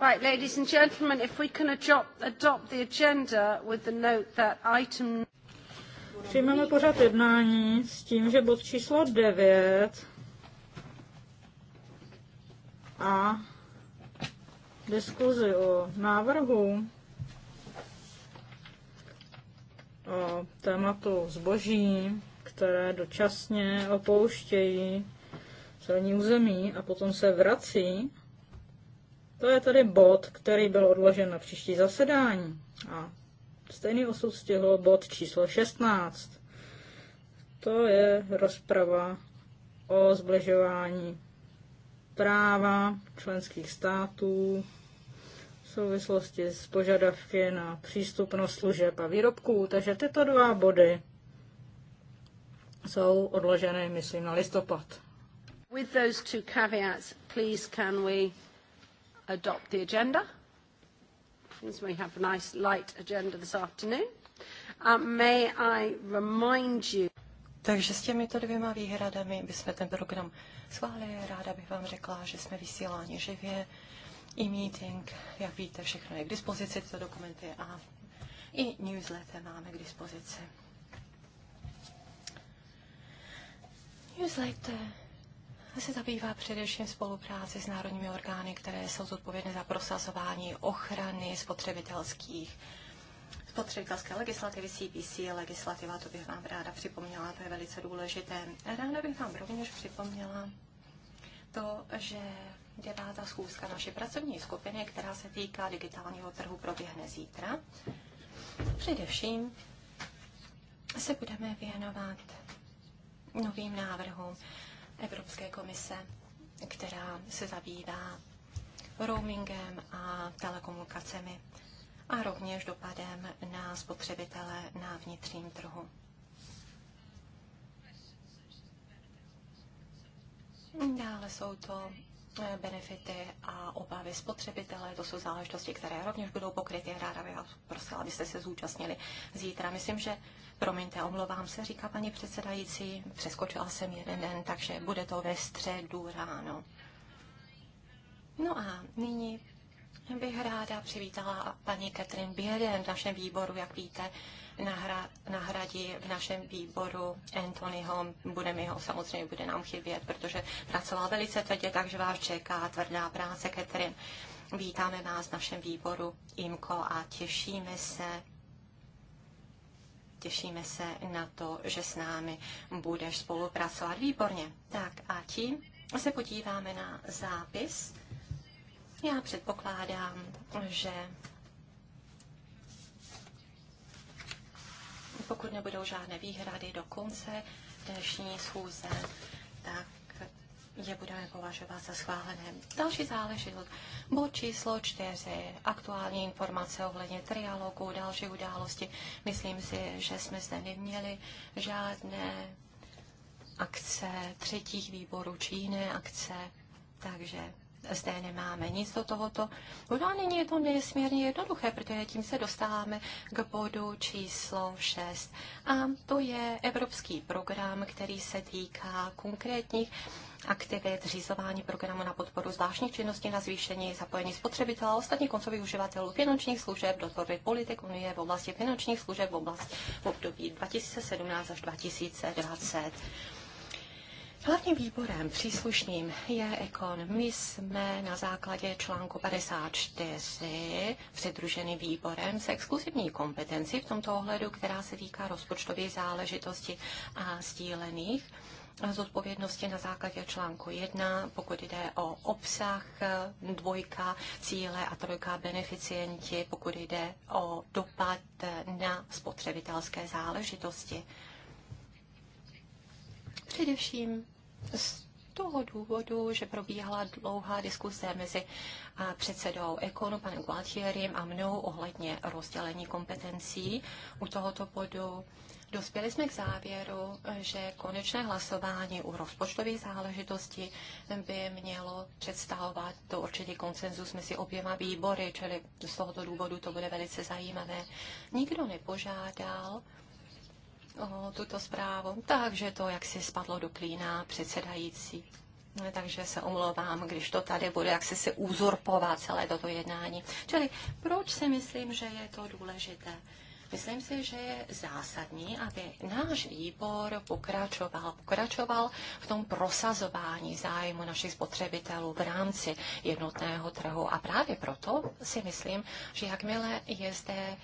Right, ladies and gentlemen, if we can adopt, adopt the agenda with the note that item... Přijmeme pořád jednání s tím, že bod číslo 9 a diskuzi o návrhu o tématu zboží, které dočasně opouštějí celní území a potom se vrací, to je tady bod, který byl odložen na příští zasedání. A stejný osud stihl bod číslo 16. To je rozprava o zbližování práva členských států v souvislosti s požadavky na přístupnost služeb a výrobků. Takže tyto dva body jsou odloženy, myslím, na listopad. With those two caveats, please can we adopt the agenda? Since we have a nice light agenda this afternoon. Um, may I remind you... Takže s těmito dvěma výhradami bychom ten program schválili. Ráda bych vám řekla, že jsme vysíláni živě. E-meeting, jak víte, všechno je k dispozici, tyto dokumenty a i newsletter máme k dispozici. Newsletter se zabývá především spolupráci s národními orgány, které jsou zodpovědné za prosazování ochrany spotřebitelských spotřebitelské legislativy CPC, legislativa, to bych vám ráda připomněla, to je velice důležité. Ráda bych vám rovněž připomněla to, že devátá schůzka naší pracovní skupiny, která se týká digitálního trhu, proběhne zítra. Především se budeme věnovat novým návrhům Evropské komise, která se zabývá roamingem a telekomunikacemi a rovněž dopadem na spotřebitele na vnitřním trhu. Dále jsou to eh, benefity a obavy spotřebitele. To jsou záležitosti, které rovněž budou pokryty. Ráda bych vás prosila, abyste se zúčastnili zítra. Myslím, že Promiňte, omlouvám se, říká paní předsedající. Přeskočila jsem jeden den, takže bude to ve středu ráno. No a nyní bych ráda přivítala paní Katrin Běden v našem výboru, jak víte, nahradí v našem výboru Anthonyho. Bude mi ho, samozřejmě bude nám chybět, protože pracoval velice tvrdě, takže vás čeká tvrdá práce, Katrin. Vítáme vás v našem výboru IMKO a těšíme se Těšíme se na to, že s námi budeš spolupracovat výborně. Tak a tím se podíváme na zápis. Já předpokládám, že pokud nebudou žádné výhrady do konce dnešní schůze, tak je budeme považovat za schválené. Další záležitost. Bod číslo čtyři. Aktuální informace ohledně trialogu, další události. Myslím si, že jsme zde neměli žádné akce třetích výborů či jiné akce, takže zde nemáme nic do tohoto. Udělá nyní je to nesmírně jednoduché, protože tím se dostáváme k bodu číslo 6. A to je evropský program, který se týká konkrétních aktivit, zřizování programu na podporu zvláštních činností na zvýšení zapojení spotřebitelů a ostatních koncových uživatelů finančních služeb do tvorby politik Unie v oblasti finančních služeb v oblasti v období 2017 až 2020. Hlavním výborem příslušným je Ekon. My jsme na základě článku 54 přidružený výborem s exkluzivní kompetenci v tomto ohledu, která se týká rozpočtových záležitostí a sdílených z odpovědnosti na základě článku 1, pokud jde o obsah dvojka, cíle a trojka beneficienti, pokud jde o dopad na spotřebitelské záležitosti. Především z toho důvodu, že probíhala dlouhá diskuse mezi předsedou Ekonu, panem Gualtierim a mnou ohledně rozdělení kompetencí u tohoto bodu. Dospěli jsme k závěru, že konečné hlasování u rozpočtových záležitosti by mělo představovat to určitý koncenzus mezi oběma výbory, čili z tohoto důvodu to bude velice zajímavé. Nikdo nepožádal o tuto zprávu, takže to, jak si spadlo do klína předsedající. No, takže se omlouvám, když to tady bude jak se si uzurpovat celé toto jednání. Čili proč si myslím, že je to důležité? Myslím si, že je zásadní, aby náš výbor pokračoval, pokračoval v tom prosazování zájmu našich spotřebitelů v rámci jednotného trhu. A právě proto si myslím, že jakmile je zde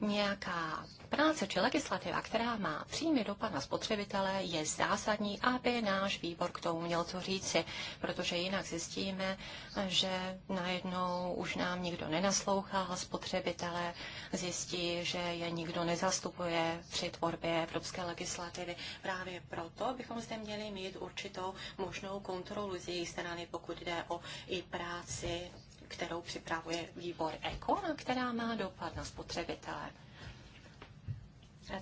nějaká práce či legislativa, která má přímý dopad na spotřebitele, je zásadní, aby náš výbor k tomu měl co říci, protože jinak zjistíme, že najednou už nám nikdo nenaslouchá, spotřebitele zjistí, že je nikdo nezastupuje při tvorbě evropské legislativy. Právě proto bychom zde měli mít určitou možnou kontrolu z jejich strany, pokud jde o i práci kterou připravuje výbor ECO a která má dopad na spotřebitele.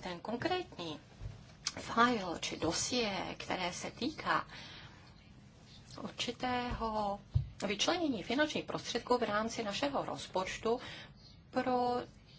ten konkrétní file či dosie, které se týká určitého vyčlenění finančních prostředků v rámci našeho rozpočtu pro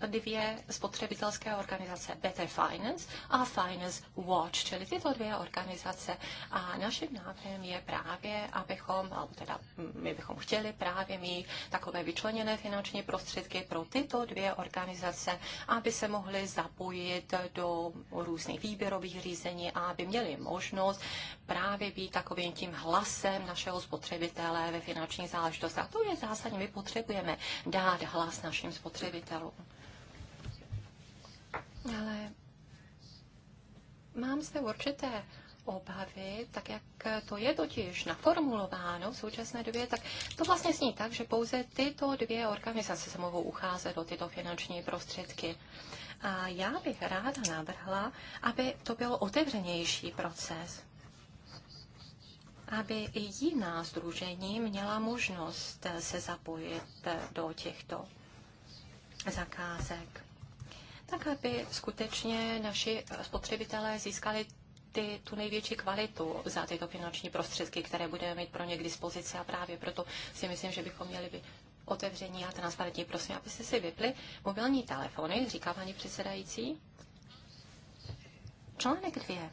dvě spotřebitelské organizace, Better Finance a Finance Watch, čili tyto dvě organizace. A naším návrhem je právě, abychom, teda mm, my bychom chtěli právě mít takové vyčleněné finanční prostředky pro tyto dvě organizace, aby se mohly zapojit do různých výběrových řízení a aby měli možnost právě být takovým tím hlasem našeho spotřebitele ve finanční záležitosti. A to je zásadně, my potřebujeme dát hlas našim spotřebitelům ale mám zde určité obavy, tak jak to je totiž naformulováno v současné době, tak to vlastně zní tak, že pouze tyto dvě organizace se mohou ucházet o tyto finanční prostředky. A já bych ráda navrhla, aby to byl otevřenější proces, aby i jiná združení měla možnost se zapojit do těchto zakázek tak aby skutečně naši spotřebitelé získali ty, tu největší kvalitu za tyto finanční prostředky, které budeme mít pro ně k dispozici a právě proto si myslím, že bychom měli být otevření a transparentní. Prosím, abyste si vypli mobilní telefony, říká paní předsedající. Článek 2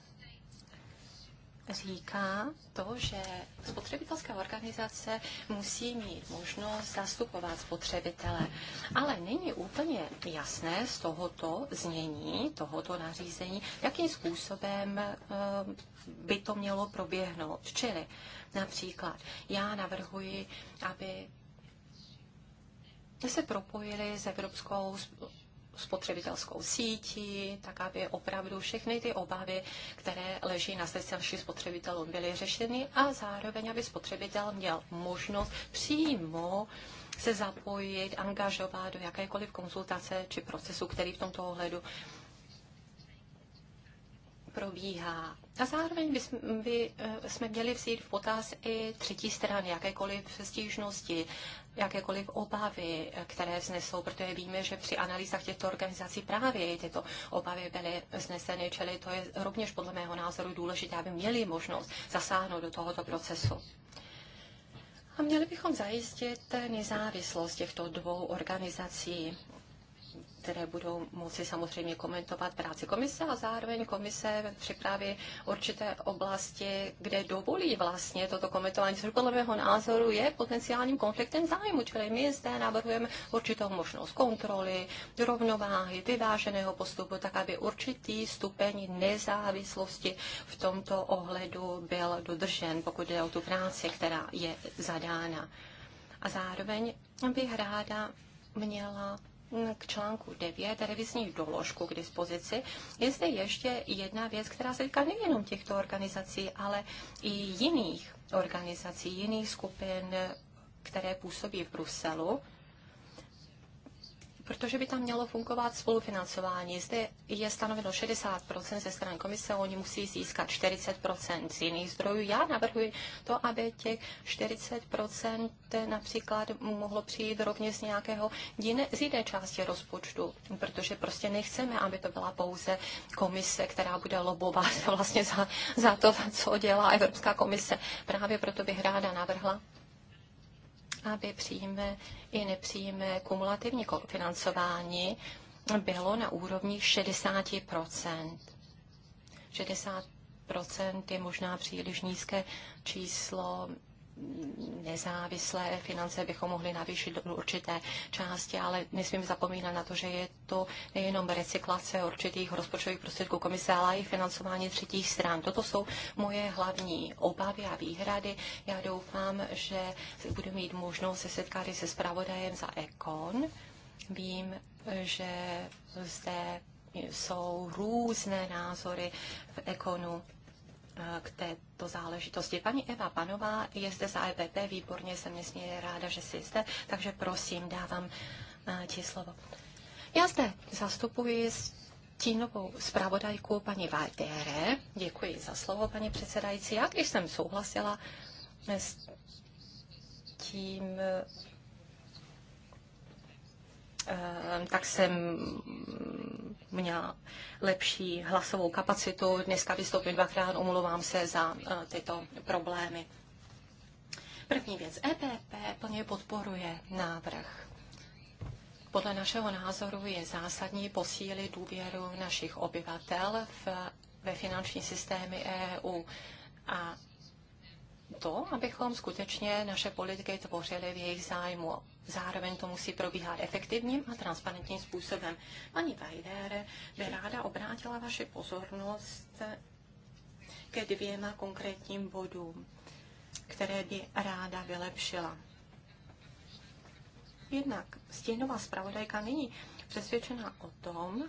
říká to, že spotřebitelská organizace musí mít možnost zastupovat spotřebitele. Ale není úplně jasné z tohoto znění, tohoto nařízení, jakým způsobem eh, by to mělo proběhnout. Čili například já navrhuji, aby se propojili s Evropskou spotřebitelskou sítí, tak aby opravdu všechny ty obavy, které leží na srdci našich spotřebitelů, byly řešeny a zároveň, aby spotřebitel měl možnost přímo se zapojit, angažovat do jakékoliv konzultace či procesu, který v tomto ohledu probíhá. A zároveň jsme, by eh, jsme měli vzít v potaz i třetí strany, jakékoliv stížnosti, jakékoliv obavy, eh, které vznesou, protože víme, že při analýzách těchto organizací právě i tyto obavy byly zneseny, čili to je rovněž podle mého názoru důležité, aby měli možnost zasáhnout do tohoto procesu. A měli bychom zajistit nezávislost těchto dvou organizací které budou moci samozřejmě komentovat práci komise a zároveň komise připraví určité oblasti, kde dovolí vlastně toto komentování, což podle mého názoru je potenciálním konfliktem zájmu, čili my zde navrhujeme určitou možnost kontroly, rovnováhy, vyváženého postupu, tak aby určitý stupeň nezávislosti v tomto ohledu byl dodržen, pokud jde o tu práci, která je zadána. A zároveň bych ráda měla k článku 9 revizní doložku k dispozici, je zde ještě jedna věc, která se týká nejenom těchto organizací, ale i jiných organizací, jiných skupin, které působí v Bruselu protože by tam mělo fungovat spolufinancování. Zde je stanoveno 60% ze strany komise, oni musí získat 40% z jiných zdrojů. Já navrhuji to, aby těch 40% například mohlo přijít rovně z nějakého jiné, z jiné části rozpočtu, protože prostě nechceme, aby to byla pouze komise, která bude lobovat vlastně za, za to, co dělá Evropská komise. Právě proto bych ráda navrhla, aby příjme i nepříjme kumulativní financování bylo na úrovni 60 60 je možná příliš nízké číslo, nezávislé finance bychom mohli navýšit do určité části, ale nesmím zapomínat na to, že je to nejenom recyklace určitých rozpočtových prostředků komise, ale i financování třetích stran. Toto jsou moje hlavní obavy a výhrady. Já doufám, že budu mít možnost se setkat se zpravodajem za Ekon. Vím, že zde jsou různé názory v Ekonu k této záležitosti. Paní Eva Panová je zde z AEPT, výborně mě směje, ráda, že jsi zde, takže prosím, dávám eh, ti slovo. Já zde zastupuji stínovou zpravodajku paní Valdére. Děkuji za slovo, paní předsedající. Já když jsem souhlasila s tím Ehm, tak jsem měla lepší hlasovou kapacitu. Dneska vystoupím dvakrát, omluvám se za eh, tyto problémy. První věc. EPP plně podporuje návrh. Podle našeho názoru je zásadní posílit důvěru našich obyvatel v, ve finanční systémy EU a to, abychom skutečně naše politiky tvořili v jejich zájmu. Zároveň to musí probíhat efektivním a transparentním způsobem. Paní Vajdére by ráda obrátila vaši pozornost ke dvěma konkrétním bodům, které by ráda vylepšila. Jednak stínová zpravodajka není přesvědčena o tom,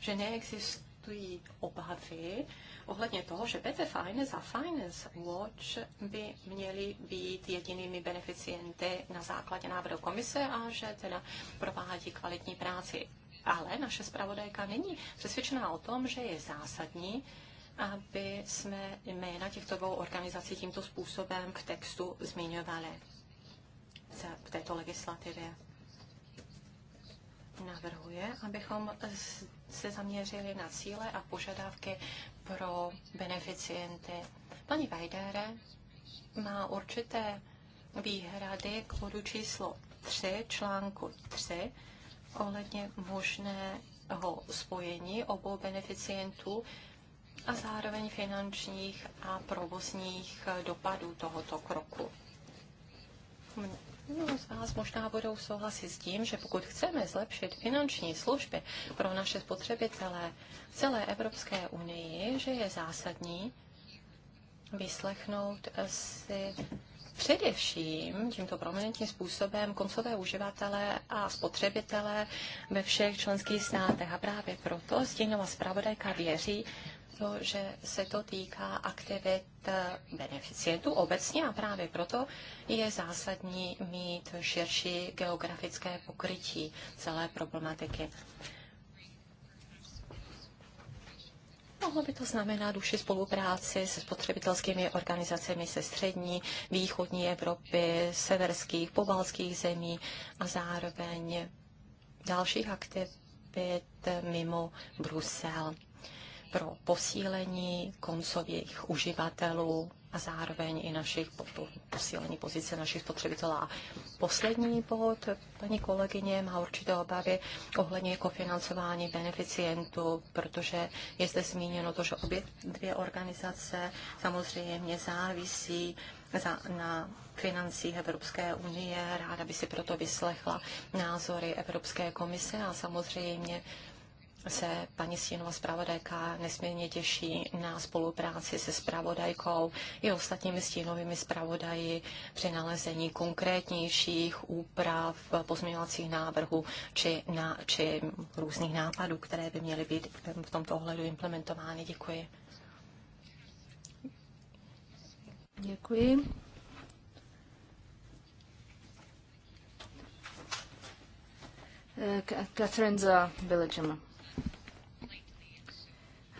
že neexistuje existují obavy ohledně toho, že BT Finance a Finance Watch by měly být jedinými beneficienty na základě návrhu komise a že teda provádí kvalitní práci. Ale naše zpravodajka není přesvědčená o tom, že je zásadní, aby jsme jména těchto dvou organizací tímto způsobem v textu zmiňovali v této legislativě navrhuje, abychom se zaměřili na cíle a požadavky pro beneficienty. Paní Vajdere má určité výhrady k bodu číslo 3, článku 3, ohledně možného spojení obou beneficientů a zároveň finančních a provozních dopadů tohoto kroku. Mnoho z vás možná budou souhlasit s tím, že pokud chceme zlepšit finanční služby pro naše spotřebitele v celé Evropské unii, že je zásadní vyslechnout si především tímto prominentním způsobem koncové uživatele a spotřebitele ve všech členských státech. A právě proto stínová zpravodajka věří, to, že se to týká aktivit eh, beneficientů obecně a právě proto je zásadní mít širší geografické pokrytí celé problematiky. Mohlo by to znamenat duši spolupráci se spotřebitelskými organizacemi se střední, východní Evropy, severských, pobalských zemí a zároveň dalších aktivit mimo Brusel pro posílení koncových uživatelů a zároveň i našich posílení pozice našich spotřebitelů. A poslední bod, paní kolegyně má určité obavy ohledně kofinancování beneficientů, protože je zde zmíněno to, že obě dvě organizace samozřejmě závisí za, na financích Evropské unie. Ráda by si proto vyslechla názory Evropské komise a samozřejmě se paní Stínová zpravodajka nesmírně těší na spolupráci se zpravodajkou i ostatními stínovými zpravodaji při nalezení konkrétnějších úprav, pozměňovacích návrhů či, na, či různých nápadů, které by měly být v tomto ohledu implementovány. Děkuji. Děkuji. Katrin za Villagema.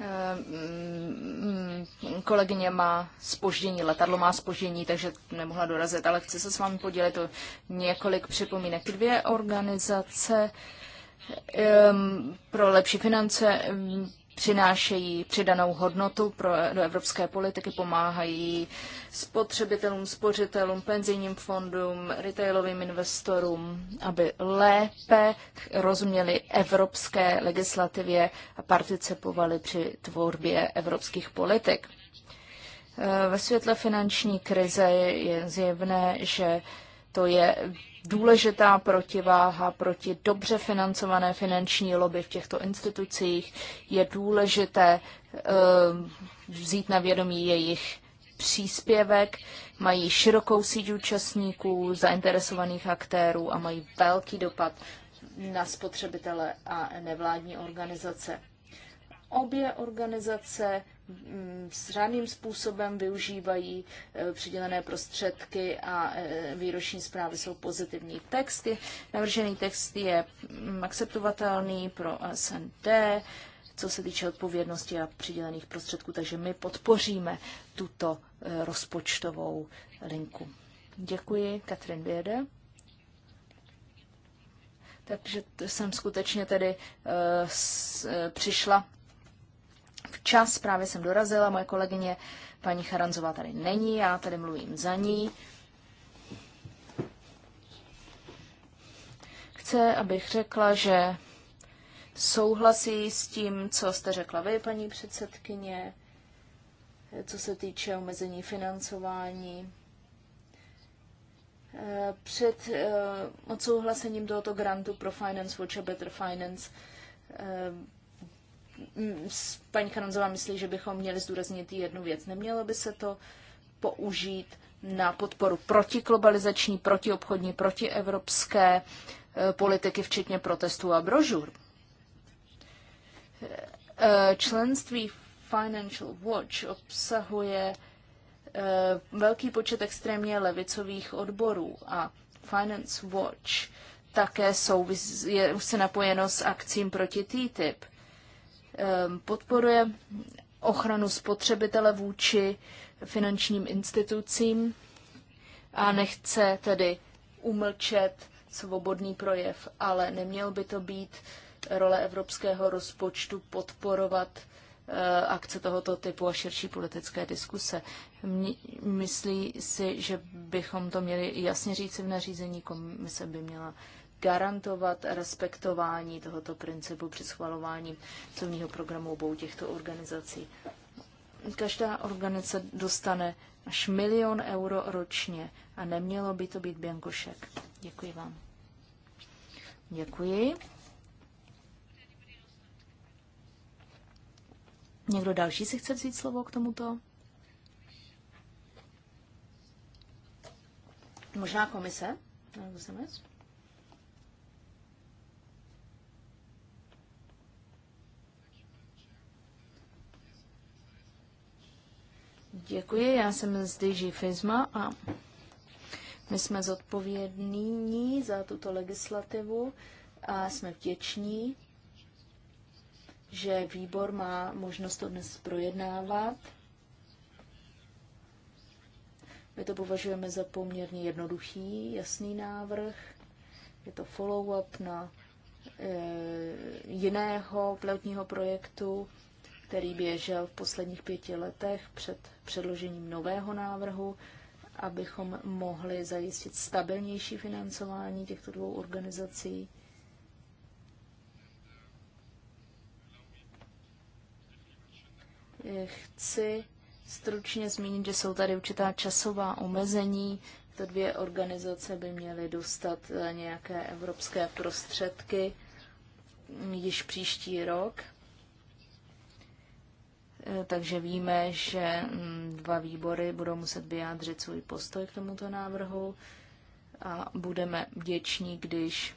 Eh, mm, mm, kolegyně má spoždění, letadlo má spoždění, takže nemohla dorazit, ale chci se s vámi podělit o několik připomínek. Dvě organizace pro lepší finance přinášejí přidanou hodnotu pro, do evropské politiky, pomáhají spotřebitelům, spořitelům, penzijním fondům, retailovým investorům, aby lépe rozuměli evropské legislativě a participovali při tvorbě evropských politik. Eh, ve světle finanční krize je zjevné, že to je důležitá protiváha proti dobře financované finanční lobby v těchto institucích. Je důležité eh, vzít na vědomí jejich příspěvek, mají širokou síť účastníků, zainteresovaných aktérů a mají velký dopad na spotřebitele a nevládní organizace. Obě organizace mm, řádným způsobem využívají e, přidělené prostředky a e, výroční zprávy jsou pozitivní. Texty, navržený text je mm, akceptovatelný pro SND, co se týče odpovědnosti a přidělených prostředků, takže my podpoříme tuto e, rozpočtovou linku. Děkuji, Katrin Věde. Takže jsem skutečně tedy uh, s, uh, přišla Čas, právě jsem dorazila, moje kolegyně paní Charanzová tady není, já tady mluvím za ní. Chce, abych řekla, že souhlasí s tím, co jste řekla vy, paní předsedkyně, co se týče omezení financování. Před eh, odsouhlasením tohoto grantu pro Finance Watch a Better Finance eh, Mm, paní Kanonzová myslí, že bychom měli zdůraznit jednu věc. Nemělo by se to použít na podporu protiglobalizační, protiobchodní, protievropské e, politiky, včetně protestů a brožur. E, členství Financial Watch obsahuje e, velký počet extrémně levicových odborů a Finance Watch také souvisí, je už se napojeno s akcím proti TTIP. Ehm, podporuje ochranu spotřebitele vůči finančním institucím a nechce tedy umlčet svobodný projev, ale neměl by to být role evropského rozpočtu podporovat eh, akce tohoto typu a širší politické diskuse. Myslí si, že bychom to měli jasně říci v nařízení, komise by měla garantovat respektování tohoto principu při schvalování celního programu obou těchto organizací. Každá organizace dostane až milion euro ročně a nemělo by to být biankošek. Děkuji vám. Děkuji. Někdo další si chce vzít slovo k tomuto? Možná komise? Nebo Děkuji, já jsem z DG Fizma a my jsme zodpovědní za tuto legislativu a jsme vděční, že výbor má možnost to dnes projednávat. My to považujeme za poměrně jednoduchý, jasný návrh. Je to follow-up na e, jiného pilotního projektu který běžel v posledních pěti letech před předložením nového návrhu, abychom mohli zajistit stabilnější financování těchto dvou organizací. Chci stručně zmínit, že jsou tady určitá časová omezení. To dvě organizace by měly dostat eh, nějaké evropské prostředky již příští rok Eh, takže víme, že mm, dva výbory budou muset vyjádřit svůj postoj k tomuto návrhu a budeme vděční, když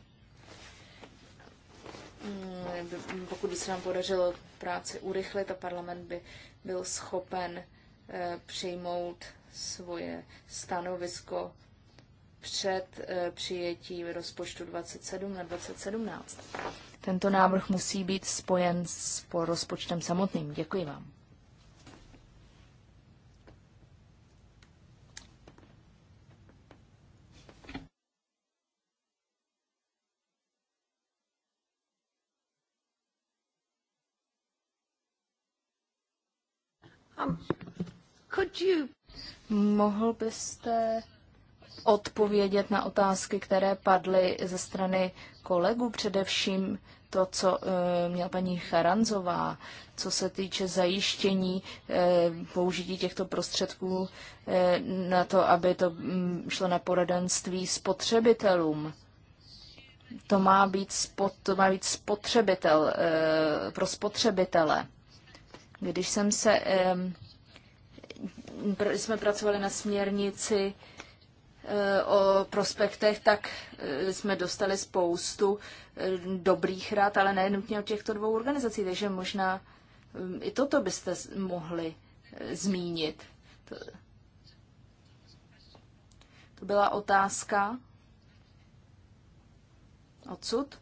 mm, pokud by se nám podařilo práci urychlit a parlament by byl schopen eh, přijmout svoje stanovisko před eh, přijetím rozpočtu 27 na 2017. Tento návrh musí být spojen s po rozpočtem samotným. Děkuji vám. Um, could you... Mohl byste odpovědět na otázky, které padly ze strany kolegů, především to, co uh, měla paní Charanzová, co se týče zajištění uh, použití těchto prostředků uh, na to, aby to um, šlo na poradenství spotřebitelům. To má být, spot, to má být spotřebitel uh, pro spotřebitele. Když jsem se, když jsme pracovali na směrnici e, o prospektech, tak e, jsme dostali spoustu e, dobrých rad, ale nejenutně od těchto dvou organizací, takže možná i toto byste mohli zmínit. To byla otázka odsud.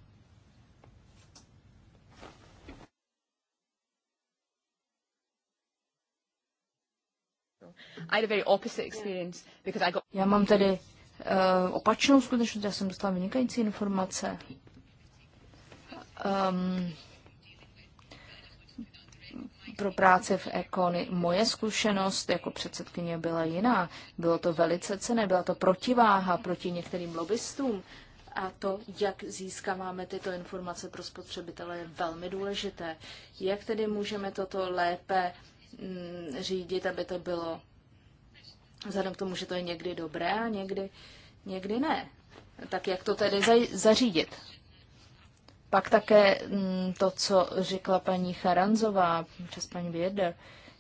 Já mám tedy uh, eh, opačnou skutečnost, já jsem dostala vynikající informace. Um, pro práci v Ekony. Moje zkušenost jako předsedkyně byla jiná. Bylo to velice cené, byla to protiváha proti některým lobbystům. A to, jak získáváme tyto informace pro spotřebitele, je velmi důležité. Jak tedy můžeme toto lépe mm, řídit, aby to bylo Vzhledem k tomu, že to je někdy dobré a někdy, někdy ne. Tak jak to tedy zařídit? Pak také mm, to, co řekla paní Charanzová, přes paní Běder,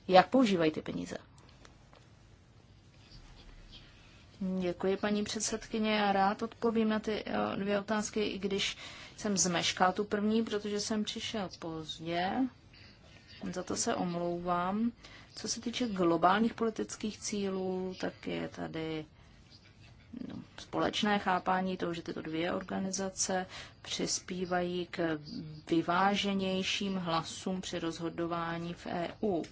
jak používají ty peníze? Děkuji, paní předsedkyně. a rád odpovím na ty eh, dvě otázky, i když jsem zmeškal tu první, protože jsem přišel pozdě. Za to se omlouvám. Co se týče globálních politických cílů, tak je tady no, společné chápání toho, že tyto dvě organizace přispívají k vyváženějším hlasům při rozhodování v EU.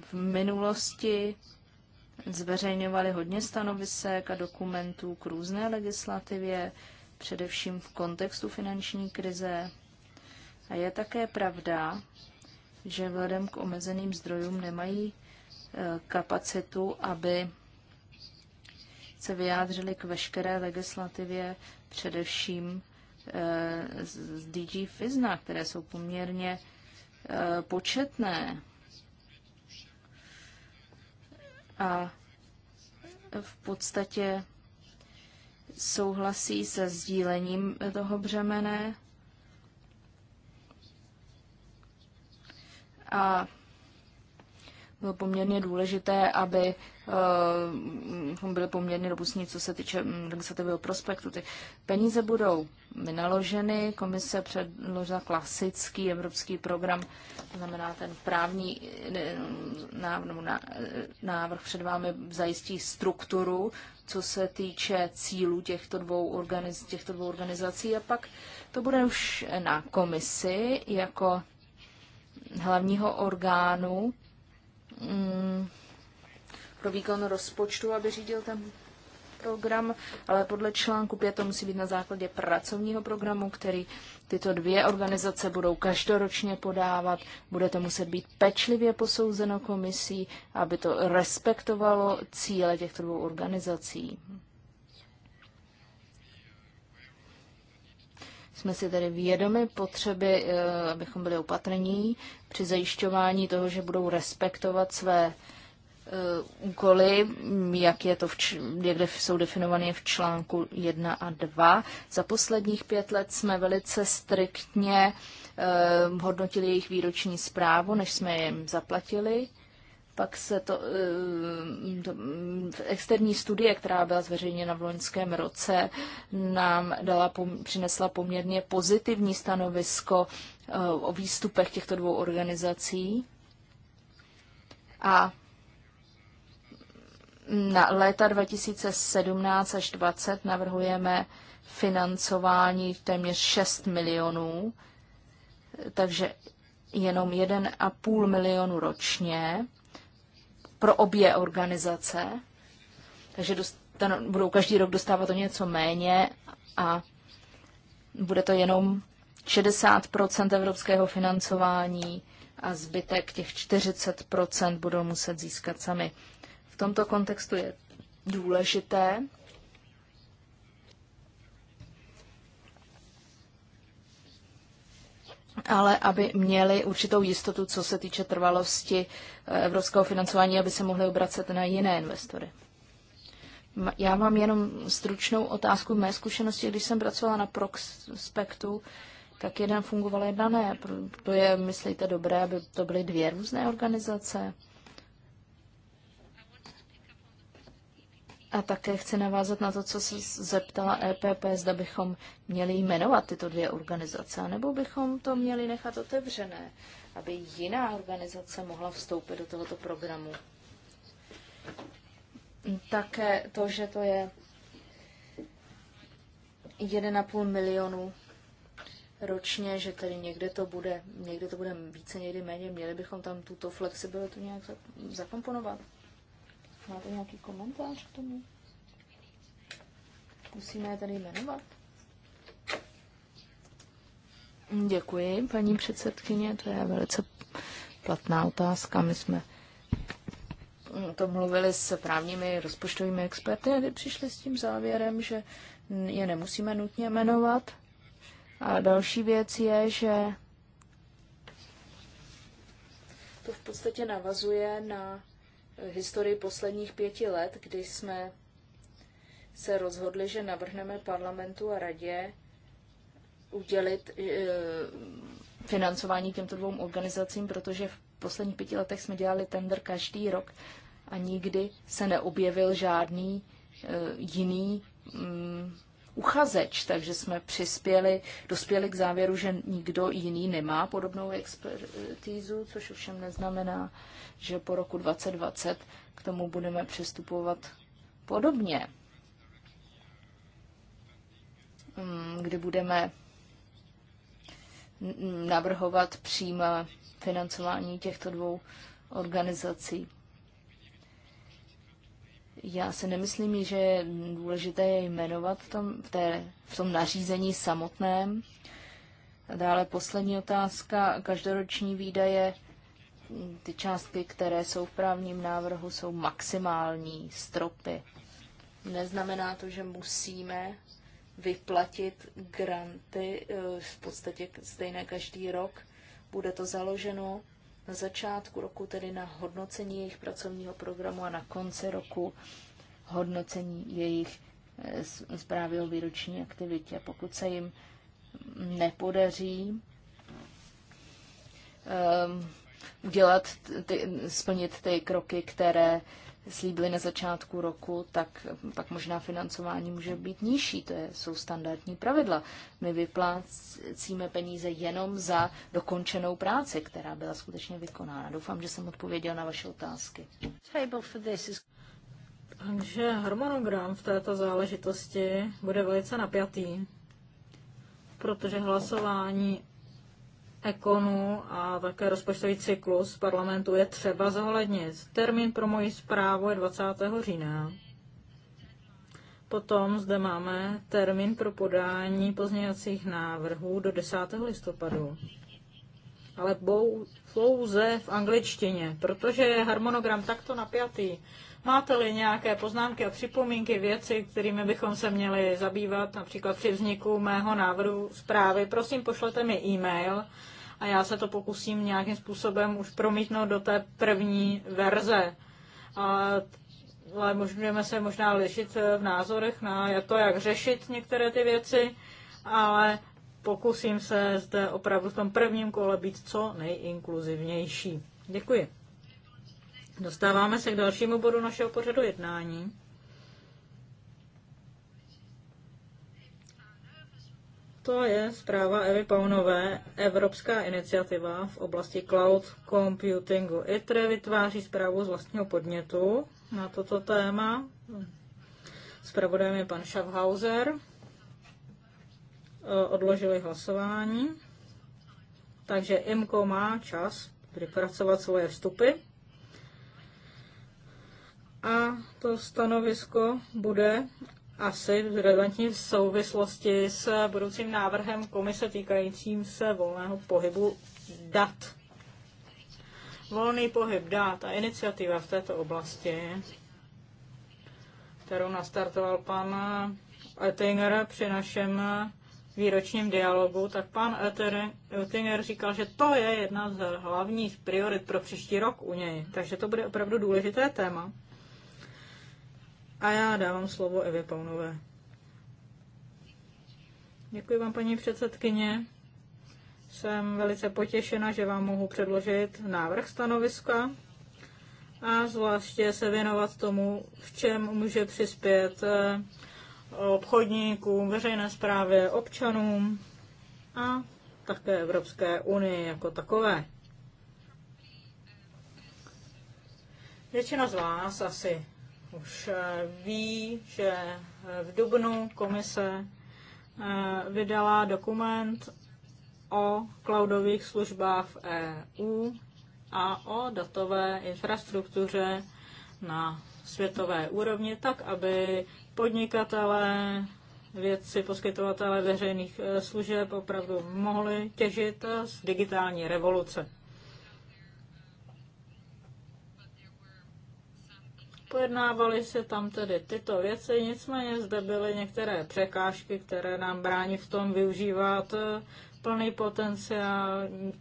V minulosti zveřejňovali hodně stanovisek a dokumentů k různé legislativě, především v kontextu finanční krize. A je také pravda, že vzhledem k omezeným zdrojům nemají e, kapacitu, aby se vyjádřili k veškeré legislativě, především e, z DG FISNA, které jsou poměrně e, početné. A v podstatě souhlasí se sdílením toho břemene a bylo poměrně důležité, aby uh, byly poměrně robustní, co se týče mm, legislativního prospektu. Ty peníze budou vynaloženy, komise předložila klasický evropský program, to znamená ten právní návrh před vámi zajistí strukturu, co se týče cílů těchto dvou, organiz, těchto dvou organizací a pak to bude už na komisi jako hlavního orgánu mm, pro výkon rozpočtu, aby řídil ten program, ale podle článku 5 to musí být na základě pracovního programu, který tyto dvě organizace budou každoročně podávat. Bude to muset být pečlivě posouzeno komisí, aby to respektovalo cíle těchto dvou organizací. Jsme si tedy vědomi potřeby, eh, abychom byli opatrní při zajišťování toho, že budou respektovat své eh, úkoly, jak, je to v, jak jsou definovány v článku 1 a 2. Za posledních pět let jsme velice striktně eh, hodnotili jejich výroční zprávu, než jsme jim zaplatili. Pak se to, eh, to externí studie, která byla zveřejněna v loňském roce, nám dala, přinesla poměrně pozitivní stanovisko eh, o výstupech těchto dvou organizací. A na léta 2017 až 2020 navrhujeme financování téměř 6 milionů, takže jenom 1,5 milionu ročně pro obě organizace, takže dostanou, budou každý rok dostávat o něco méně a bude to jenom 60 evropského financování a zbytek těch 40 budou muset získat sami. V tomto kontextu je důležité, ale aby měli určitou jistotu, co se týče trvalosti eh, evropského financování, aby se mohli obracet na jiné investory. Já mám jenom stručnou otázku. V mé zkušenosti, když jsem pracovala na Prospektu, tak jeden fungoval, jedna ne. To je, myslíte, dobré, aby to byly dvě různé organizace? A také chci navázat na to, co se zeptala EPP, zda bychom měli jmenovat tyto dvě organizace, nebo bychom to měli nechat otevřené, aby jiná organizace mohla vstoupit do tohoto programu. Také to, že to je 1,5 milionu ročně, že tedy někde to bude, někde to bude více, někdy méně, měli bychom tam tuto flexibilitu nějak zakomponovat. Máte nějaký komentář k tomu? Musíme je tady jmenovat. Děkuji, paní předsedkyně, to je velice platná otázka. My jsme to mluvili s právními rozpočtovými experty kdy přišli s tím závěrem, že je nemusíme nutně jmenovat. A další věc je, že to v podstatě navazuje na historii posledních pěti let, kdy jsme se rozhodli, že navrhneme parlamentu a radě udělit e, financování těmto dvou organizacím, protože v posledních pěti letech jsme dělali tender každý rok a nikdy se neobjevil žádný e, jiný mm, uchazeč, takže jsme přispěli, dospěli k závěru, že nikdo jiný nemá podobnou expertízu, což ovšem neznamená, že po roku 2020 k tomu budeme přistupovat podobně. Mm, kdy budeme navrhovat přímé financování těchto dvou organizací. Já si nemyslím, že je důležité je jmenovat v tom, v, té, v tom nařízení samotném. A dále poslední otázka. Každoroční výdaje, ty částky, které jsou v právním návrhu, jsou maximální stropy. Neznamená to, že musíme vyplatit granty eh, v podstatě stejné každý rok. Bude to založeno na začátku roku, tedy na hodnocení jejich pracovního programu a na konci roku hodnocení jejich eh, zprávy o výroční aktivitě. Pokud se jim nepodaří um, udělat, ty, splnit ty kroky, které slíbili na začátku roku, tak pak možná financování může být nižší. To je, jsou standardní pravidla. My vyplácíme peníze jenom za dokončenou práci, která byla skutečně vykonána. Doufám, že jsem odpověděl na vaše otázky. Takže harmonogram v této záležitosti bude velice napjatý, protože hlasování ekonu a také rozpočtový cyklus parlamentu je třeba zohlednit. Termín pro moji zprávu je 20. října. Potom zde máme termín pro podání pozměňovacích návrhů do 10. listopadu. Ale pouze v angličtině, protože je harmonogram takto napjatý. Máte-li nějaké poznámky a připomínky, věci, kterými bychom se měli zabývat, například při vzniku mého návrhu zprávy, prosím pošlete mi e-mail a já se to pokusím nějakým způsobem už promítnout do té první verze. A ale můžeme se možná lišit v názorech na to, jak řešit některé ty věci, ale pokusím se zde opravdu v tom prvním kole být co nejinkluzivnější. Děkuji. Dostáváme se k dalšímu bodu našeho pořadu jednání. To je zpráva Evy Paunové, Evropská iniciativa v oblasti cloud computingu. ITRE vytváří zprávu z vlastního podnětu na toto téma. Zpravodajem je pan Schaffhauser. E, odložili hlasování. Takže IMCO má čas vypracovat svoje vstupy. A to stanovisko bude asi relevantní v souvislosti s budoucím návrhem komise týkajícím se volného pohybu dat. Volný pohyb dat a iniciativa v této oblasti, kterou nastartoval pan Oettinger při našem výročním dialogu, tak pan Oettinger říkal, že to je jedna z hlavních priorit pro příští rok u něj. Takže to bude opravdu důležité téma. A já dávám slovo Evě Paunové. Děkuji vám, paní předsedkyně. Jsem velice potěšena, že vám mohu předložit návrh stanoviska a zvláště se věnovat tomu, v čem může přispět eh, obchodníkům, veřejné správě, občanům a také Evropské unii jako takové. Většina z vás asi už eh, ví, že eh, v Dubnu komise eh, vydala dokument o cloudových službách v EU a o datové infrastruktuře na světové úrovni, tak aby podnikatelé, vědci, poskytovatelé veřejných služeb opravdu mohli těžit z digitální revoluce. Pojednávaly se tam tedy tyto věci, nicméně zde byly některé překážky, které nám brání v tom využívat eh, plný potenciál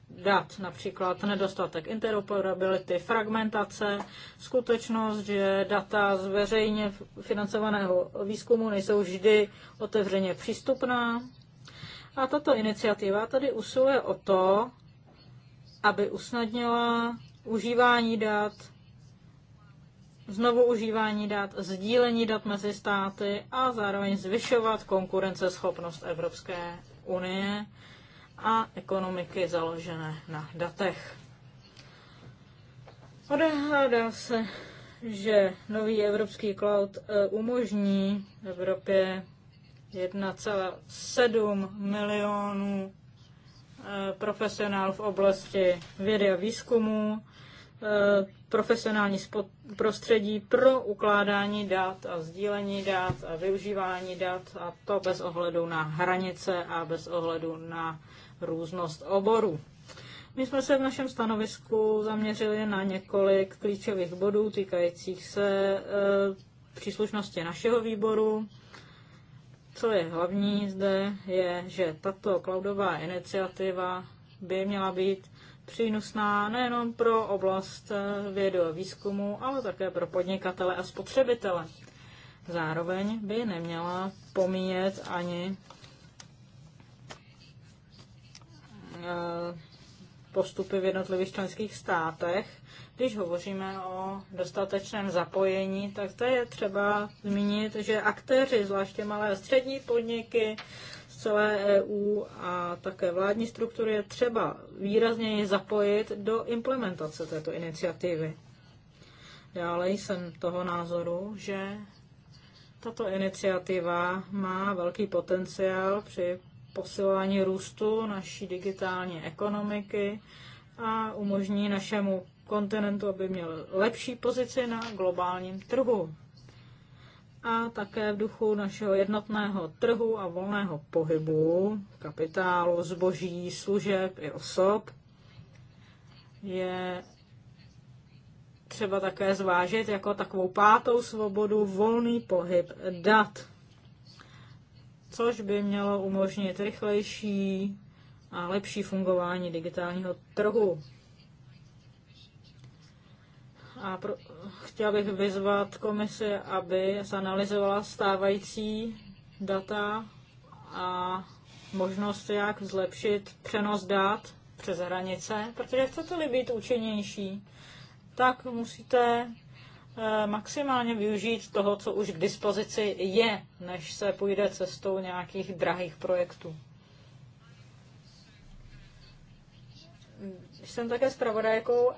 dat, například nedostatek interoperability, fragmentace, skutečnost, že data z veřejně financovaného výzkumu nejsou vždy otevřeně přístupná. A tato iniciativa tady usiluje o to, aby usnadnila užívání dat znovu užívání dat, sdílení dat mezi státy a zároveň zvyšovat konkurenceschopnost Evropské unie a ekonomiky založené na datech. Odehádá se, že nový evropský cloud eh, umožní v Evropě 1,7 milionů eh, profesionálů v oblasti vědy a výzkumu, profesionální prostředí pro ukládání dat a sdílení dat a využívání dat a to bez ohledu na hranice a bez ohledu na různost oborů. My jsme se v našem stanovisku zaměřili na několik klíčových bodů týkajících se eh, příslušnosti našeho výboru. Co je hlavní zde, je, že tato cloudová iniciativa by měla být přínosná nejenom pro oblast eh, vědy a výzkumu, ale také pro podnikatele a spotřebitele. Zároveň by neměla pomíjet ani eh, postupy v jednotlivých členských státech. Když hovoříme o dostatečném zapojení, tak to je třeba zmínit, že aktéři, zvláště malé a střední podniky, celé EU a také vládní struktury je třeba výrazněji zapojit do implementace této iniciativy. Dále jsem toho názoru, že tato iniciativa má velký potenciál při posilování růstu naší digitální ekonomiky a umožní našemu kontinentu, aby měl lepší pozici na globálním trhu a také v duchu našeho jednotného trhu a volného pohybu kapitálu, zboží, služeb i osob je třeba také zvážit jako takovou pátou svobodu volný pohyb dat, což by mělo umožnit rychlejší a lepší fungování digitálního trhu. A pro, chtěla bych vyzvat komisi, aby zanalizovala stávající data a možnost, jak zlepšit přenos dát přes hranice, protože chcete-li být účinnější, tak musíte eh, maximálně využít toho, co už k dispozici je, než se půjde cestou nějakých drahých projektů. Jsem také zpravodajkou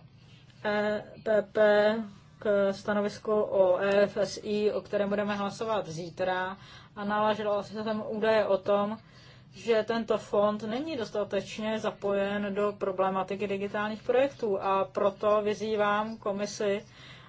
EPP eh, k stanovisku o EFSI, o kterém budeme hlasovat zítra, a nalažilo se tam údaje o tom, že tento fond není dostatečně zapojen do problematiky digitálních projektů a proto vyzývám komisi,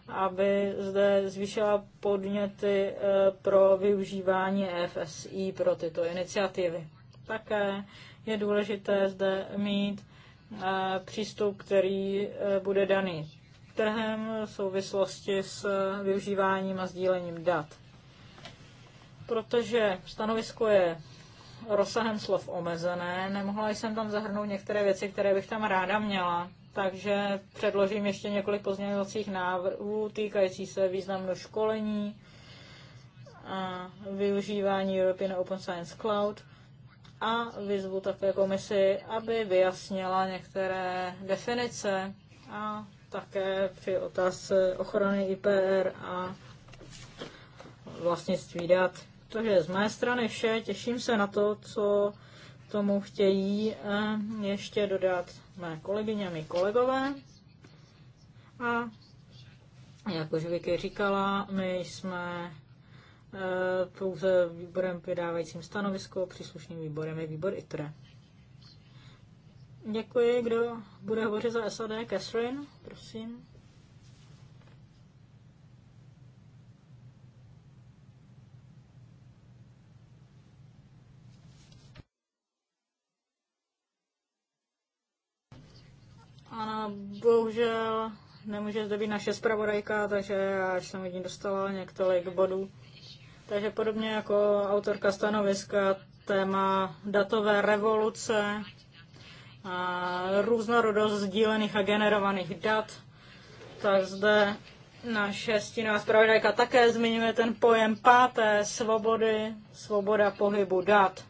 aby zde zvýšila podněty e, pro využívání e FSI pro tyto iniciativy. Také je důležité zde mít e, přístup, který bude daný trhem v souvislosti s využíváním a sdílením dat. Protože stanovisko je rozsahem slov omezené, nemohla jsem tam zahrnout některé věci, které bych tam ráda měla, takže předložím ještě několik pozměňovacích návrhů týkající se významného školení a využívání European Open Science Cloud a vyzvu také komisi, aby vyjasnila některé definice a také při otázce ochrany IPR a vlastnictví dat. To je z mé strany vše. Těším se na to, co tomu chtějí eh, ještě dodat mé kolegyně a mý kolegové. A jak už Vicky říkala, my jsme eh, pouze výborem vydávajícím stanovisko, příslušným výborem je výbor ITRE. Děkuji. Kdo bude hovořit za SAD? Catherine, prosím. Ano, bohužel nemůže zde být naše zpravodajka, takže já jsem od ní dostala několik bodů. Takže podobně jako autorka stanoviska, téma datové revoluce různorodost sdílených a generovaných dat, tak zde naše stínová zpravodajka také zmiňuje ten pojem páté svobody, svoboda pohybu dat.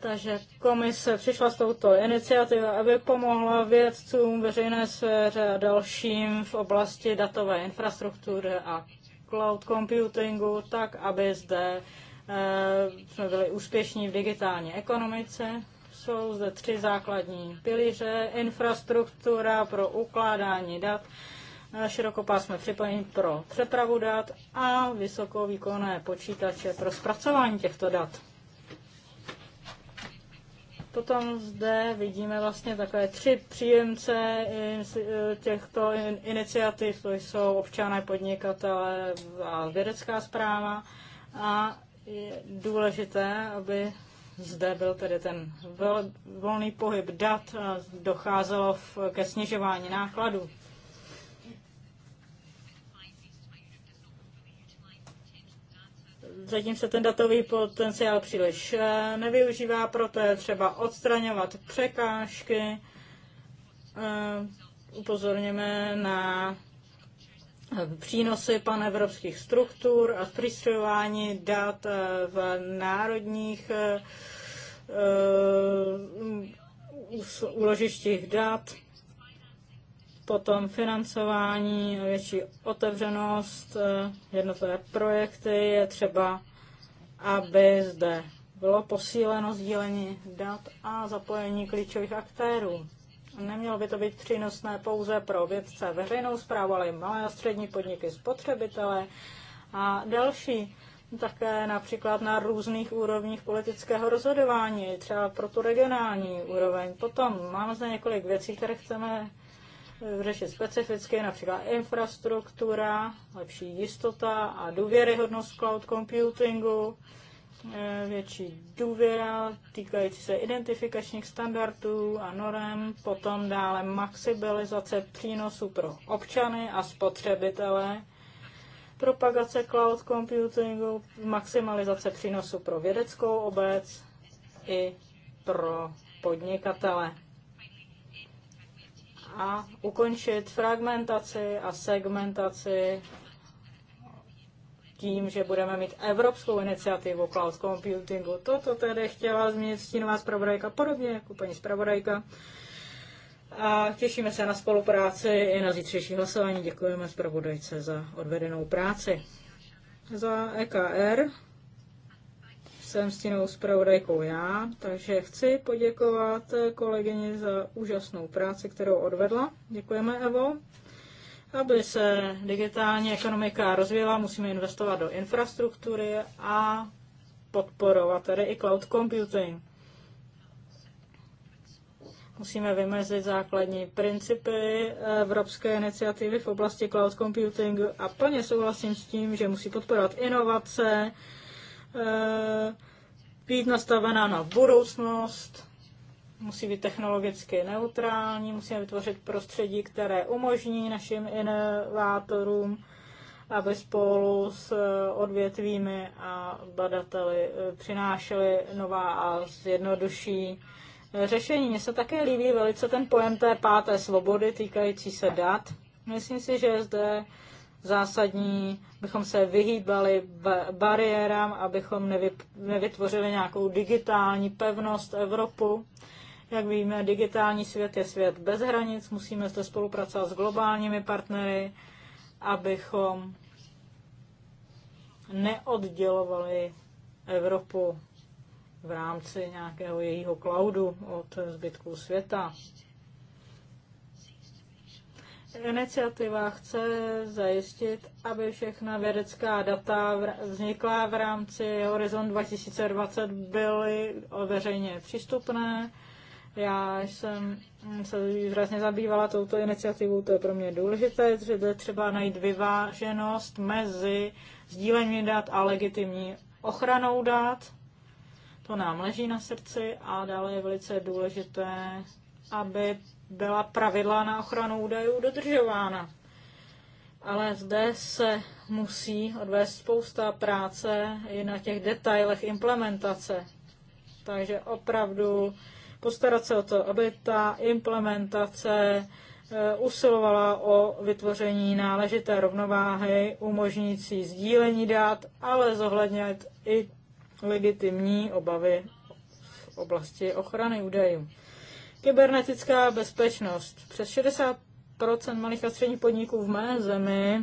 Takže komise přišla s touto iniciativou, aby pomohla vědcům, veřejné sféře a dalším v oblasti datové infrastruktury a cloud computingu, tak aby zde eh, jsme byli úspěšní v digitální ekonomice jsou zde tři základní pilíře. Infrastruktura pro ukládání dat, eh, širokopásmé připojení pro přepravu dat a vysokovýkonné počítače pro zpracování těchto dat. Potom zde vidíme vlastně takové tři příjemce eh, těchto iniciativ, to jsou občané, podnikatele a vědecká zpráva. A je důležité, aby zde byl tedy ten volný pohyb dat a docházelo v, ke snižování nákladů. Zatím se ten datový potenciál příliš eh, nevyužívá, proto je třeba odstraňovat překážky. Eh, upozorněme na přínosy panevropských struktur a zpřístrojování dat eh, v národních eh, eh, úložištích dat, potom financování, větší otevřenost, jednotlivé projekty je třeba, aby zde bylo posíleno sdílení dat a zapojení klíčových aktérů. Nemělo by to být přínosné pouze pro vědce veřejnou zprávu, ale i malé a střední podniky, spotřebitele a další. Také například na různých úrovních politického rozhodování, třeba pro tu regionální úroveň. Potom máme zde několik věcí, které chceme eh, řešit specificky, například infrastruktura, lepší jistota a důvěryhodnost cloud computingu, Eh, větší důvěra týkající se identifikačních standardů a norem, potom dále maximalizace přínosů pro občany a spotřebitele, propagace cloud computingu, maximalizace přínosu pro vědeckou obec i pro podnikatele. A ukončit fragmentaci a segmentaci tím, že budeme mít evropskou iniciativu cloud computingu. Toto tedy chtěla změnit stínová zpravodajka, podobně jako paní zpravodajka. A těšíme se na spolupráci i na zítřejší hlasování. Děkujeme zpravodajce za odvedenou práci. Za EKR jsem stínou zpravodajkou já, takže chci poděkovat kolegyni za úžasnou práci, kterou odvedla. Děkujeme, Evo. Aby se digitální ekonomika rozvíjela, musíme investovat do infrastruktury a podporovat tedy i cloud computing. Musíme vymezit základní principy evropské iniciativy v oblasti cloud computingu a plně souhlasím s tím, že musí podporovat inovace, eh, být nastavená na budoucnost, musí být technologicky neutrální, musíme vytvořit prostředí, které umožní našim inovátorům, aby spolu s eh, odvětvími a badateli eh, přinášeli nová a zjednodušší eh, řešení. Mně se také líbí velice ten pojem té páté svobody týkající se dat. Myslím si, že zde zásadní, bychom se vyhýbali bariérám, abychom nevytvořili nějakou digitální pevnost Evropu. Jak víme, digitální svět je svět bez hranic, musíme zde spolupracovat s globálními partnery, abychom neoddělovali Evropu v rámci nějakého jejího cloudu od zbytku světa. Iniciativa chce zajistit, aby všechna vědecká data vzniklá v rámci Horizon 2020 byly veřejně přístupné já jsem se výrazně zabývala touto iniciativou, to je pro mě důležité, že je třeba najít vyváženost mezi sdílením dat a legitimní ochranou dat. To nám leží na srdci a dále je velice důležité, aby byla pravidla na ochranu údajů dodržována. Ale zde se musí odvést spousta práce i na těch detailech implementace. Takže opravdu postarat se o to, aby ta implementace eh, usilovala o vytvoření náležité rovnováhy umožňující sdílení dat, ale zohlednit i legitimní obavy v oblasti ochrany údajů. Kybernetická bezpečnost. Přes 60 malých a středních podniků v mé zemi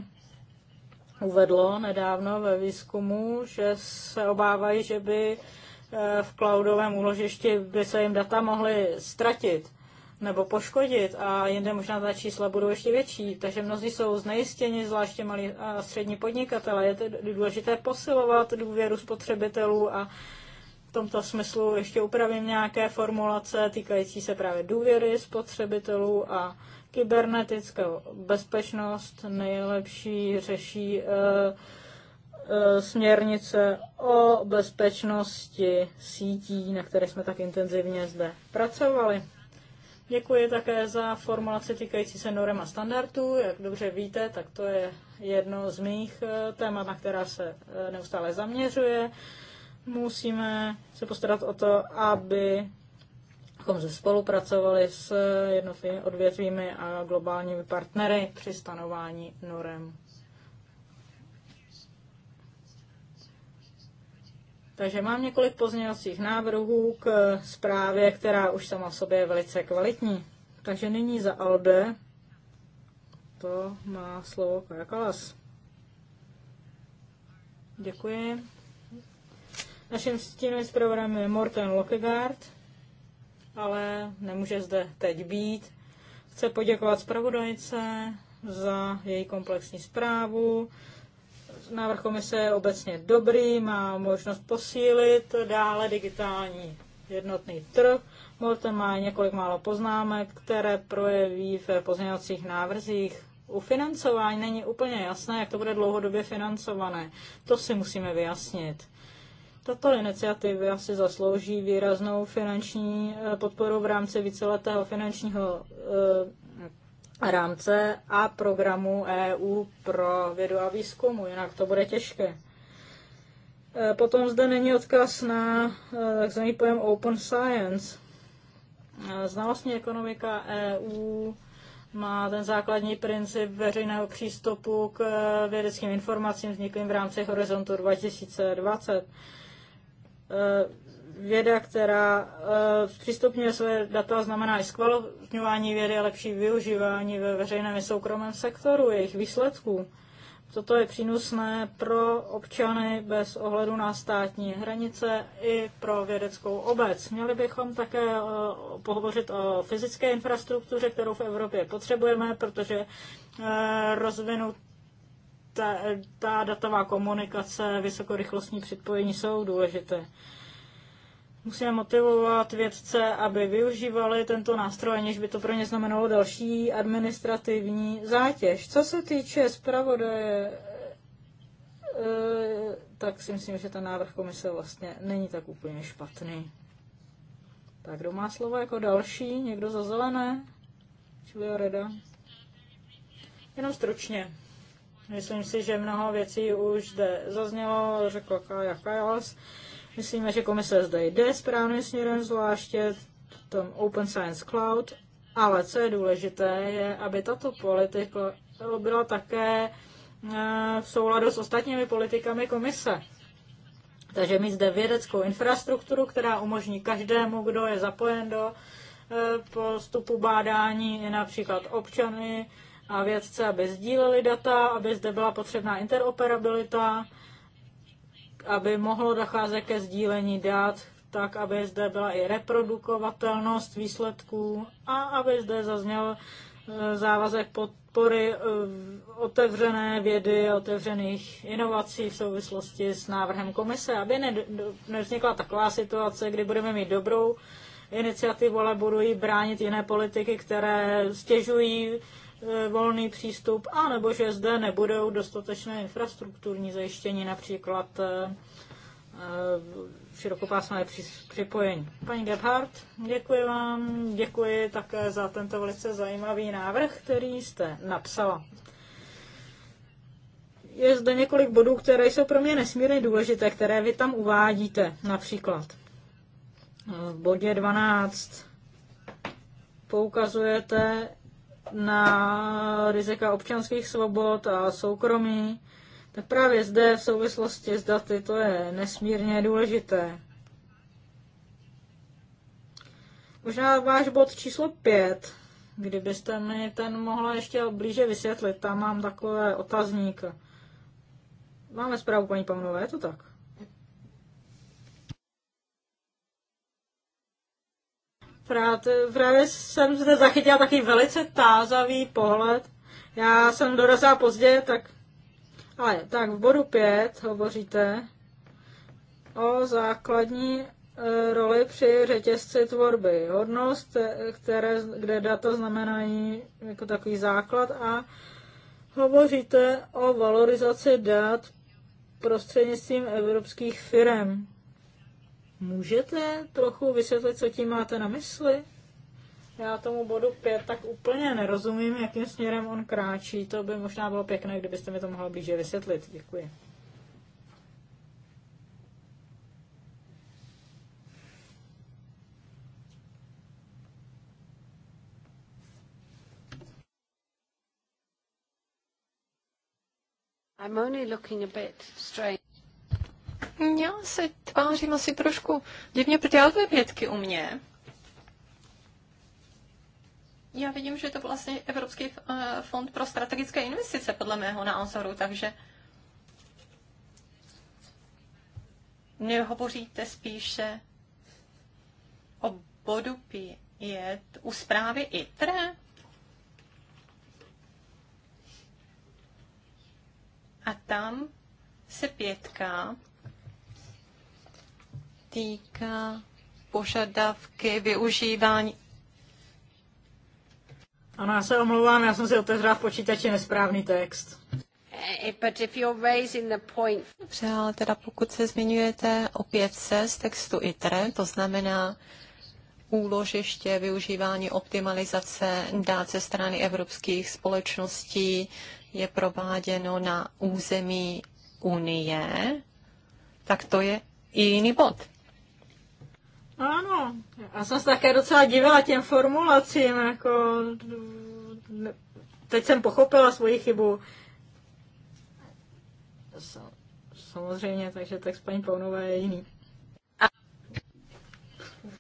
uvedlo nedávno ve výzkumu, že se obávají, že by Eh, v cloudovém úložišti by se jim data mohly ztratit nebo poškodit a jinde možná ta čísla budou ještě větší. Takže mnozí jsou znejistěni, zvláště malí a střední podnikatele. Je to důležité posilovat důvěru spotřebitelů a v tomto smyslu ještě upravím nějaké formulace týkající se právě důvěry spotřebitelů a kybernetickou bezpečnost nejlepší řeší uh, E, směrnice o bezpečnosti sítí, na které jsme tak intenzivně zde pracovali. Děkuji také za formulaci týkající se norem a standardů. Jak dobře víte, tak to je jedno z mých e, témat, na která se e, neustále zaměřuje. Musíme se postarat o to, aby abychom spolupracovali s jednotlivými odvětvími a globálními partnery při stanování norem Takže mám několik pozměňovacích návrhů k zprávě, která už sama v sobě je velice kvalitní. Takže nyní za Alde to má slovo Kajakalas. Děkuji. Naším stínovým zpravodajem je Morten Lockegaard, ale nemůže zde teď být. Chce poděkovat zpravodajce za její komplexní zprávu, návrh komise je obecně dobrý, má možnost posílit dále digitální jednotný trh. Morton má několik málo poznámek, které projeví v pozměňovacích návrzích. U financování není úplně jasné, jak to bude dlouhodobě financované. To si musíme vyjasnit. Tato iniciativa asi zaslouží výraznou finanční eh, podporu v rámci víceletého finančního eh, rámce a programu EU pro vědu a výzkumu, jinak to bude těžké. E, potom zde není odkaz na e, takzvaný pojem Open Science. E, znalostní ekonomika EU má ten základní princip veřejného přístupu k vědeckým informacím vzniklým v rámci Horizontu 2020 věda, která eh, zpřístupňuje své data, znamená i zkvalitňování vědy a lepší využívání ve veřejném i soukromém sektoru, jejich výsledků. Toto je přínosné pro občany bez ohledu na státní hranice i pro vědeckou obec. Měli bychom také eh, pohovořit o fyzické infrastruktuře, kterou v Evropě potřebujeme, protože eh, rozvinut ta, ta datová komunikace, vysokorychlostní připojení jsou důležité. Musíme motivovat vědce, aby využívali tento nástroj, aniž by to pro ně znamenalo další administrativní zátěž. Co se týče zpravodaje, eh, tak si myslím, že ten návrh komise vlastně není tak úplně špatný. Tak kdo má slovo jako další? Někdo za zelené? Čili Reda? Jenom stručně. Myslím si, že mnoho věcí už zde zaznělo, řekla Kaja Kajas. Kaj Myslíme, že komise zde jde správným směrem, zvláště tom Open Science Cloud, ale co je důležité, je, aby tato politika byla také eh, v souladu s ostatními politikami komise. Takže mít zde vědeckou infrastrukturu, která umožní každému, kdo je zapojen do eh, postupu bádání, například občany a vědce, aby sdíleli data, aby zde byla potřebná interoperabilita, aby mohlo docházet ke sdílení dat, tak aby zde byla i reprodukovatelnost výsledků a aby zde zazněl eh, závazek podpory eh, otevřené vědy, otevřených inovací v souvislosti s návrhem komise, aby nevznikla taková situace, kdy budeme mít dobrou iniciativu, ale budou jí bránit jiné politiky, které stěžují E, volný přístup, anebo že zde nebudou dostatečné infrastrukturní zajištění, například e, e, širokopásmové připojení. Paní Gebhardt, děkuji vám, děkuji také za tento velice zajímavý návrh, který jste napsala. Je zde několik bodů, které jsou pro mě nesmírně důležité, které vy tam uvádíte, například v bodě 12 poukazujete na rizika občanských svobod a soukromí, tak právě zde v souvislosti s daty to je nesmírně důležité. Možná váš bod číslo 5, kdybyste mi ten mohla ještě blíže vysvětlit, tam mám takové otazník. Máme zprávu paní Pavlové, je to tak? Právě jsem zde zachytila taky velice tázavý pohled. Já jsem dorazila pozdě, tak... Ale tak v bodu 5 hovoříte o základní e, roli při řetězci tvorby hodnost, e, které, kde data znamenají jako takový základ a hovoříte o valorizaci dat prostřednictvím evropských firm. Můžete trochu vysvětlit, co tím máte na mysli? Já tomu bodu 5 tak úplně nerozumím, jakým směrem on kráčí. To by možná bylo pěkné, kdybyste mi to mohla blíže vysvětlit. Děkuji. I'm only looking a bit strange. Já se tvářím asi trošku divně, protože já dvě pětky u mě. Já vidím, že je to vlastně Evropský eh, fond pro strategické investice, podle mého názoru, takže nehovoříte spíše o bodu pět u zprávy ITRE. A tam se pětka týká požadavky využívání. Ano, já se omlouvám, já jsem si otevřela v počítači nesprávný text. Eh, but if you're raising the point... Dobře, ale teda pokud se zmiňujete opět se z textu ITRE, to znamená úložiště, využívání optimalizace dát ze strany evropských společností je prováděno na území Unie, tak to je i jiný bod. Ano, já jsem se také docela divila těm formulacím, jako teď jsem pochopila svoji chybu. Samozřejmě, takže text paní Pounové je jiný.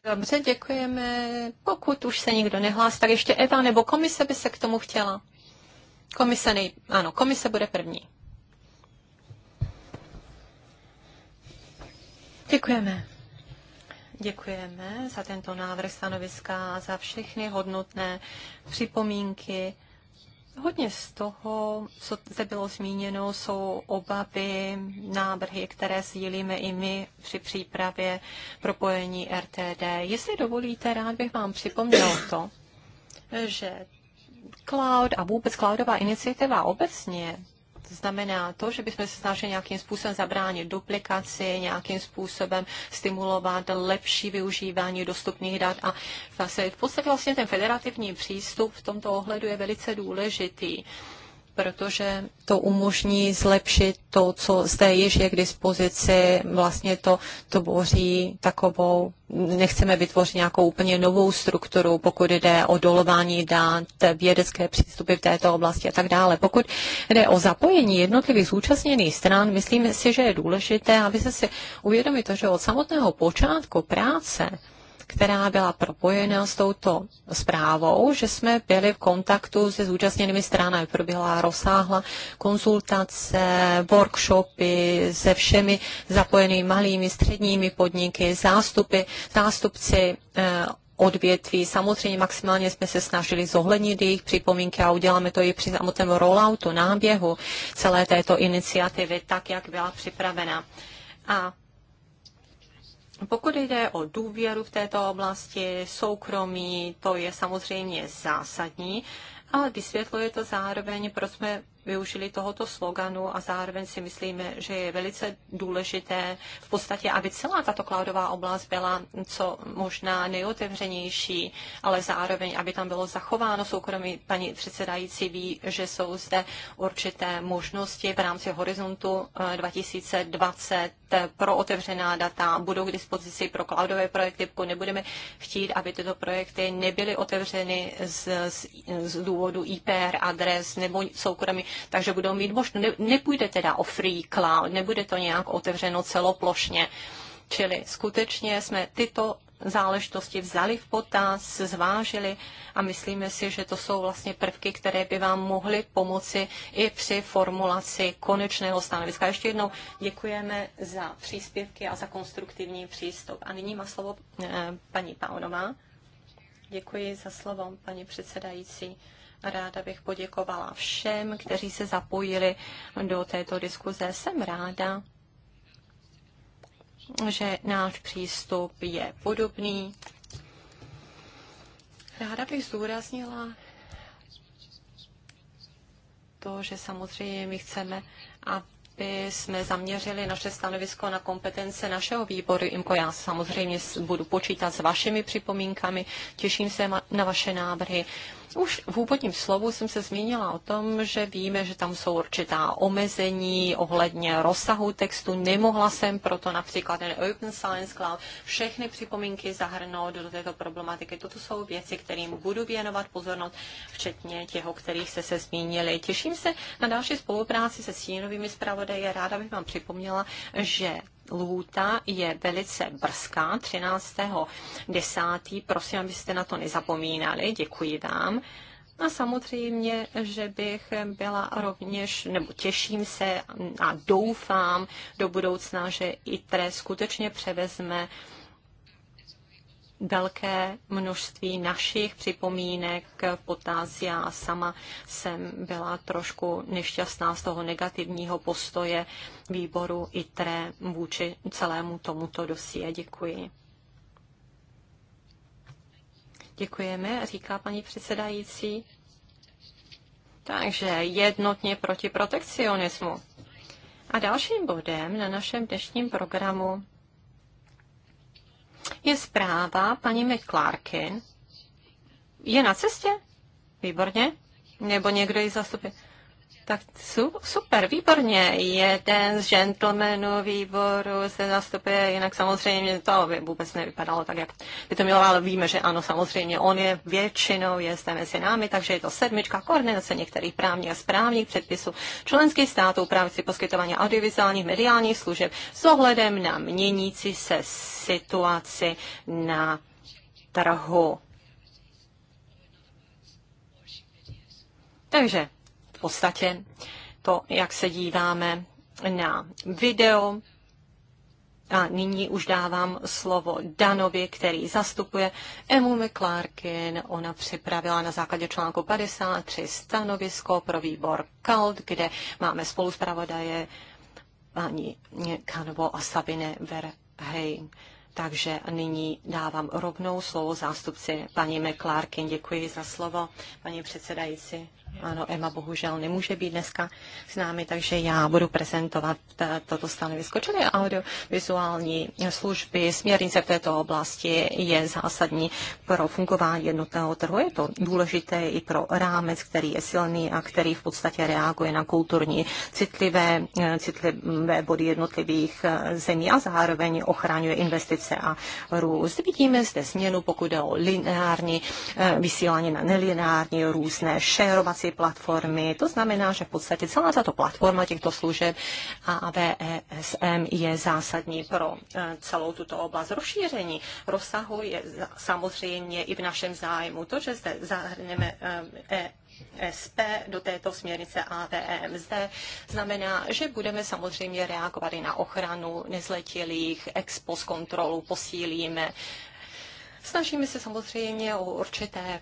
Dobře, děkujeme. Pokud už se nikdo nehlásí, tak ještě Eva nebo komise by se k tomu chtěla. Komise nej... Ano, komise bude první. Děkujeme. Děkujeme za tento návrh stanoviska a za všechny hodnotné připomínky. Hodně z toho, co zde bylo zmíněno, jsou obavy, návrhy, které sdílíme i my při přípravě propojení RTD. Jestli dovolíte, rád bych vám připomněl to, že cloud a vůbec cloudová iniciativa obecně znamená to, že bychom se snažili nějakým způsobem zabránit duplikaci, nějakým způsobem stimulovat lepší využívání dostupných dat. A vlastně, v podstatě vlastně ten federativní přístup v tomto ohledu je velice důležitý protože to umožní zlepšit to, co zde již je k dispozici. Vlastně to to boří. takovou, nechceme vytvořit nějakou úplně novou strukturu, pokud jde o dolování dát, vědecké přístupy v této oblasti a tak dále. Pokud jde o zapojení jednotlivých zúčastněných stran, myslím si, že je důležité, aby se si uvědomili, to, že od samotného počátku práce která byla propojena s touto zprávou, že jsme byli v kontaktu se zúčastněnými stranami. Proběhla rozsáhla konzultace, workshopy se všemi zapojenými malými, středními podniky, zástupy, zástupci eh, odvětví. Samozřejmě maximálně jsme se snažili zohlednit jejich připomínky a uděláme to i při samotném rolloutu, náběhu celé této iniciativy, tak, jak byla připravena. A pokud jde o důvěru v této oblasti, soukromí, to je samozřejmě zásadní, ale vysvětluje to zároveň, proč jsme využili tohoto sloganu a zároveň si myslíme, že je velice důležité v podstatě, aby celá tato cloudová oblast byla co možná nejotevřenější, ale zároveň, aby tam bylo zachováno soukromí. Paní předsedající ví, že jsou zde určité možnosti v rámci horizontu 2020 eh, E, pro otevřená data, budou k dispozici pro cloudové projekty, pokud nebudeme chtít, aby tyto projekty nebyly otevřeny z, z, z důvodu IPR adres nebo soukromí, takže budou mít možnost, ne, nepůjde teda o free cloud, nebude to nějak otevřeno celoplošně. Čili skutečně jsme tyto záležitosti vzali v potaz, zvážili a myslíme si, že to jsou vlastně prvky, které by vám mohly pomoci i při formulaci konečného stanoviska. Ještě jednou děkujeme za příspěvky a za konstruktivní přístup. A nyní má slovo eh, paní Paunová. Děkuji za slovo, paní předsedající. Ráda bych poděkovala všem, kteří se zapojili do této diskuze. Jsem ráda, že náš přístup je podobný. Ráda bych zdůraznila to, že samozřejmě my chceme, aby jsme zaměřili naše stanovisko na kompetence našeho výboru. Imko, já samozřejmě budu počítat s vašimi připomínkami, těším se na vaše návrhy. Už v úvodním slovu jsem se zmínila o tom, že víme, že tam jsou určitá omezení ohledně rozsahu textu. Nemohla jsem proto například ten Open Science Cloud všechny připomínky zahrnout do této problematiky. Toto jsou věci, kterým budu věnovat pozornost, včetně těch, o kterých jste se zmínili. Těším se na další spolupráci se stínovými zpravodaji. Ráda bych vám připomněla, že lhůta je velice brzká, 13.10. Prosím, abyste na to nezapomínali. Děkuji vám. A samozřejmě, že bych byla rovněž, nebo těším se a doufám do budoucna, že ITRE skutečně převezme uh, velké množství našich připomínek potaz. Já sama jsem byla trošku nešťastná z toho negativního postoje výboru ITRE vůči celému tomuto dosie. Děkuji. Děkujeme, říká paní předsedající. Takže jednotně proti protekcionismu. A dalším bodem na našem dnešním programu je zpráva paní McClarkin. Je na cestě? Výborně. Nebo někdo ji zastupuje? Tak su super, výborně. Jeden z gentlemanů výboru se zastupuje, jinak samozřejmě to by vůbec nevypadalo tak, jak by to mělo, ale víme, že ano, samozřejmě on je většinou, je zde mezi námi, takže je to sedmička koordinace některých právních a správních předpisů členských států právě poskytování audiovizuálních mediálních služeb s ohledem na měnící se situaci na trhu. Takže podstatě to, jak se díváme na video. A nyní už dávám slovo Danovi, který zastupuje Emu McClarkin. Ona připravila na základě článku 53 stanovisko pro výbor KALD, kde máme spoluzpravodaje paní Kanovo a Sabine Verheyen. Takže nyní dávám rovnou slovo zástupci paní McClarkin. Děkuji za slovo, paní předsedající. Ano, Emma bohužel nemůže být dneska s námi, takže já budu prezentovat eh, toto stanovisko, čili audiovizuální služby. Směrnice v této oblasti je zásadní pro fungování jednotného trhu. Je to důležité i pro rámec, který je silný a který v podstatě reaguje na kulturní citlivé, eh, citlivé body jednotlivých eh, zemí a zároveň ochraňuje investice a růst. Vidíme zde změnu, pokud je o lineární vysílání na nelineární různé šerovací rámci platformy. To znamená, že v podstatě celá tato platforma těchto služeb AVESM je zásadní pro e, celou tuto oblast. Rozšíření rozsahu je samozřejmě i v našem zájmu. To, že zde zahrneme e, e SP do této směrnice ATM. E zde znamená, že budeme samozřejmě reagovat i na ochranu nezletilých, expos kontrolu posílíme Snažíme se samozřejmě o určité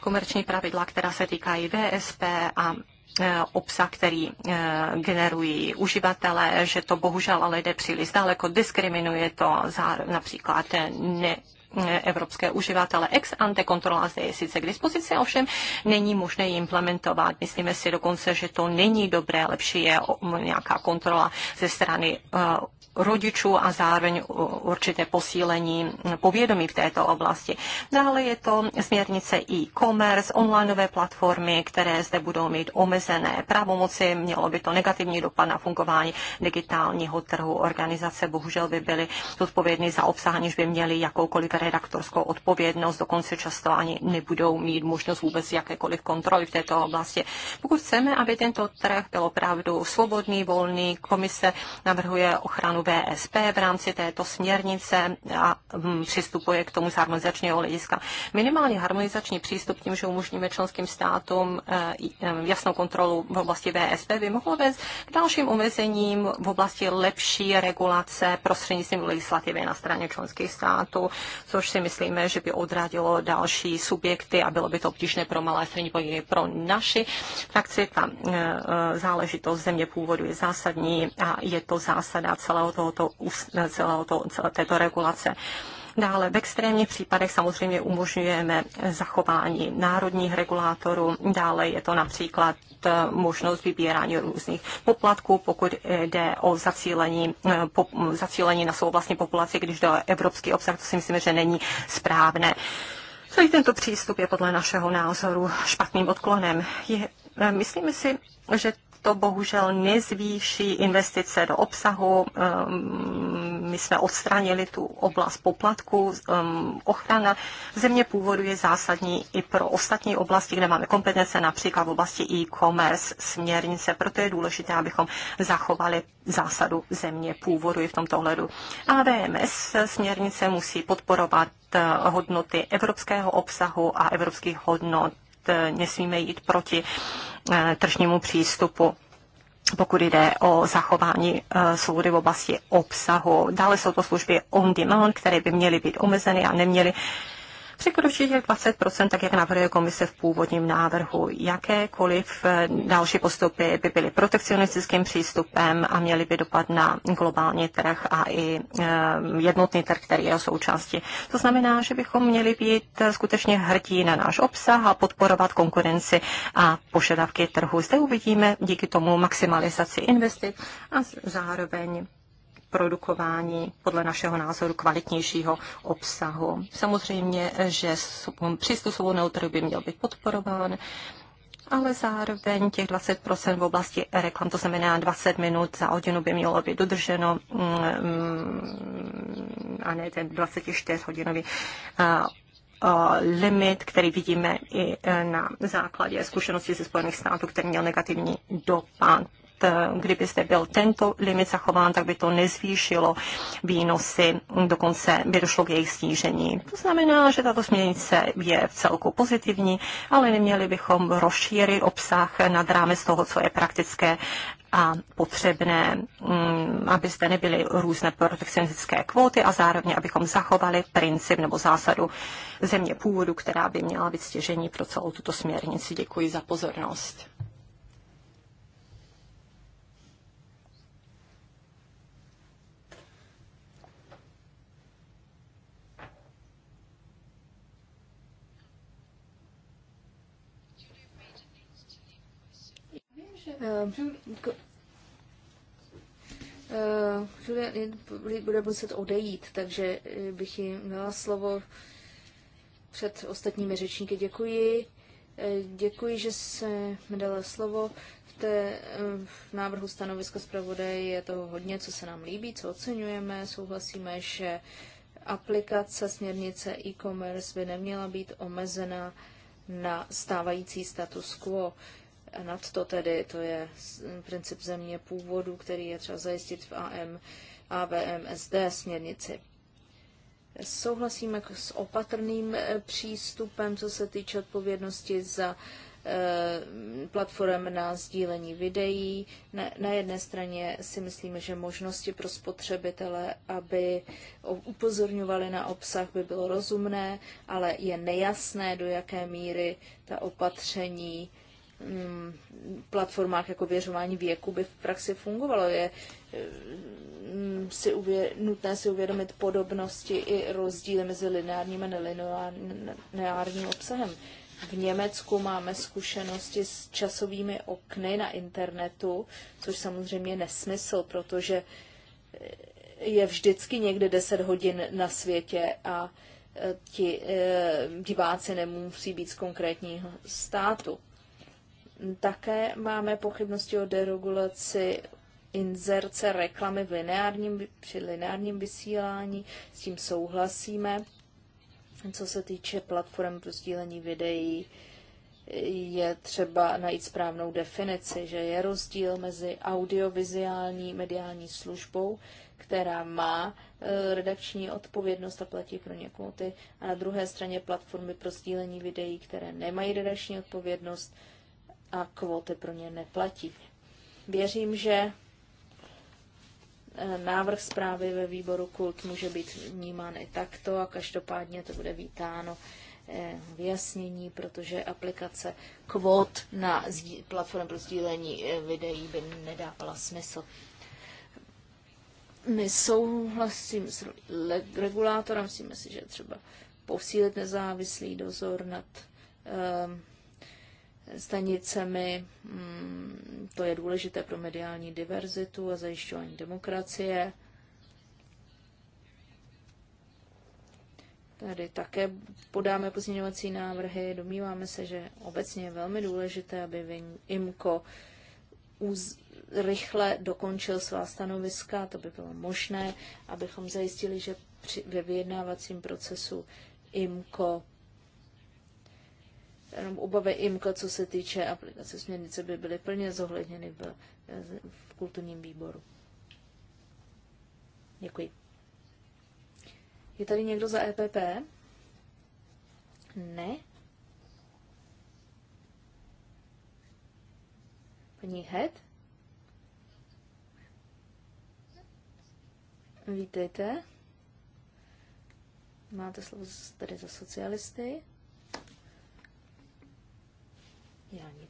komerční pravidla, která se týkají VSP a e, obsah, který e, generují uživatelé, že to bohužel ale jde příliš daleko, diskriminuje to za například ne, evropské uživatele. Ex ante kontrola zde je sice k dispozici, ovšem není možné ji implementovat. Myslíme si dokonce, že to není dobré, lepší je nějaká kontrola ze strany eh, rodičů a zároveň určité posílení povědomí v této oblasti. Dále je to směrnice e-commerce, onlineové platformy, které zde budou mít omezené pravomoci. Mělo by to negativní dopad na fungování digitálního trhu. Organizace bohužel by byly zodpovědny za obsah, aniž by měly jakoukoliv redaktorskou odpovědnost, dokonce často ani nebudou mít možnost vůbec jakékoliv kontroly v této oblasti. Pokud chceme, aby tento trh byl opravdu svobodný, volný, komise navrhuje ochranu VSP v rámci této směrnice a hm, přistupuje k tomu z harmonizačního hlediska. Minimální harmonizační přístup tím, že umožníme členským státům eh, eh, jasnou kontrolu v oblasti VSP, by mohlo vést k dalším omezením v oblasti lepší regulace prostřednictvím legislativy na straně členských států, což si myslíme, že by odradilo další subjekty a bylo by to obtížné pro malé firmy, střední podniky. Pro naši frakci ta e, e, záležitost země původu je zásadní a je to zásada celého tohoto, e, celého to, celé této regulace. Dále v extrémních případech samozřejmě umožňujeme zachování národních regulátorů. Dále je to například eh, možnost vybírání různých poplatků, pokud jde o zacílení, eh, po, zacílení na svou vlastní populaci, když do evropský obsah, to si myslím, že není správné. Celý tento přístup je podle našeho názoru špatným odklonem. Je, eh, myslím si, že to bohužel nezvýší investice do obsahu. Ehm, my jsme odstranili tu oblast poplatku. Ehm, ochrana země původu je zásadní i pro ostatní oblasti, kde máme kompetence, například v oblasti e-commerce, směrnice. Proto je důležité, abychom zachovali zásadu země původu i v tomto ohledu. AVMS směrnice musí podporovat eh, hodnoty evropského obsahu a evropských hodnot E, nesmíme jít proti e, tržnímu přístupu pokud jde o zachování e, svobody v oblasti obsahu. Dále jsou to služby on demand, které by měly být omezeny a neměly překročí těch 20%, tak jak navrhuje komise v původním návrhu. Jakékoliv eh, další postupy by byly protekcionistickým přístupem a měly by dopad na globální trh a i eh, jednotný trh, který je o součástí. To znamená, že bychom měli být skutečně hrdí na náš obsah a podporovat konkurenci a požadavky trhu. Zde uvidíme díky tomu maximalizaci investic a zároveň produkování podle našeho názoru kvalitnějšího obsahu. Samozřejmě, že přístup svobodného trhu by měl být podporován, ale zároveň těch 20% v oblasti reklam, to znamená 20 minut za hodinu by mělo být dodrženo mm, mm, a ne ten 24-hodinový limit, který vidíme i e, na základě zkušenosti ze Spojených států, který měl negativní dopad Eh, kdyby zde byl tento limit zachován, tak by to nezvýšilo výnosy, dokonce by došlo k jejich snížení. To znamená, že tato směrnice je v celku pozitivní, ale neměli bychom rozšířit obsah nad rámec toho, co je praktické a potřebné, mm, aby zde nebyly různé protekcionistické kvóty a zároveň, abychom zachovali princip nebo zásadu země původu, která by měla být stěžení pro celou tuto směrnici. Děkuji za pozornost. Uh, eh, Julia eh, bude muset odejít, takže eh, bych jí měla slovo před ostatními řečníky. Děkuji. Děkuji, že se mi dala slovo. V, té, v návrhu stanoviska zpravodaje je toho hodně, co se nám líbí, co oceňujeme. Souhlasíme, že aplikace směrnice e-commerce by neměla být omezena na stávající status quo. Uh, nad to tedy, to je mm, princip země původu, který je třeba zajistit v AM, SD směrnici. Souhlasíme s opatrným e, přístupem, co se týče odpovědnosti za e, platform na sdílení videí. Na jedné straně si myslíme, že možnosti pro spotřebitele, aby upozorňovali na obsah, by bylo rozumné, ale je nejasné, do jaké míry ta opatření Mm, platformách jako věřování věku by v praxi fungovalo. Je mm, si uvě, nutné si uvědomit podobnosti i rozdíly mezi lineárním a nelineárním obsahem. V Německu máme zkušenosti s časovými okny na internetu, což samozřejmě je nesmysl, protože je vždycky někde 10 hodin na světě a eh, ti eh, diváci nemusí být z konkrétního státu také máme pochybnosti o deregulaci inzerce reklamy v lineárním, při lineárním vysílání, s tím souhlasíme. Co se týče platform pro sdílení videí, je třeba najít správnou definici, že je rozdíl mezi audiovizuální mediální službou, která má e, redakční odpovědnost a platí pro ně kvóty, a na druhé straně platformy pro sdílení videí, které nemají redakční odpovědnost, a kvóty pro ně neplatí. Věřím, že e, návrh zprávy ve výboru Kult může být vnímán i takto a každopádně to bude vítáno e, vyjasnění, protože aplikace kvót na platform pro sdílení e, videí by nedávala smysl. My souhlasím s regulátorem, myslíme si, že třeba posílit nezávislý dozor nad um, stanicemi. Mm, to je důležité pro mediální diverzitu a zajišťování demokracie. Tady také podáme pozměňovací návrhy. Domníváme se, že obecně je velmi důležité, aby IMCO uz, rychle dokončil svá stanoviska, to by bylo možné, abychom zajistili, že při, ve vyjednávacím procesu IMCO jenom obavy IMKA, co se týče aplikace směrnice, by byly plně zohledněny v, v kulturním výboru. Děkuji. Je tady někdo za EPP? Ne. Paní Head? Vítejte. Máte slovo tady za socialisty dálnic.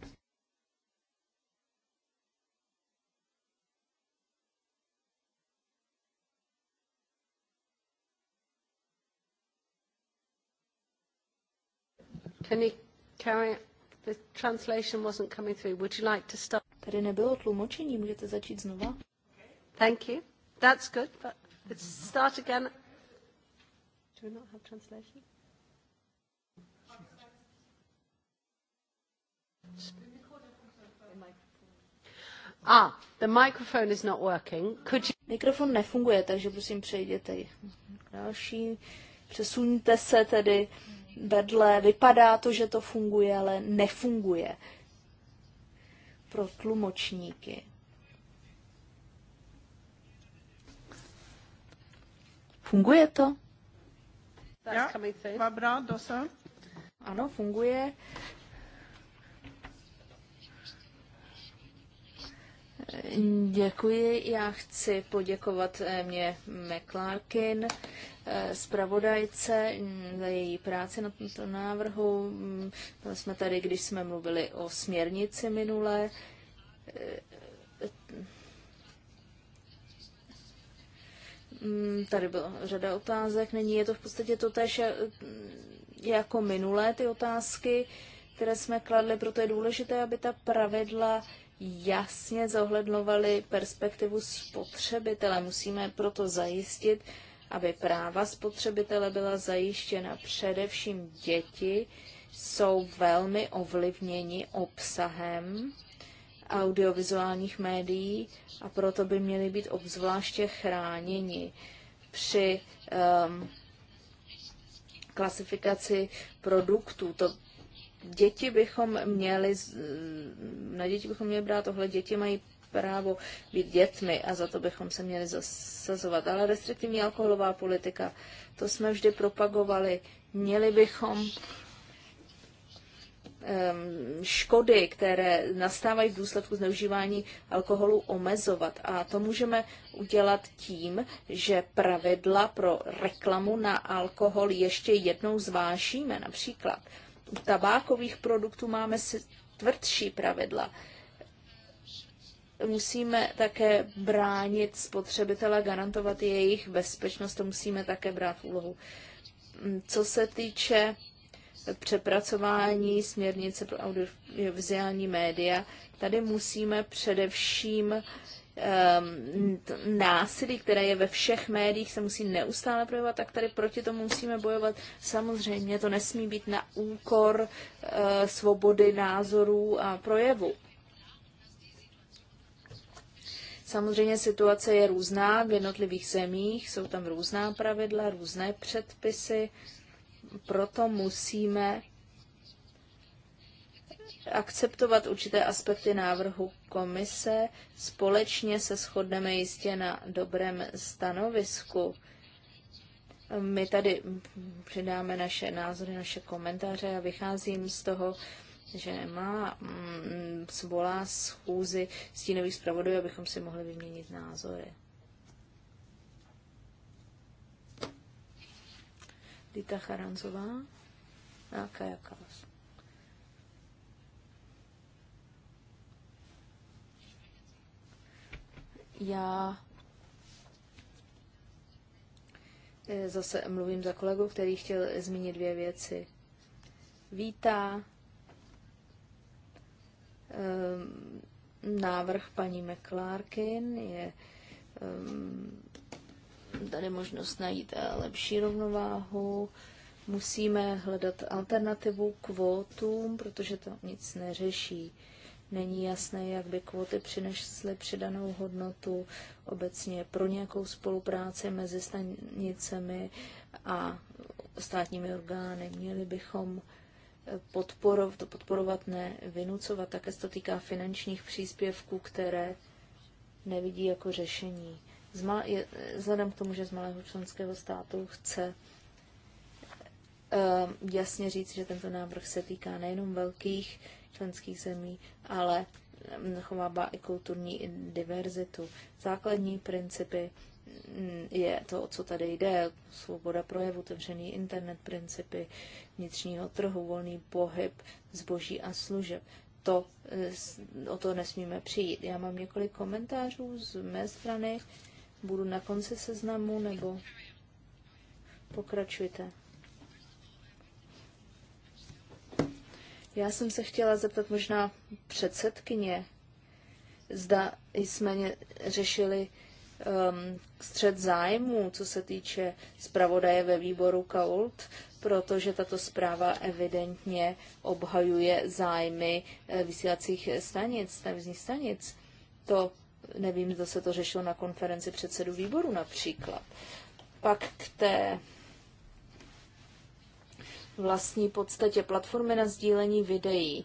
Can you carry the translation wasn't coming through. Would you like to start? Tady nebylo tlumočení, můžete začít znova. Thank you. That's good, but let's start again. Do we not have translation? Ah, the microphone is not working. Could you... Mikrofon nefunguje, takže prosím přejděte další. Přesuňte se tedy vedle. Vypadá to, že to funguje, ale nefunguje pro tlumočníky. Funguje to? Ja, dobrá, dosa. Ano, funguje. Děkuji. Já chci poděkovat eh, mě McClarkin, eh, zpravodajce mm, za její práci na tomto návrhu. Byli mm, jsme tady, když jsme mluvili o směrnici minule. Eh, mm, tady byla řada otázek. Není je to v podstatě to tež jako minulé ty otázky, které jsme kladli, proto je důležité, aby ta pravidla jasně zohledňovaly perspektivu spotřebitele. Musíme proto zajistit, aby práva spotřebitele byla zajištěna. Především děti jsou velmi ovlivněni obsahem audiovizuálních médií a proto by měly být obzvláště chráněni při um, klasifikaci produktů. To děti bychom měli, na děti bychom měli brát tohle děti mají právo být dětmi a za to bychom se měli zasazovat. Ale restriktivní alkoholová politika, to jsme vždy propagovali. Měli bychom škody, které nastávají v důsledku zneužívání alkoholu, omezovat. A to můžeme udělat tím, že pravidla pro reklamu na alkohol ještě jednou zvážíme. Například u tabákových produktů máme tvrdší pravidla. Musíme také bránit spotřebitele, garantovat jejich bezpečnost, to musíme také brát v úlohu. Mm, co se týče přepracování směrnice pro audiovizuální média, tady musíme především Ehm, násilí, které je ve všech médiích, se musí neustále projevovat, tak tady proti tomu musíme bojovat. Samozřejmě to nesmí být na úkor eh, svobody názorů a projevu. Samozřejmě situace je různá v jednotlivých zemích, jsou tam různá pravidla, různé předpisy, proto musíme akceptovat určité aspekty návrhu komise. Společně se shodneme jistě na dobrém stanovisku. My tady přidáme naše názory, naše komentáře a vycházím z toho, že má mm, svolá schůzi stínových zpravodů, abychom si mohli vyměnit názory. Dita Charanzová a Kaja Já eh, zase mluvím za kolegu, který chtěl zmínit dvě věci. Vítá ehm, návrh paní McClarkin je ehm, tady možnost najít eh, lepší rovnováhu. Musíme hledat alternativu kvótům, protože to nic neřeší není jasné, jak by kvóty přinesly přidanou hodnotu obecně pro nějakou spolupráci mezi stanicemi a státními orgány. Měli bychom podporovat, to podporovat, ne vynucovat. Také se to týká finančních příspěvků, které nevidí jako řešení. vzhledem k tomu, že z malého členského státu chce eh, jasně říct, že tento návrh se týká nejenom velkých členských zemí, ale chovává i kulturní diverzitu. Základní principy mm, je to, o co tady jde, svoboda projevu, otevřený internet, principy vnitřního trhu, volný pohyb zboží a služeb. To, eh, o to nesmíme přijít. Já mám několik komentářů z mé strany. Budu na konci seznamu nebo pokračujte. Já jsem se chtěla zeptat možná předsedkyně, zda jsme řešili um, střed zájmu, co se týče zpravodaje ve výboru KAULT, protože tato zpráva evidentně obhajuje zájmy eh, vysílacích stanic, televizních stanic. To nevím, zda se to řešilo na konferenci předsedu výboru například. Pak k té vlastní podstatě platformy na sdílení videí.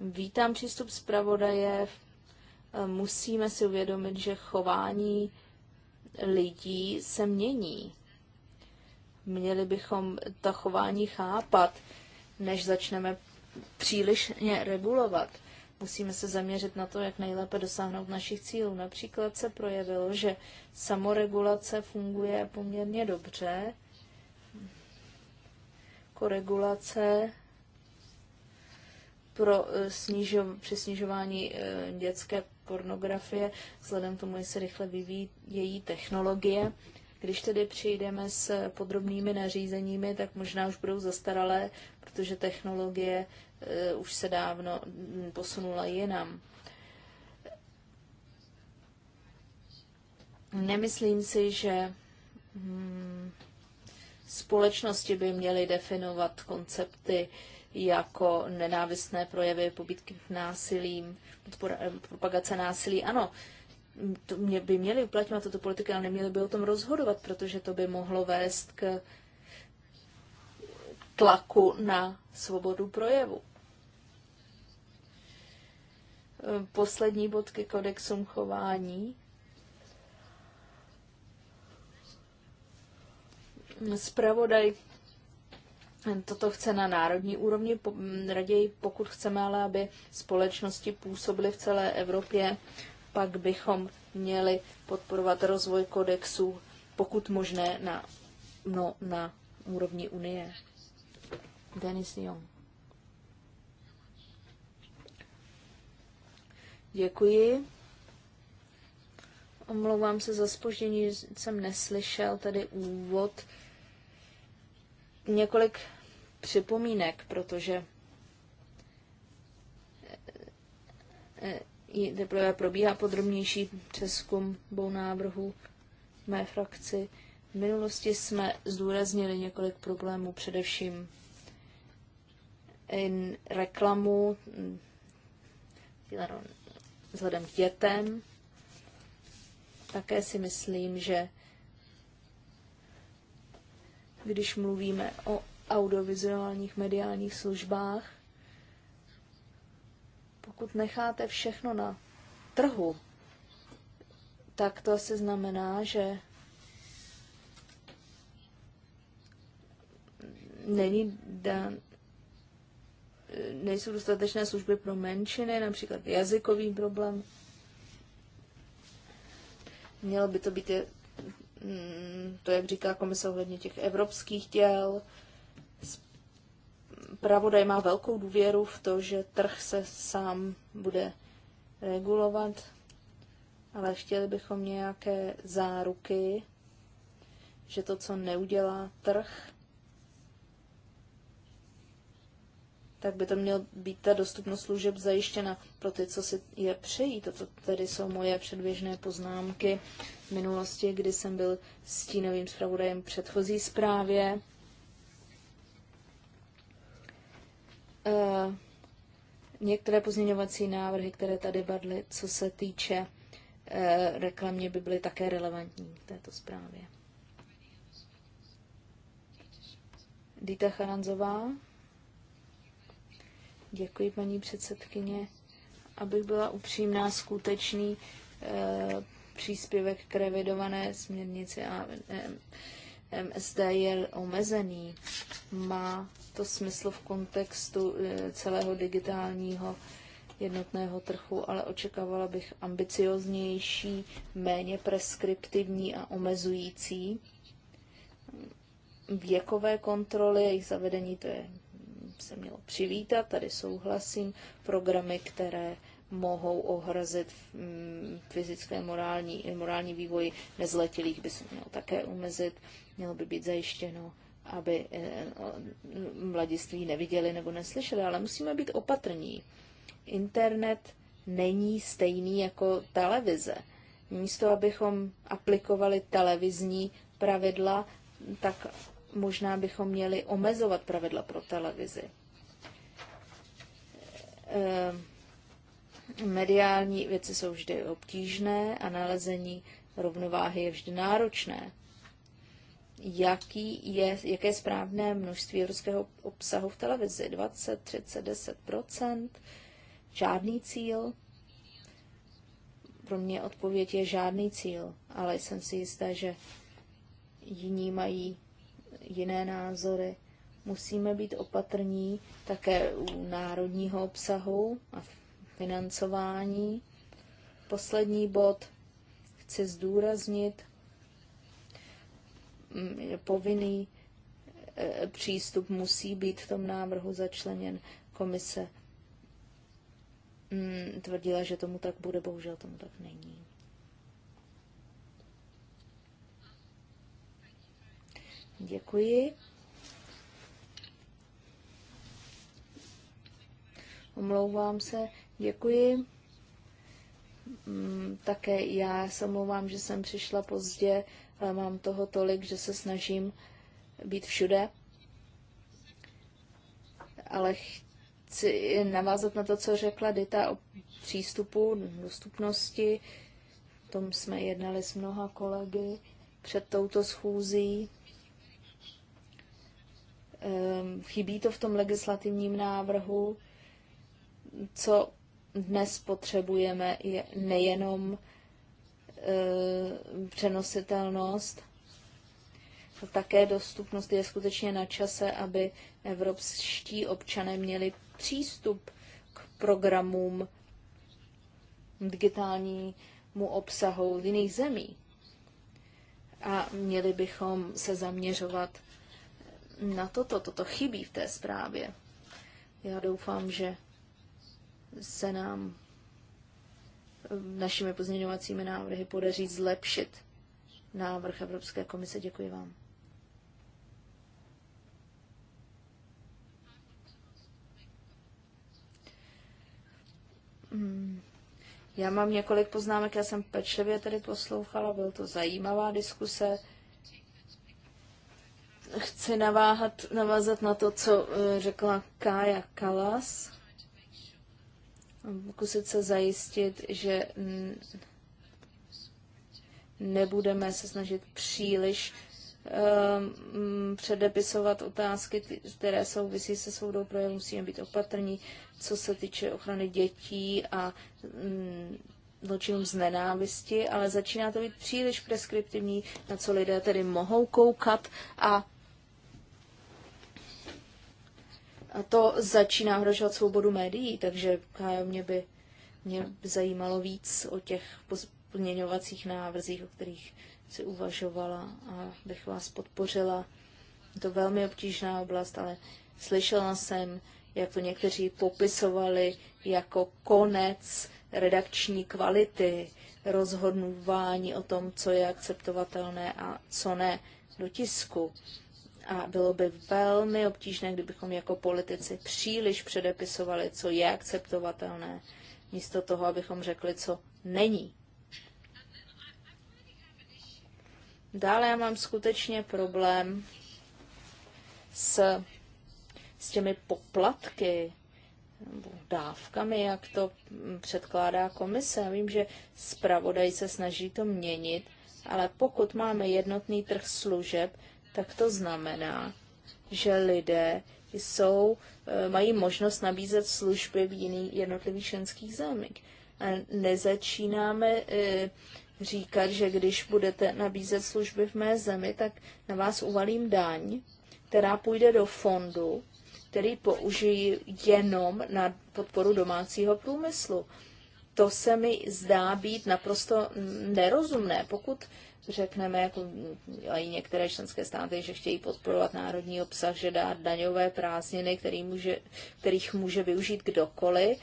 Vítám přístup zpravodaje. Musíme si uvědomit, že chování lidí se mění. Měli bychom ta chování chápat, než začneme přílišně regulovat. Musíme se zaměřit na to, jak nejlépe dosáhnout našich cílů. Například se projevilo, že samoregulace funguje poměrně dobře. Koregulace pro eh, snižo, při snižování eh, dětské pornografie, vzhledem k tomu, jak se rychle vyvíjí její technologie. Když tedy přijdeme s podrobnými nařízeními, tak možná už budou zastaralé, protože technologie Eh, už se dávno posunula jinam. Nemyslím si, že hm, společnosti by měly definovat koncepty jako nenávistné projevy, pobytky k násilím, eh, propagace násilí. Ano, to mě, by měli uplatňovat tuto politiku, ale neměli by o tom rozhodovat, protože to by mohlo vést k tlaku na svobodu projevu poslední bod ke kodexům chování. Spravodaj toto chce na národní úrovni, raději pokud chceme ale, aby společnosti působily v celé Evropě, pak bychom měli podporovat rozvoj kodexů, pokud možné, na, no, na úrovni Unie. Denis Jong. Děkuji. Omlouvám se za spoždění, jsem neslyšel tady úvod. Několik připomínek, protože eh, eh, teprve probíhá podrobnější přeskum bou návrhu mé frakci. V minulosti jsme zdůraznili několik problémů, především in reklamu, hm, vzhledem k dětem. Také si myslím, že když mluvíme o audiovizuálních mediálních službách, pokud necháte všechno na trhu, tak to asi znamená, že není dan, nejsou dostatečné služby pro menšiny, například jazykový problém. Mělo by to být mm, to, jak říká komise ohledně těch evropských děl. Pravodaj má velkou důvěru v to, že trh se sám bude regulovat, ale chtěli bychom nějaké záruky, že to, co neudělá trh, tak by to měl být ta dostupnost služeb zajištěna pro ty, co si je přejí. Toto tedy jsou moje předběžné poznámky v minulosti, kdy jsem byl stínovým zpravodajem předchozí zprávě. Eh, některé pozměňovací návrhy, které tady badly, co se týče eh, reklamě, by byly také relevantní v této zprávě. Dita Charanzová. Děkuji, paní předsedkyně. Abych byla upřímná, skutečný e, příspěvek k revidované směrnici a eh, eh, MSD je omezený. Má to smysl v kontextu celého digitálního jednotného trhu, ale očekávala bych ambicioznější, méně preskriptivní a omezující. Věkové kontroly, jejich zavedení, to je se mělo přivítat. Tady souhlasím. Programy, které mohou ohrozit mm, fyzické morální, morální vývoj nezletilých, by se mělo také omezit. Mělo by být zajištěno, aby eh, eh, mladiství neviděli nebo neslyšeli, ale musíme být opatrní. Internet není stejný jako televize. Místo, abychom aplikovali televizní pravidla, tak možná bychom měli omezovat pravidla pro televizi. Ehm, mediální věci jsou vždy obtížné a nalezení rovnováhy je vždy náročné. Jaký je, jaké je správné množství ruského obsahu v televizi? 20, 30, 10 Žádný cíl? Pro mě odpověď je žádný cíl, ale jsem si jistá, že jiní mají jiné názory. Musíme být opatrní také u národního obsahu a financování. Poslední bod chci zdůraznit mm, povinný e, přístup musí být v tom návrhu začleněn. Komise mm, tvrdila, že tomu tak bude, bohužel tomu tak není. Děkuji. Omlouvám se, děkuji. Mm, také já se omlouvám, že jsem přišla pozdě, ale eh, mám toho tolik, že se snažím být všude. Ale chci navázat na to, co řekla Dita o přístupu, dostupnosti. O tom jsme jednali s mnoha kolegy před touto schůzí. Ehm, chybí to v tom legislativním návrhu. Co dnes potřebujeme, je nejenom ehm, přenositelnost, také dostupnost je skutečně na čase, aby evropští občané měli přístup k programům digitálnímu obsahu v jiných zemí. A měli bychom se zaměřovat na toto, toto chybí v té zprávě. Já doufám, že se nám eh, našimi pozměňovacími návrhy podaří zlepšit návrh Evropské komise. Děkuji vám. Hmm. Já mám několik poznámek, já jsem pečlivě tady poslouchala, byl to zajímavá diskuse chci naváhat, navázat na to, co eh, řekla Kája Kalas. Pokusit se zajistit, že nebudeme se snažit příliš ehm, předepisovat otázky, které souvisí se soudou projevu. Musíme být opatrní, co se týče ochrany dětí a um, zločinům z nenávisti, ale začíná to být příliš preskriptivní, na co lidé tedy mohou koukat a A to začíná hrožovat svobodu médií, takže Kájo, mě by mě by zajímalo víc o těch pozměňovacích návrzích, o kterých si uvažovala a bych vás podpořila. Je to velmi obtížná oblast, ale slyšela jsem, jak to někteří popisovali jako konec redakční kvality, rozhodnování o tom, co je akceptovatelné a co ne do tisku. A bylo by velmi obtížné, kdybychom jako politici příliš předepisovali, co je akceptovatelné, místo toho, abychom řekli, co není. Dále já mám skutečně problém s, s těmi poplatky dávkami, jak to předkládá komise. Já vím, že zpravodaj se snaží to měnit, ale pokud máme jednotný trh služeb, tak to znamená, že lidé jsou, e, mají možnost nabízet služby v jiných jednotlivých členských zemích. A nezačínáme e, říkat, že když budete nabízet služby v mé zemi, tak na vás uvalím daň, která půjde do fondu, který použijí jenom na podporu domácího průmyslu to se mi zdá být naprosto nerozumné. Pokud řekneme, jako i některé členské státy, že chtějí podporovat národní obsah, že dát daňové prázdniny, který může, kterých může využít kdokoliv,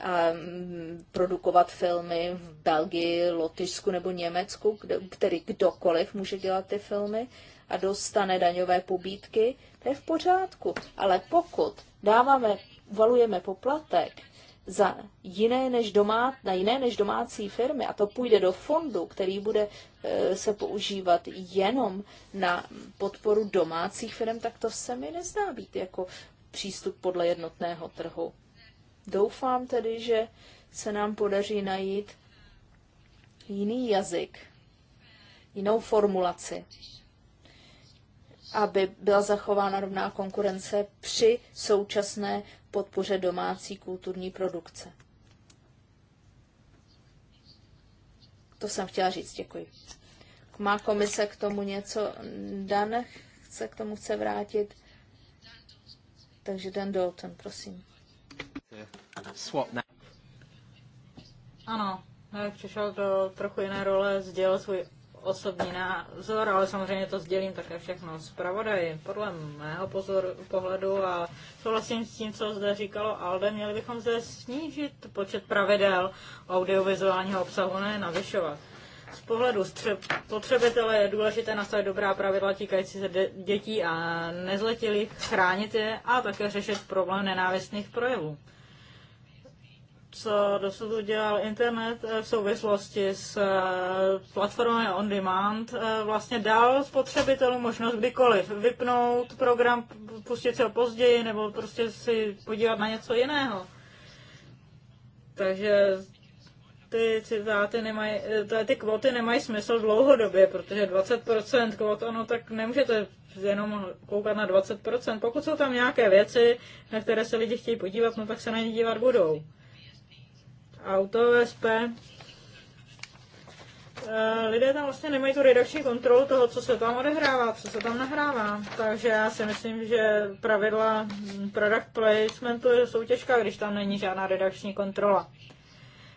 a mm, produkovat filmy v Belgii, Lotyšsku nebo Německu, kde, který kdokoliv může dělat ty filmy a dostane daňové pobídky, to je v pořádku. Ale pokud dáváme, valujeme poplatek za jiné než domá, na jiné než domácí firmy a to půjde do fondu, který bude e, se používat jenom na podporu domácích firm, tak to se mi nezdá být jako přístup podle jednotného trhu. Doufám tedy, že se nám podaří najít jiný jazyk, jinou formulaci, aby byla zachována rovná konkurence při současné podpoře domácí kulturní produkce. To jsem chtěla říct, děkuji. Má komise k tomu něco? Dan se k tomu chce vrátit. Takže Dan Dalton, prosím. Ano, přišel do trochu jiné role, sdělil svůj osobní názor, ale samozřejmě to sdělím také všechno zpravodaji. Podle mého pozoru, pohledu a souhlasím s tím, co zde říkalo Alde, měli bychom zde snížit počet pravidel audiovizuálního obsahu, ne navyšovat. Z pohledu spotřebitele je důležité nastavit dobrá pravidla týkající se dětí a nezletilých, chránit je a také řešit problém nenávistných projevů co dosud udělal internet eh, v souvislosti s eh, platformou on demand, eh, vlastně dal spotřebitelům možnost kdykoliv vypnout program, pustit se ho později nebo prostě si podívat na něco jiného. Takže ty citáty nemají, ty kvoty nemají smysl dlouhodobě, protože 20% kvot, ano, tak nemůžete jenom koukat na 20%. Pokud jsou tam nějaké věci, na které se lidi chtějí podívat, no tak se na ně dívat budou auto VSP, eh, lidé tam vlastně nemají tu redakční kontrolu toho, co se tam odehrává, co se tam nahrává. Takže já si myslím, že pravidla hm, product placementu jsou těžká, když tam není žádná redakční kontrola.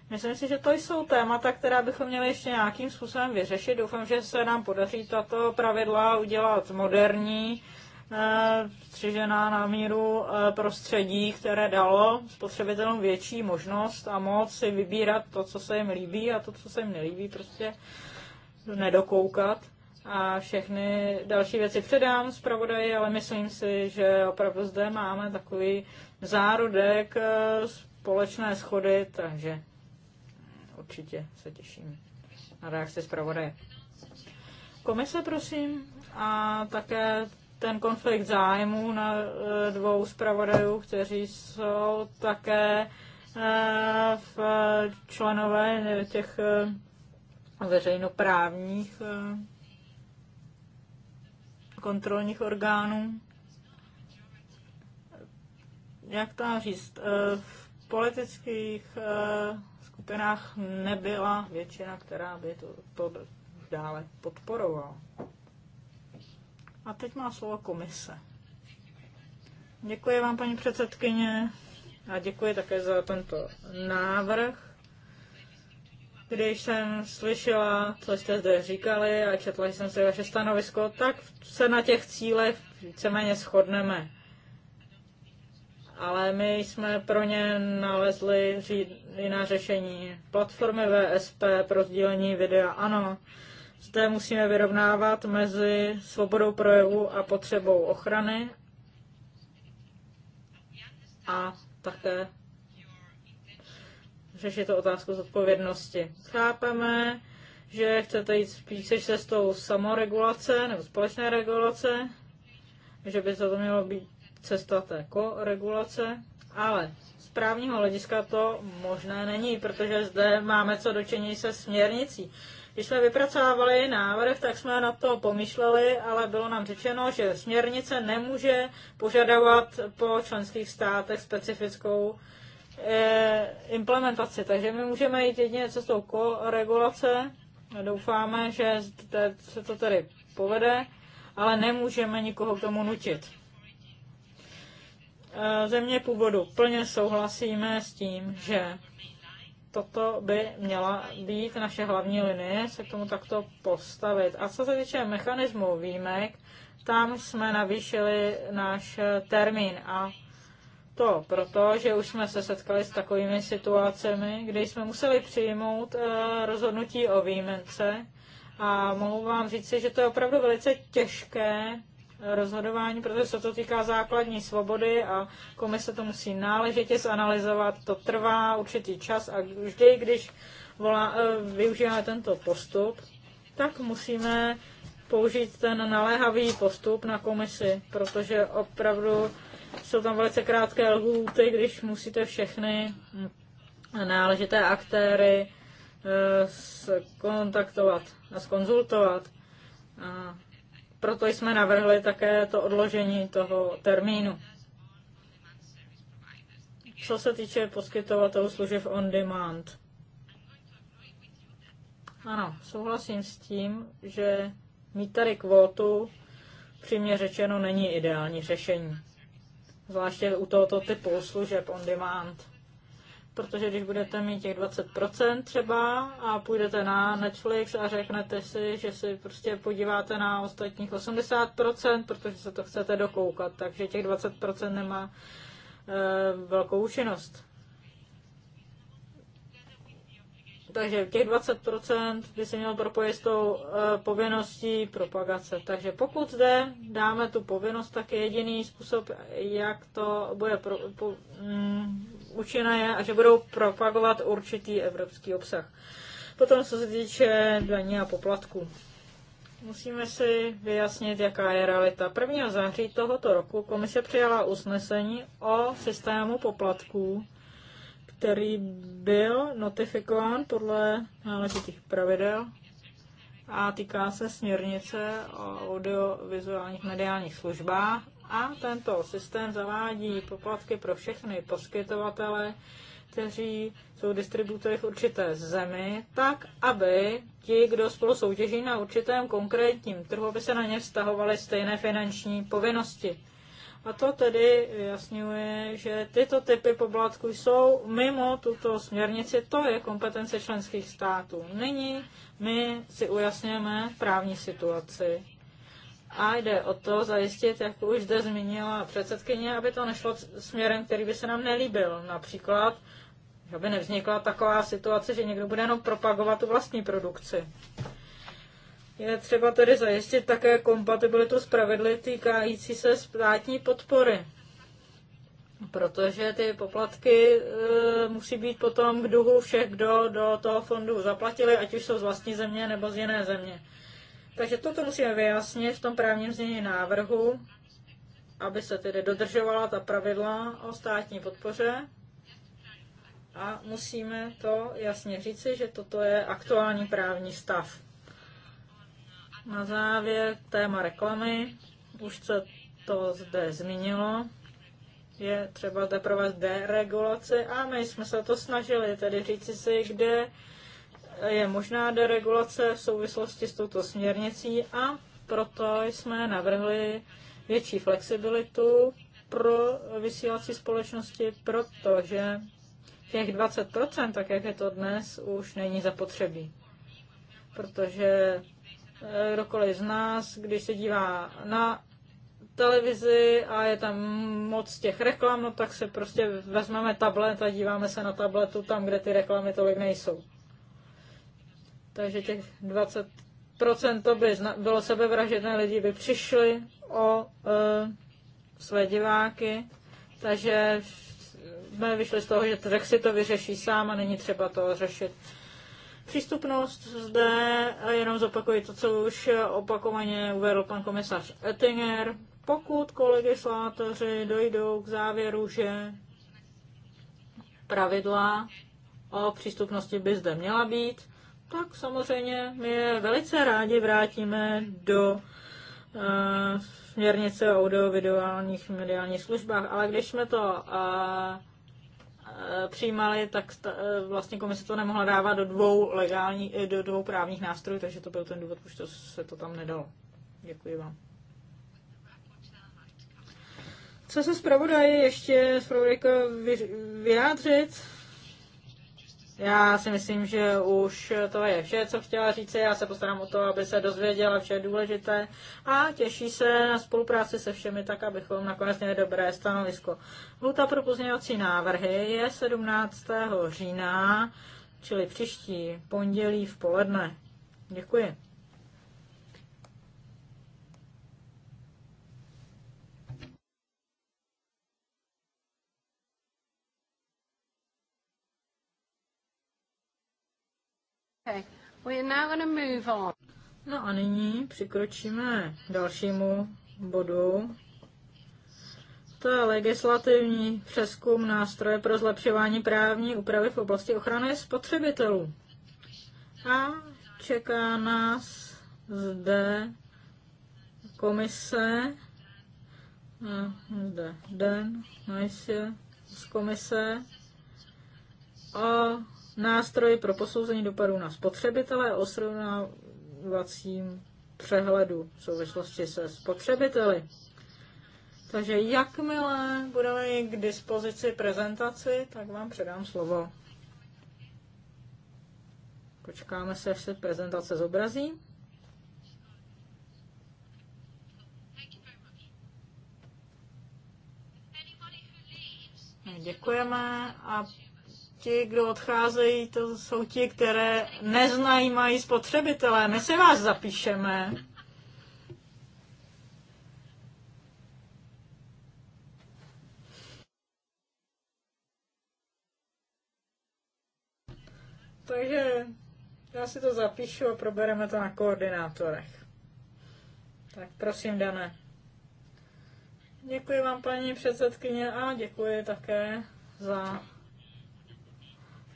Myslím si, že to jsou témata, která bychom měli ještě nějakým způsobem vyřešit. Doufám, že se nám podaří tato pravidla udělat moderní Eh, střižená na míru eh, prostředí, které dalo spotřebitelům větší možnost a moc si vybírat to, co se jim líbí a to, co se jim nelíbí, prostě nedokoukat. A všechny další věci předám zpravodaji, ale myslím si, že opravdu zde máme takový zárodek eh, společné schody, takže určitě se těším na reakci zpravodaje. Komise, prosím, a také ten konflikt zájmů na eh, dvou zpravodajů, kteří jsou také eh, v členové těch eh, veřejnoprávních kontrolních orgánů. Jak tam říct, v politických skupinách nebyla většina, která by to, to dále podporovala. A teď má slovo komise. Děkuji vám, paní předsedkyně, a děkuji také za tento návrh. Když jsem slyšela, co jste zde říkali a četla jsem si vaše stanovisko, tak se na těch cílech víceméně shodneme. Ale my jsme pro ně nalezli jiná řešení. Platformy VSP pro sdílení videa, ano. Zde musíme vyrovnávat mezi svobodou projevu a potřebou ochrany a také řešit to otázku zodpovědnosti. Chápeme, že chcete jít spíše cestou samoregulace nebo společné regulace, že by to mělo být cesta té koregulace, ale z právního hlediska to možné není, protože zde máme co dočení se směrnicí. Když jsme vypracovali návrh, tak jsme na to pomýšleli, ale bylo nám řečeno, že směrnice nemůže požadovat po členských státech specifickou eh, implementaci. Takže my můžeme jít jedině cestou regulace. Doufáme, že se to tedy povede, ale nemůžeme nikoho k tomu nutit. Eh, země původu. Plně souhlasíme s tím, že toto by měla být naše hlavní linie, se k tomu takto postavit. A co se týče mechanismu výjimek, tam jsme navýšili náš termín a to proto, že už jsme se setkali s takovými situacemi, kdy jsme museli přijmout eh, rozhodnutí o výjimence a mohu vám říct, že to je opravdu velice těžké rozhodování, protože se to týká základní svobody a komise to musí náležitě zanalizovat. To trvá určitý čas a vždy, když volá, eh, využíváme tento postup, tak musíme použít ten naléhavý postup na komisi, protože opravdu jsou tam velice krátké lhůty, když musíte všechny náležité aktéry eh, kontaktovat a skonzultovat. A proto jsme navrhli také to odložení toho termínu. Co se týče poskytovatelů služeb on demand. Ano, souhlasím s tím, že mít tady kvótu přímě řečeno není ideální řešení. Zvláště u tohoto typu služeb on demand protože když budete mít těch 20% třeba a půjdete na Netflix a řeknete si, že si prostě podíváte na ostatních 80%, protože se to chcete dokoukat, takže těch 20% nemá e, velkou účinnost. Takže těch 20% by se mělo propojit s tou e, povinností propagace. Takže pokud zde dáme tu povinnost, tak je jediný způsob, jak to bude pro, po, mm, účinné a že budou propagovat určitý evropský obsah. Potom, co se týče daní a poplatků. Musíme si vyjasnit, jaká je realita. 1. září tohoto roku komise přijala usnesení o systému poplatků, který byl notifikován podle náležitých pravidel a týká se směrnice o audiovizuálních mediálních službách a tento systém zavádí poplatky pro všechny poskytovatele, kteří jsou distributory v určité zemi, tak aby ti, kdo spolu soutěží na určitém konkrétním trhu, aby se na ně vztahovaly stejné finanční povinnosti. A to tedy jasňuje, že tyto typy poplatků jsou mimo tuto směrnici, to je kompetence členských států. Nyní my si ujasněme právní situaci a jde o to zajistit, jak už zde zmínila předsedkyně, aby to nešlo směrem, který by se nám nelíbil. Například, aby nevznikla taková situace, že někdo bude jenom propagovat tu vlastní produkci. Je třeba tedy zajistit také kompatibilitu spravedlivý týkající se státní podpory. Protože ty poplatky e, musí být potom k duhu všech, kdo do toho fondu zaplatili, ať už jsou z vlastní země nebo z jiné země. Takže toto musíme vyjasnit v tom právním znění návrhu, aby se tedy dodržovala ta pravidla o státní podpoře. A musíme to jasně říci, že toto je aktuální právní stav. Na závěr téma reklamy. Už se to zde zmínilo. Je třeba zde provést deregulaci a my jsme se to snažili, tedy říci si, kde je možná deregulace v souvislosti s touto směrnicí a proto jsme navrhli větší flexibilitu pro vysílací společnosti, protože těch 20%, tak jak je to dnes, už není zapotřebí. Protože eh, kdokoliv z nás, když se dívá na televizi a je tam moc těch reklam, no tak se prostě vezmeme tablet a díváme se na tabletu tam, kde ty reklamy tolik nejsou. Takže těch 20% to by bylo sebevražedné, lidi by přišli o e, své diváky, takže jsme vyšli z toho, že trh si to vyřeší sám a není třeba to řešit. Přístupnost zde, jenom zopakuji to, co už opakovaně uvedl pan komisař Ettinger. Pokud kolegislátoři dojdou k závěru, že pravidla o přístupnosti by zde měla být, tak samozřejmě my je velice rádi vrátíme do uh, směrnice o audiovizuálních mediálních službách, ale když jsme to uh, přijímali, tak sta, uh, vlastně komise to nemohla dávat do dvou, legální, do dvou právních nástrojů, takže to byl ten důvod, proč to, se to tam nedalo. Děkuji vám. Co se zpravodaji ještě zpravodajka vyjádřit? Já si myslím, že už to je vše, co chtěla říct. Já se postarám o to, aby se dozvěděla vše důležité a těší se na spolupráci se všemi tak, abychom nakonec měli dobré stanovisko. Luta pro pozměňovací návrhy je 17. října, čili příští pondělí v poledne. Děkuji. No a nyní přikročíme k dalšímu bodu. To je legislativní přeskum nástroje pro zlepšování právní úpravy v oblasti ochrany spotřebitelů. A čeká nás zde komise, zde Den, Najsě no z komise o nástroj pro posouzení dopadů na spotřebitele o srovnávacím přehledu v souvislosti se spotřebiteli. Takže jakmile budeme mít k dispozici prezentaci, tak vám předám slovo. Počkáme se, až se prezentace zobrazí. Děkujeme a ti, kdo odcházejí, to jsou ti, které neznají, mají spotřebitelé. My se vás zapíšeme. Takže já si to zapíšu a probereme to na koordinátorech. Tak prosím, Dané. Děkuji vám, paní předsedkyně, a děkuji také za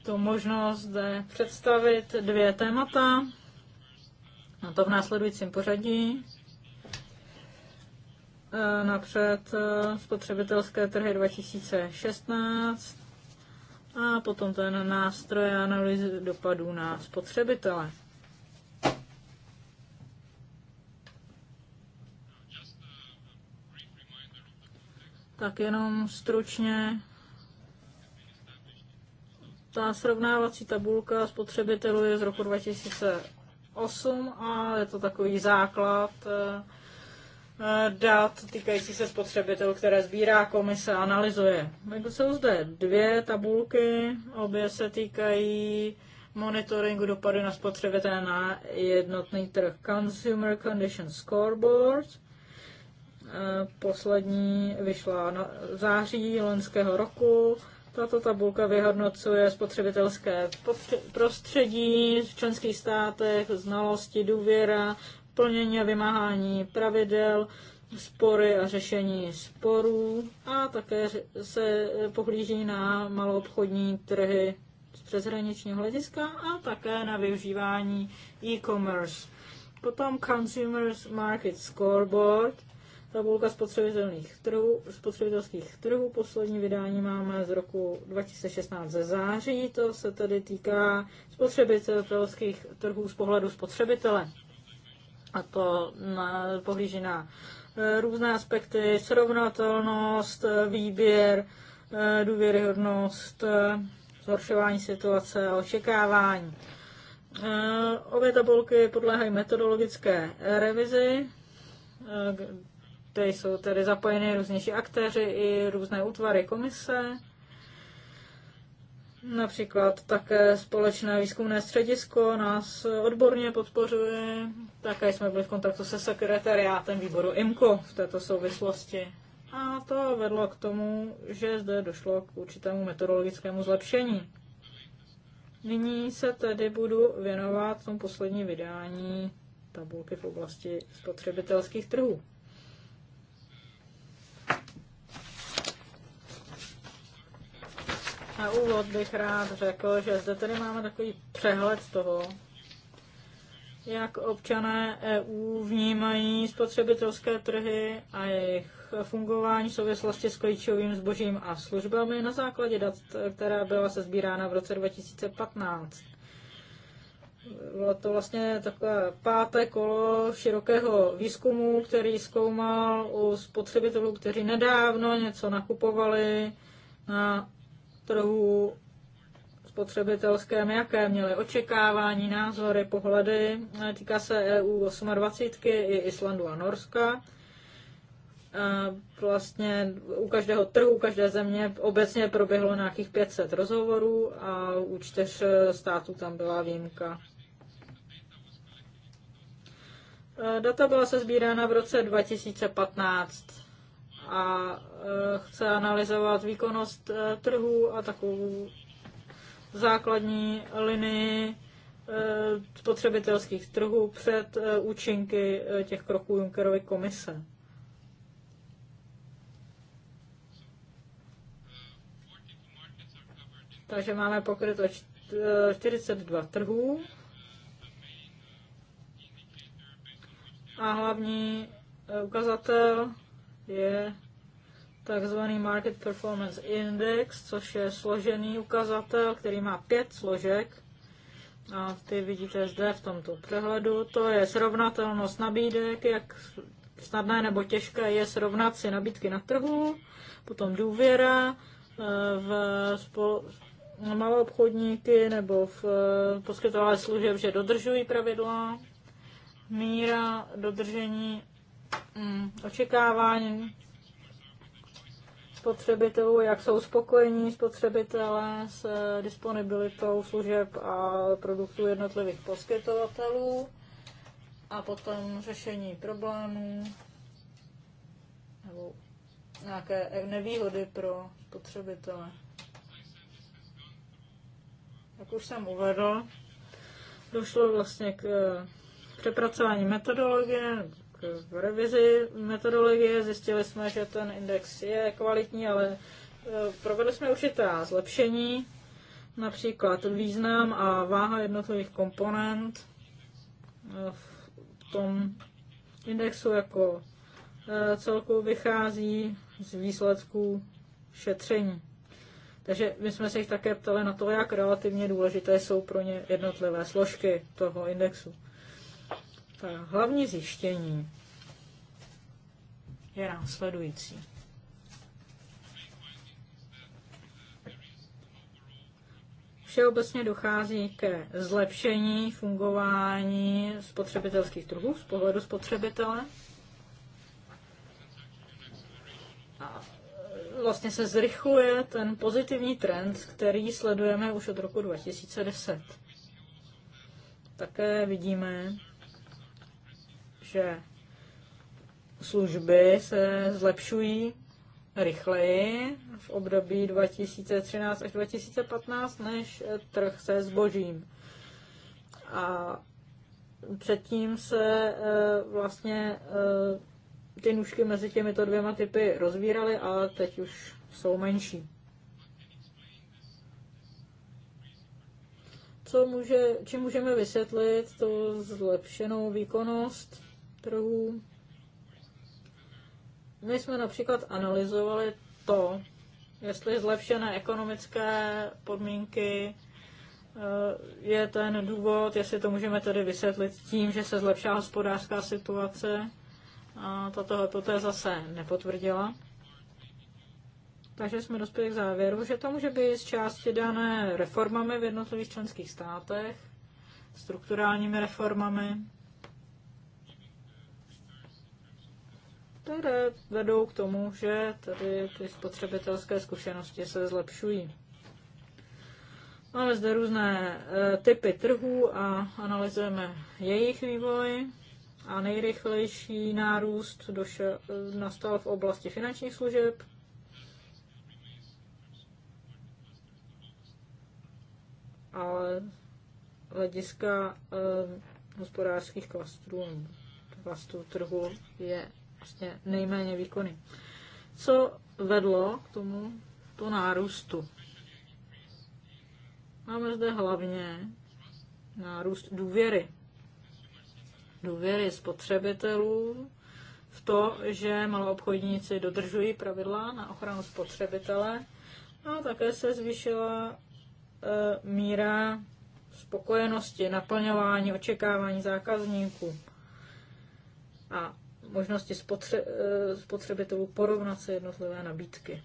tu možnost zde představit dvě témata, a to v následujícím pořadí. E, napřed e, spotřebitelské trhy 2016 a potom ten nástroj analýzy dopadů na spotřebitele. Tak jenom stručně ta srovnávací tabulka spotřebitelů je z roku 2008 a je to takový základ eh, eh, dat týkající se spotřebitelů, které sbírá komise a analyzuje. Takže jsou zde dvě tabulky, obě se týkají monitoringu dopadu na spotřebitele na jednotný trh Consumer Condition Scoreboard. Eh, poslední vyšla na září loňského roku tato tabulka vyhodnocuje spotřebitelské prostředí v členských státech, znalosti, důvěra, plnění a vymáhání pravidel, spory a řešení sporů a také se pohlíží na maloobchodní trhy z přeshraničního hlediska a také na využívání e-commerce. Potom Consumers Market Scoreboard – Tabulka spotřebitelných trhů, spotřebitelských trhů, poslední vydání máme z roku 2016 ze září, to se tedy týká spotřebitelských trhů z pohledu spotřebitele. A to na, pohlíží na eh, různé aspekty, srovnatelnost, eh, výběr, eh, důvěryhodnost, zhoršování situace a očekávání. Obě tabulky podléhají metodologické revizi, kde jsou tedy zapojeny různější aktéři i různé útvary komise, Například také společné výzkumné středisko nás odborně podpořuje. Také jsme byli v kontaktu se sekretariátem výboru IMCO v této souvislosti. A to vedlo k tomu, že zde došlo k určitému metodologickému zlepšení. Nyní se tedy budu věnovat tomu poslední vydání tabulky v oblasti spotřebitelských trhů. Na úvod bych rád řekl, že zde tady máme takový přehled toho, jak občané EU vnímají spotřebitelské trhy a jejich fungování v souvislosti s klíčovým zbožím a službami na základě dat, která byla se sbírána v roce 2015. Bylo to vlastně takové páté kolo širokého výzkumu, který zkoumal u spotřebitelů, kteří nedávno něco nakupovali na trhu spotřebitelském, jaké měly očekávání, názory, pohledy. Týká se EU 28 i Islandu a Norska. Vlastně u každého trhu, u každé země obecně proběhlo nějakých 500 rozhovorů a u čtyř států tam byla výjimka. Data byla se sbírána v roce 2015 a e, chce analyzovat výkonnost e, trhu a takovou základní linii e, spotřebitelských trhů před účinky těch kroků Junckerovy komise. Takže máme pokryto 42 trhů. A hlavní ukazatel je takzvaný Market Performance Index, což je složený ukazatel, který má pět složek. A ty vidíte zde v tomto přehledu. To je srovnatelnost nabídek, jak snadné nebo těžké je srovnat si nabídky na trhu, potom důvěra eh, v spol- malé obchodníky nebo v eh, poskytovatele služeb, že dodržují pravidla, míra dodržení Hmm, očekávání spotřebitelů, jak jsou spokojení spotřebitelé s eh, disponibilitou služeb a produktů jednotlivých poskytovatelů a potom řešení problémů nebo nějaké nevýhody pro spotřebitele. Jak už jsem uvedl, došlo vlastně k eh, přepracování metodologie, v revizi metodologie, zjistili jsme, že ten index je kvalitní, ale e, provedli jsme určitá zlepšení, například význam a váha jednotlivých komponent e, v tom indexu jako e, celku vychází z výsledků šetření. Takže my jsme se jich také ptali na to, jak relativně důležité jsou pro ně jednotlivé složky toho indexu. Ta hlavní zjištění je následující. Všeobecně dochází ke zlepšení fungování spotřebitelských trhů z pohledu spotřebitele. A vlastně se zrychluje ten pozitivní trend, který sledujeme už od roku 2010. Také vidíme, že služby se zlepšují rychleji v období 2013 až 2015 než trh se zbožím. A předtím se e, vlastně e, ty nůžky mezi těmito dvěma typy rozvíraly, ale teď už jsou menší. Co může, čím můžeme vysvětlit tu zlepšenou výkonnost? trhů. My jsme například analyzovali to, jestli zlepšené ekonomické podmínky eh, je ten důvod, jestli to můžeme tedy vysvětlit tím, že se zlepšá hospodářská situace. A tato hypotéza se nepotvrdila. Takže jsme dospěli k závěru, že to může být z části dané reformami v jednotlivých členských státech, strukturálními reformami, které vedou k tomu, že tady ty spotřebitelské zkušenosti se zlepšují. Máme zde různé eh, typy trhů a analyzujeme jejich vývoj. A nejrychlejší nárůst došel, nastal v oblasti finančních služeb. Ale hlediska eh, hospodářských klastrů, klastrů trhu je prostě nejméně výkony. Co vedlo k tomu to nárůstu? Máme zde hlavně nárůst důvěry. Důvěry spotřebitelů v to, že maloobchodníci dodržují pravidla na ochranu spotřebitele a také se zvýšila e, míra spokojenosti, naplňování, očekávání zákazníků. A možnosti spotře- eh, spotřebitelů porovnat se jednotlivé nabídky.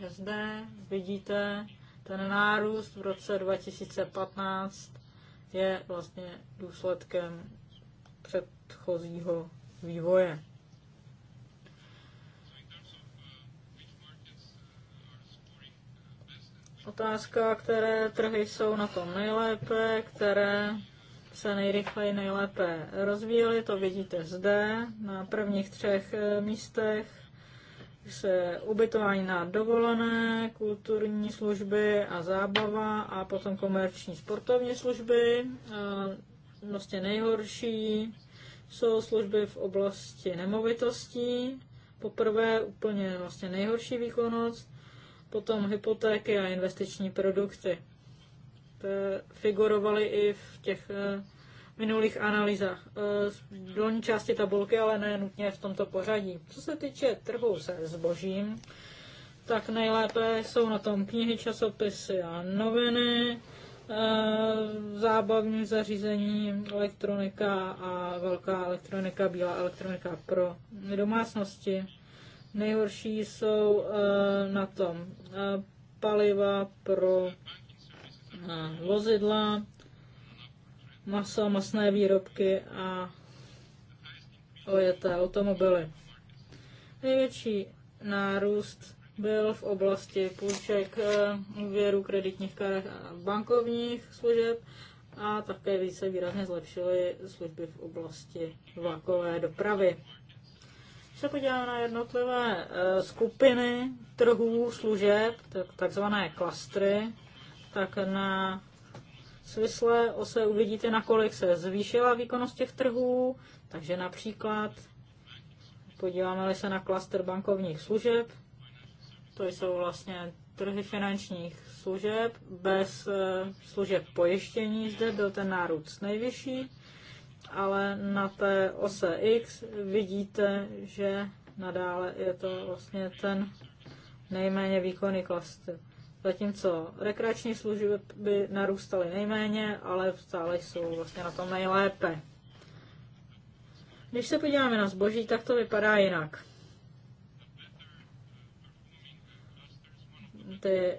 Že zde vidíte ten nárůst v roce 2015 je vlastně důsledkem předchozího vývoje. Otázka, které trhy jsou na tom nejlépe, které se nejrychleji nejlépe rozvíjely, to vidíte zde. Na prvních třech eh, místech se ubytování na dovolené, kulturní služby a zábava a potom komerční sportovní služby. Eh, vlastně nejhorší jsou služby v oblasti nemovitostí. Poprvé úplně vlastně nejhorší výkonnost, potom hypotéky a investiční produkty. Eh, figurovaly i v těch eh, minulých analýzách V eh, dolní části tabulky, ale ne nutně v tomto pořadí. Co se týče trhu se zbožím, tak nejlépe jsou na tom knihy, časopisy a noviny, zábavní zařízení, elektronika a velká elektronika, bílá elektronika pro domácnosti. Nejhorší jsou na tom paliva pro vozidla, maso, masné výrobky a ojeté automobily. Největší nárůst byl v oblasti půjček, eh, úvěrů, kreditních karet a bankovních služeb a také více výrazně zlepšily služby v oblasti vlakové dopravy. Když se podíváme na jednotlivé eh, skupiny trhů služeb, takzvané klastry, tak na svislé ose uvidíte, nakolik se zvýšila výkonnost těch trhů, takže například podíváme-li se na klaster bankovních služeb, to jsou vlastně trhy finančních služeb, bez e, služeb pojištění zde byl ten nárůst nejvyšší, ale na té ose X vidíte, že nadále je to vlastně ten nejméně výkonný klaster zatímco rekreační služby by narůstaly nejméně, ale stále jsou vlastně na tom nejlépe. Když se podíváme na zboží, tak to vypadá jinak. Ty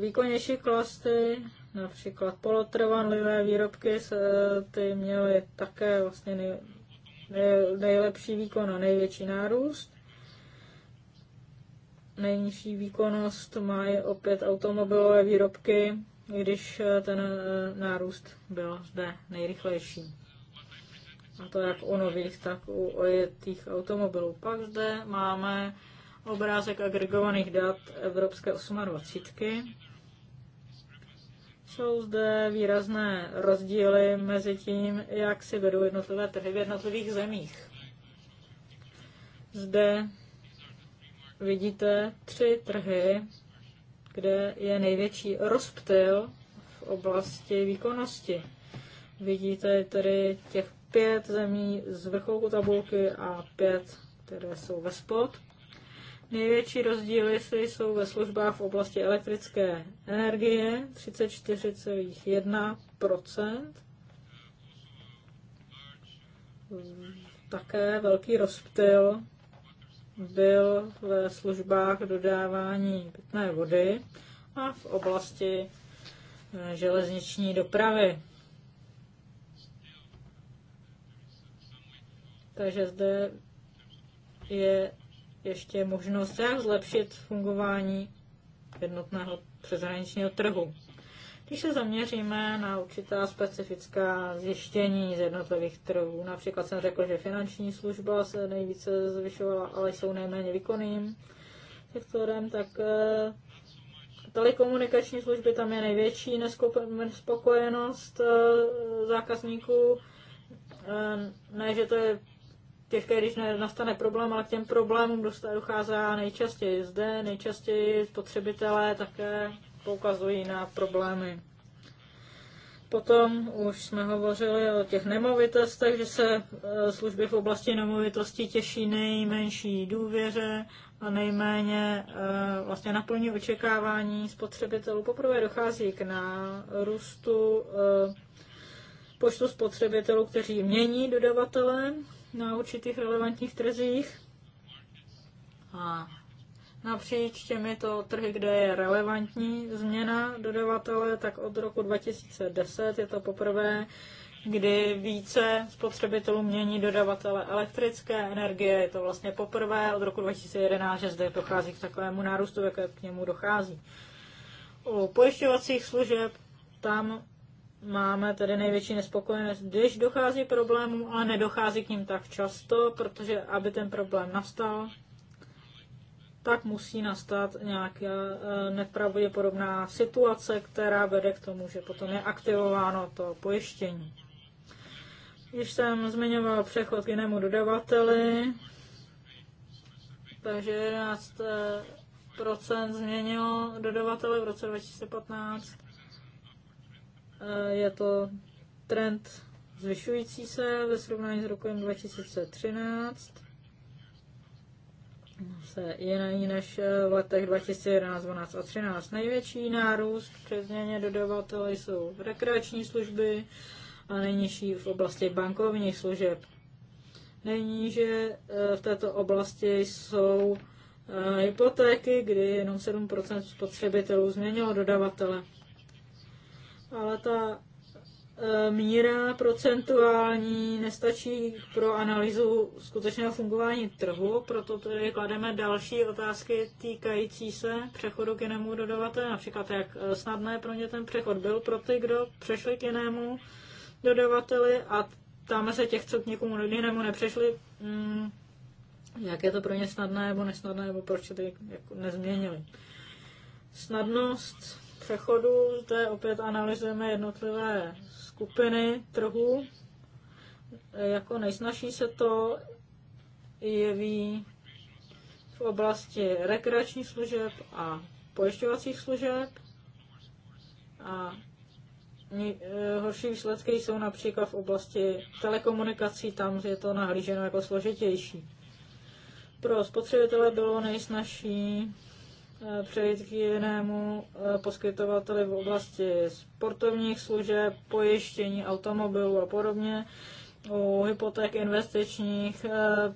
výkonnější klasty, například polotrvanlivé výrobky, ty měly také vlastně nej, nejlepší výkon a největší nárůst nejnižší výkonnost mají opět automobilové výrobky, když eh, ten eh, nárůst byl zde nejrychlejší. A to jak u nových, tak u ojetých automobilů. Pak zde máme obrázek agregovaných dat Evropské 28. Jsou zde výrazné rozdíly mezi tím, jak si vedou jednotlivé trhy v jednotlivých zemích. Zde vidíte tři trhy, kde je největší rozptyl v oblasti výkonnosti. Vidíte tedy těch pět zemí z vrcholku tabulky a pět, které jsou ve spod. Největší rozdíly jsou ve službách v oblasti elektrické energie 34,1%. Také velký rozptyl byl ve službách dodávání pitné vody a v oblasti eh, železniční dopravy. Takže zde je ještě možnost, jak zlepšit fungování jednotného přeshraničního trhu. Když se zaměříme na určitá specifická zjištění z jednotlivých trhů, například jsem řekl, že finanční služba se nejvíce zvyšovala, ale jsou nejméně výkonným sektorem, tak eh, telekomunikační služby tam je největší nespokojenost eh, zákazníků. Eh, ne, že to je těžké, když nastane problém, ale k těm problémům dochází nejčastěji zde, nejčastěji spotřebitelé také poukazují na problémy. Potom už jsme hovořili o těch nemovitostech, že se e, služby v oblasti nemovitostí těší nejmenší důvěře a nejméně e, vlastně naplní očekávání spotřebitelů. Poprvé dochází k nárůstu e, počtu spotřebitelů, kteří mění dodavatele na určitých relevantních trzích. A napříč těmito trhy, kde je relevantní změna dodavatele, tak od roku 2010 je to poprvé, kdy více spotřebitelů mění dodavatele elektrické energie. Je to vlastně poprvé od roku 2011, že zde dochází k takovému nárůstu, jaké k němu dochází. U pojišťovacích služeb tam máme tedy největší nespokojenost, když dochází problémů, ale nedochází k ním tak často, protože aby ten problém nastal, tak musí nastat nějaká eh, nepravděpodobná situace, která vede k tomu, že potom je aktivováno to pojištění. Když jsem zmiňoval přechod k jinému dodavateli, takže 11 změnilo dodavatele v roce 2015. Eh, je to trend zvyšující se ve srovnání s rokem 2013 se jiný než eh, v letech 2011, 12 a 13. Největší nárůst při změně dodavatele jsou rekreační služby a nejnižší v oblasti bankovních služeb. Nejníže eh, v této oblasti jsou eh, hypotéky, kdy jenom 7% spotřebitelů změnilo dodavatele. Ale ta E, míra procentuální nestačí pro analýzu skutečného fungování trhu, proto tedy klademe další otázky týkající se přechodu k jinému dodavateli, například jak e, snadné pro ně ten přechod byl pro ty, kdo přešli k jinému dodavateli a tam se těch, co k někomu jinému nepřešli, hmm, jak je to pro ně snadné nebo nesnadné, nebo proč se ty jako nezměnili. Snadnost přechodu zde opět analyzujeme jednotlivé skupiny trhu. Jako nejsnažší se to jeví v oblasti rekreačních služeb a pojišťovacích služeb. A eh, horší výsledky jsou například v oblasti telekomunikací, tam je to nahlíženo jako složitější. Pro spotřebitele bylo nejsnažší přejít k jinému eh, poskytovateli v oblasti sportovních služeb, pojištění automobilů a podobně, u hypoték investičních eh,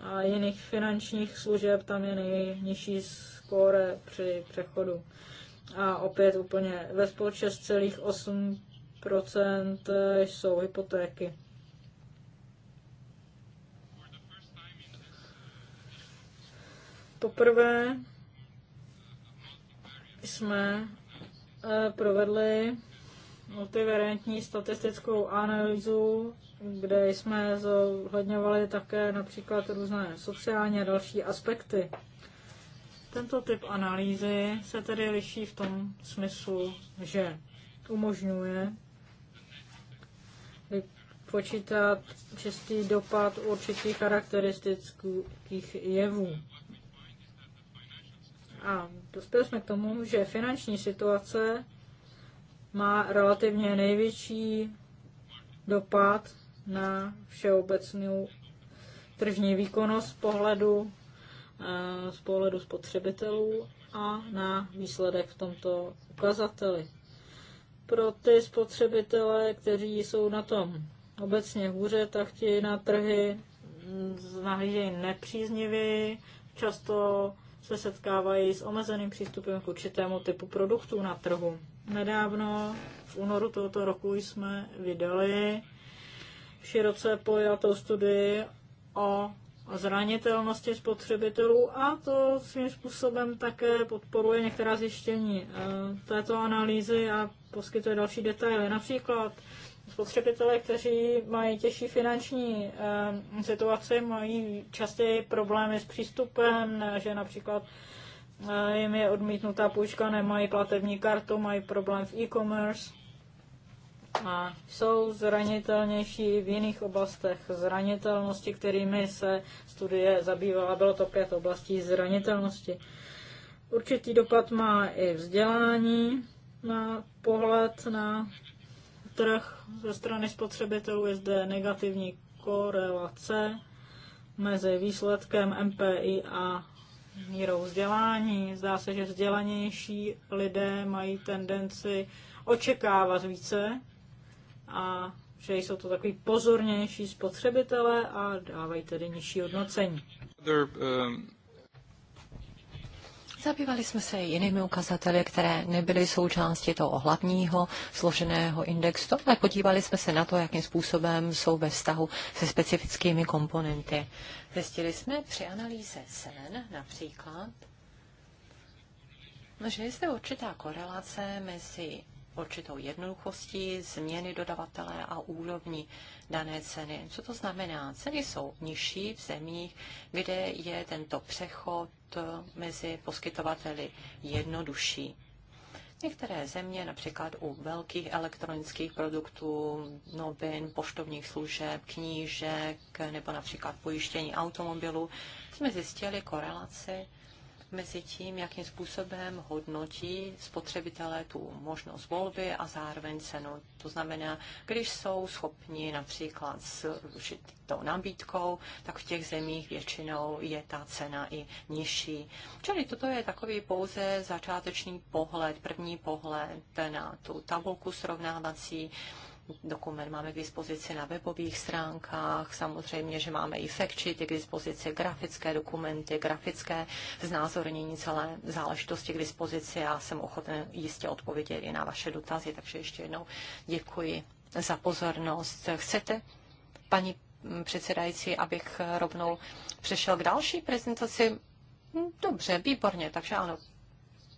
a jiných finančních služeb tam je nejnižší skóre při přechodu. A opět úplně ve spolče 8 eh, jsou hypotéky. poprvé jsme eh, provedli multivariantní statistickou analýzu, kde jsme zohledňovali také například různé sociální a další aspekty. Tento typ analýzy se tedy liší v tom smyslu, že umožňuje počítat čistý dopad určitých charakteristických jevů. A dospěli jsme k tomu, že finanční situace má relativně největší dopad na všeobecnou tržní výkonnost z pohledu, eh, z pohledu spotřebitelů a na výsledek v tomto ukazateli. Pro ty spotřebitele, kteří jsou na tom obecně hůře, tak ti na trhy mm, nahlížejí nepříznivěji, často se setkávají s omezeným přístupem k určitému typu produktů na trhu. Nedávno v únoru tohoto roku jsme vydali široce pojatou studii o zranitelnosti spotřebitelů a to svým způsobem také podporuje některá zjištění eh, této analýzy a poskytuje další detaily. Například spotřebitelé, kteří mají těžší finanční eh, situaci, mají častěji problémy s přístupem, že například eh, jim je odmítnutá půjčka, nemají platební kartu, mají problém v e-commerce a jsou zranitelnější v jiných oblastech zranitelnosti, kterými se studie zabývala. Bylo to pět oblastí zranitelnosti. Určitý dopad má i vzdělání na pohled na trh ze strany spotřebitelů je zde negativní korelace mezi výsledkem MPI a mírou vzdělání. Zdá se, že vzdělanější lidé mají tendenci očekávat více a že jsou to takový pozornější spotřebitelé a dávají tedy nižší hodnocení. Um, Zabývali jsme se i jinými ukazateli, které nebyly součástí toho hlavního složeného indexu, ale podívali jsme se na to, jakým způsobem jsou ve vztahu se specifickými komponenty. Zjistili jsme při analýze sen například, že je zde určitá korelace mezi určitou jednoduchostí změny dodavatele a úrovní dané ceny. Co to znamená? Ceny jsou nižší v zemích, kde je tento přechod eh, mezi poskytovateli jednodušší. Některé země, například u velkých elektronických produktů, novin, poštovních služeb, knížek nebo například pojištění automobilů, jsme zjistili korelaci mezi tím, jakým způsobem hodnotí spotřebitelé tu možnost volby a zároveň cenu. To znamená, když jsou schopni například s tou nabídkou, tak v těch zemích většinou je ta cena i nižší. Čili toto je takový pouze začáteční pohled, první pohled na tu tabulku srovnávací, Dokument máme k dispozici na webových stránkách, samozřejmě, že máme i fact sheety k dispozici, grafické dokumenty, grafické znázornění celé záležitosti k dispozici. Já jsem ochoten jistě odpovědět i na vaše dotazy, takže ještě jednou děkuji za pozornost. Chcete, paní předsedající, abych rovnou přešel k další prezentaci? Dobře, výborně, takže ano,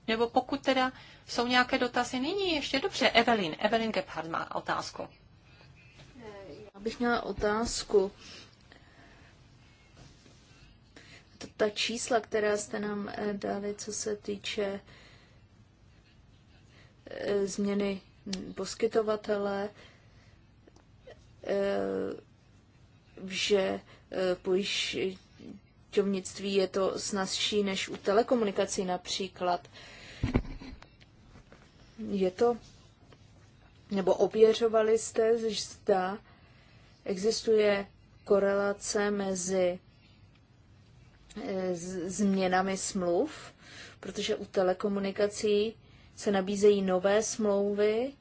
nebo pokud teda jsou nějaké dotazy, nyní ještě dobře. Evelyn, Evelyn Gebhardt má otázku. Já bych měla otázku. Ta čísla, která jste nám eh, dali, co se týče eh, změny poskytovatele, eh, že pojišťovnictví je to snazší než u telekomunikací například. Je to, nebo ověřovali jste, že zda existuje korelace mezi eh, změnami smluv, protože u telekomunikací se nabízejí nové smlouvy,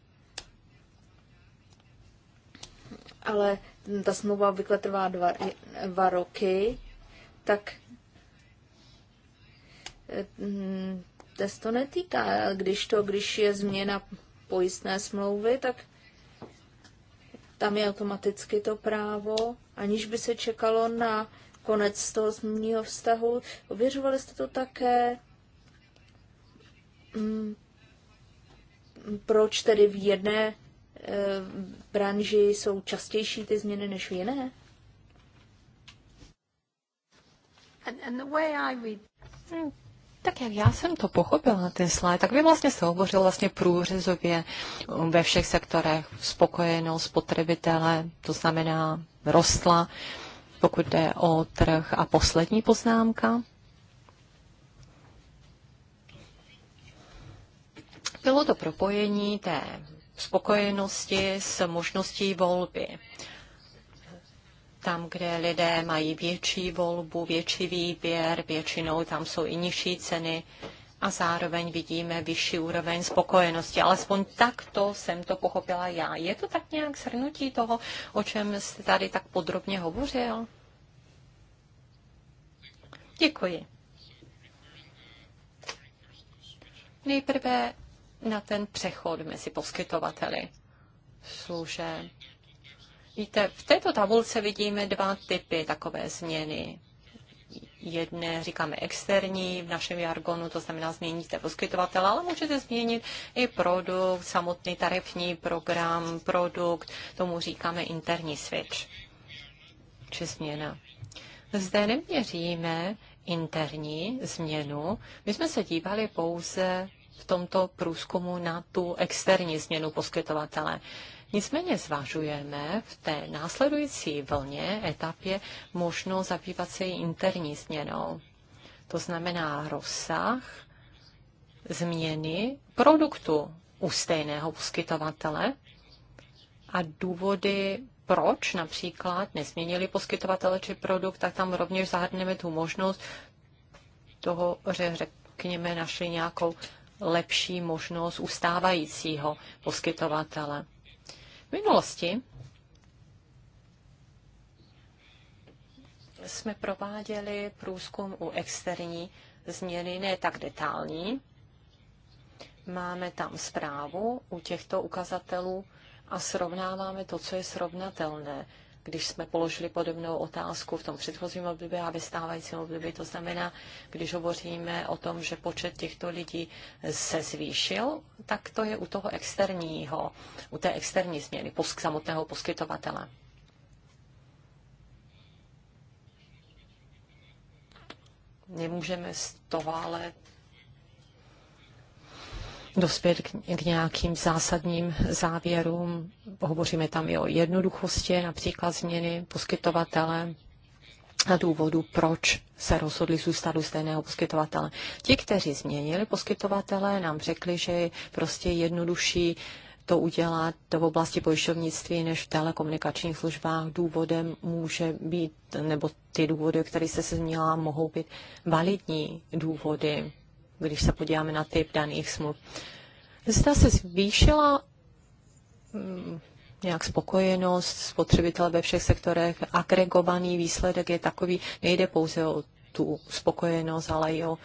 ale ta smlouva obvykle trvá dva, dva roky, tak eh, test to netýká. Když to, když je změna pojistné smlouvy, tak tam je automaticky to právo, aniž by se čekalo na konec toho smluvního vztahu. Ověřovali jste to také? Mm. Proč tedy v jedné eh, branži jsou častější ty změny než v jiné? And, and the way I read... Hmm. Tak jak já jsem to pochopila, ten slide, tak by vlastně se hovořil vlastně průřezově ve všech sektorech spokojenost spotřebitele, to znamená rostla, pokud jde o trh. A poslední poznámka. Bylo to propojení té spokojenosti s možností volby tam, kde lidé mají větší volbu, větší výběr, většinou tam jsou i nižší ceny a zároveň vidíme vyšší úroveň spokojenosti. Alespoň takto jsem to pochopila já. Je to tak nějak shrnutí toho, o čem jste tady tak podrobně hovořil? Děkuji. Nejprve na ten přechod mezi poskytovateli služeb. Víte, v této tabulce vidíme dva typy takové změny. Jedné říkáme externí, v našem jargonu to znamená změníte poskytovatele, ale můžete změnit i produkt, samotný tarifní program, produkt, tomu říkáme interní switch či změna. Zde neměříme interní změnu, my jsme se dívali pouze v tomto průzkumu na tu externí změnu poskytovatele. Nicméně zvažujeme v té následující vlně, etapě, možno zabývat se i interní změnou. To znamená rozsah změny produktu u stejného poskytovatele a důvody proč například nesměnili poskytovatele či produkt, tak tam rovněž zahrneme tu možnost toho, že řekněme, našli nějakou lepší možnost ustávajícího poskytovatele minulosti jsme prováděli průzkum u externí změny, ne tak detální. Máme tam zprávu u těchto ukazatelů a srovnáváme to, co je srovnatelné když jsme položili podobnou otázku v tom předchozím období a vystávajícím období. To znamená, když hovoříme o tom, že počet těchto lidí se zvýšil, tak to je u toho externího, u té externí změny, posk samotného poskytovatele. Nemůžeme z toho ale dospět k, nějakým zásadním závěrům. Hovoříme tam i o jednoduchosti, například změny poskytovatele a důvodu, proč se rozhodli zůstat u stejného poskytovatele. Ti, kteří změnili poskytovatele, nám řekli, že je prostě jednodušší to udělat v oblasti pojišťovnictví než v telekomunikačních službách. Důvodem může být, nebo ty důvody, které se změnila, mohou být validní důvody když se podíváme na typ daných smluv. Zda se zvýšila mm, nějak spokojenost spotřebitele ve všech sektorech, agregovaný výsledek je takový, nejde pouze o tu spokojenost, ale i o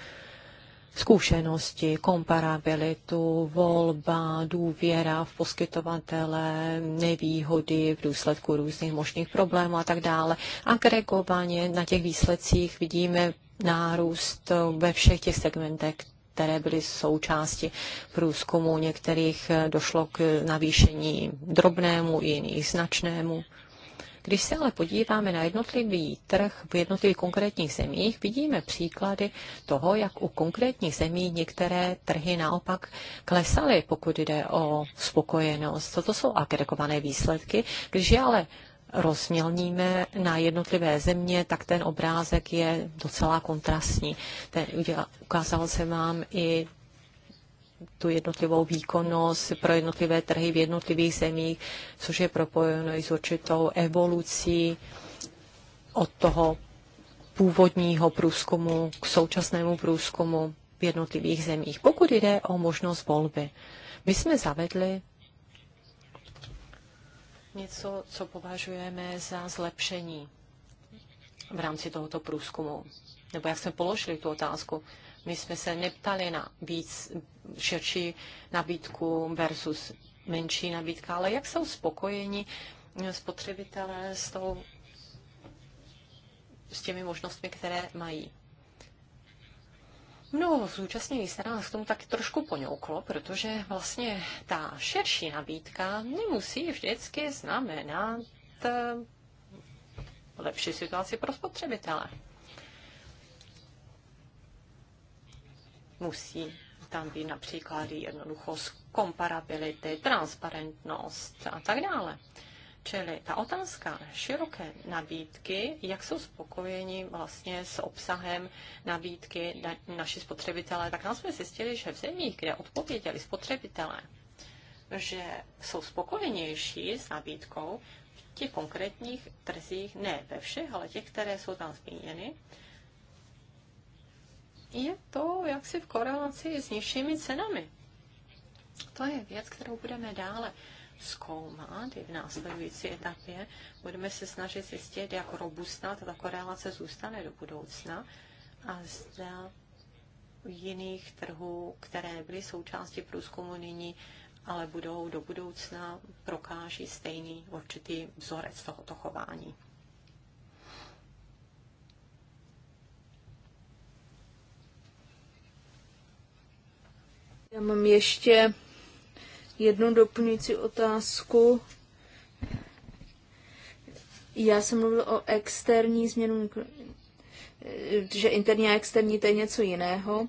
zkušenosti, komparabilitu, volba, důvěra v poskytovatele, nevýhody v důsledku různých možných problémů a tak dále. Agregovaně na těch výsledcích vidíme nárůst ve všech těch segmentech, které byly součástí průzkumu. Některých eh, došlo k navýšení drobnému, jiných značnému. Když se ale podíváme na jednotlivý trh v jednotlivých konkrétních zemích, vidíme příklady toho, jak u konkrétních zemí některé trhy naopak klesaly, pokud jde o spokojenost. Toto jsou agregované výsledky. Když je ale rozmělníme na jednotlivé země, tak ten obrázek je docela kontrastní. Ten, ukázal se vám i tu jednotlivou výkonnost pro jednotlivé trhy v jednotlivých zemích, což je propojeno i s určitou evolucí od toho původního průzkumu k současnému průzkumu v jednotlivých zemích, pokud jde o možnost volby. My jsme zavedli něco, co považujeme za zlepšení v rámci tohoto průzkumu. Nebo jak jsme položili tu otázku, my jsme se neptali na víc širší nabídku versus menší nabídka, ale jak jsou spokojeni spotřebitelé s, tou, s těmi možnostmi, které mají. Mnoho zúčastněných stran k tomu tak trošku poňouklo, protože vlastně ta širší nabídka nemusí vždycky znamenat eh, lepší situaci pro spotřebitele. Musí tam být například jednoduchost, komparability, transparentnost a tak dále. Čili ta otázka široké nabídky, jak jsou spokojeni vlastně s obsahem nabídky na, naši spotřebitelé, tak nás jsme zjistili, že v zemích, kde odpověděli spotřebitelé, že jsou spokojenější s nabídkou v těch konkrétních trzích, ne ve všech, ale těch, které jsou tam zmíněny, je to jaksi v korelaci s nižšími cenami. To je věc, kterou budeme dále zkoumat i v následující etapě. Budeme se snažit zjistit, jak robustná ta korelace zůstane do budoucna a zda jiných trhů, které byly součástí průzkumu nyní, ale budou do budoucna prokáží stejný určitý vzorec tohoto chování. Já mám ještě jednu doplňující otázku. Já jsem mluvil o externí změnu, že interní a externí to je něco jiného.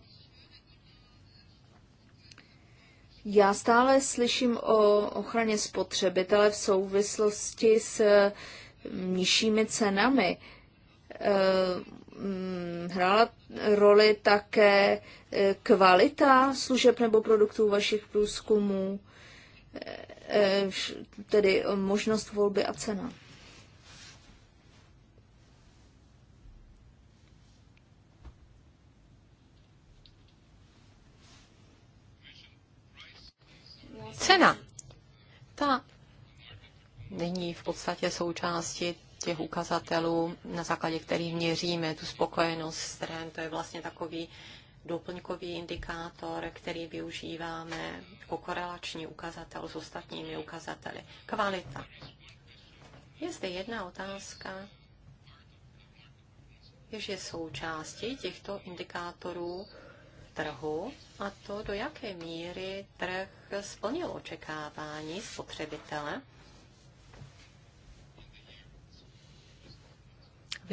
Já stále slyším o ochraně spotřebitele v souvislosti s mm, nižšími cenami. E, mm, hrála roli také e, kvalita služeb nebo produktů vašich průzkumů? Eh, eh, tedy možnost volby a cena. Cena. Ta není v podstatě součástí těch ukazatelů, na základě kterých měříme tu spokojenost stran. To je vlastně takový doplňkový indikátor, který využíváme jako korelační ukazatel s ostatními ukazateli. Kvalita. Je zde jedna otázka, jež je součástí těchto indikátorů trhu a to, do jaké míry trh splnil očekávání spotřebitele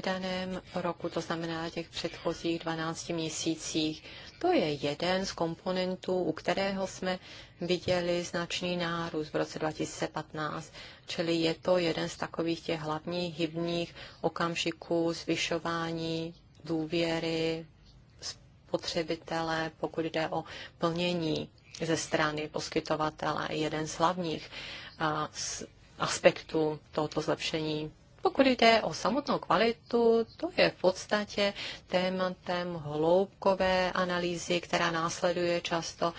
daném roku, to znamená těch předchozích 12 měsících. To je jeden z komponentů, u kterého jsme viděli značný nárůst v roce 2015, čili je to jeden z takových těch hlavních hybních okamžiků zvyšování důvěry spotřebitele, pokud jde o plnění ze strany poskytovatele, jeden z hlavních aspektů tohoto zlepšení pokud jde o samotnou kvalitu, to je v podstatě tématem hloubkové analýzy, která následuje často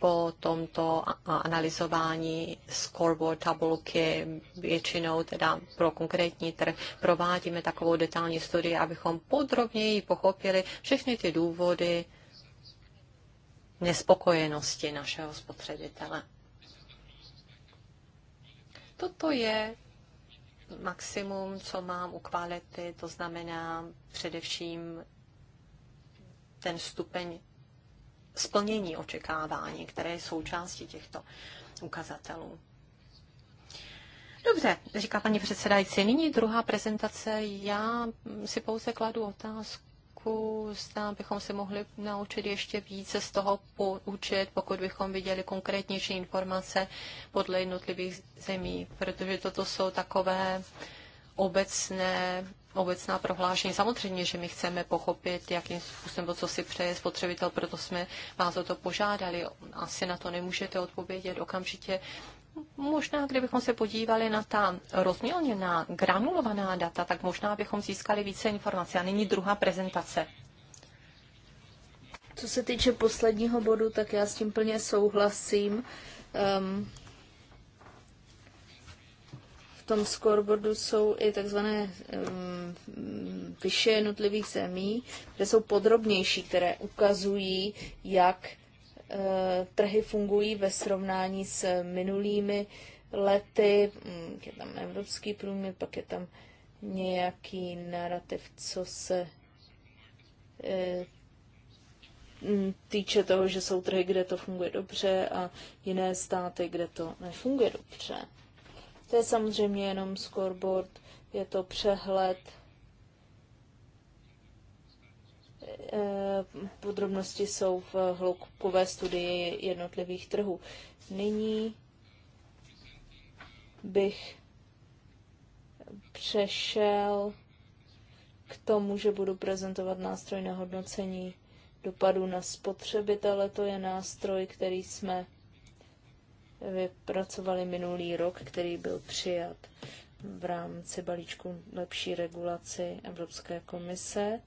po tomto analyzování scoreboard tabulky většinou teda pro konkrétní trh provádíme takovou detailní studii, abychom podrobněji pochopili všechny ty důvody nespokojenosti našeho spotřebitele. Toto je maximum, co mám u kvality, to znamená především ten stupeň splnění očekávání, které je součástí těchto ukazatelů. Dobře, říká paní předsedající. Nyní druhá prezentace. Já si pouze kladu otázku návrhu, zda bychom se mohli naučit ještě více z toho poučit, pokud bychom viděli konkrétnější informace podle jednotlivých zemí, protože toto jsou takové obecné obecná prohlášení. Samozřejmě, že my chceme pochopit, jakým způsobem, co si přeje spotřebitel, proto jsme vás o to požádali. Asi na to nemůžete odpovědět okamžitě možná, kdybychom se podívali na ta rozmělněná, granulovaná data, tak možná bychom získali více informací. A nyní druhá prezentace. Co se týče posledního bodu, tak já s tím plně souhlasím. Um, v tom scoreboardu jsou i takzvané um, ehm, vyše jednotlivých zemí, kde jsou podrobnější, které ukazují, jak Eh, trhy fungují ve srovnání s minulými lety. Mm, je tam evropský průměr, pak je tam nějaký narrativ, co se eh, mm, týče toho, že jsou trhy, kde to funguje dobře a jiné státy, kde to nefunguje dobře. To je samozřejmě jenom scoreboard, je to přehled Eh, podrobnosti jsou v hloubkové studii jednotlivých trhů. Nyní bych přešel k tomu, že budu prezentovat nástroj na hodnocení dopadů na spotřebitele. To je nástroj, který jsme vypracovali minulý rok, který byl přijat v rámci balíčku lepší regulaci Evropské komise.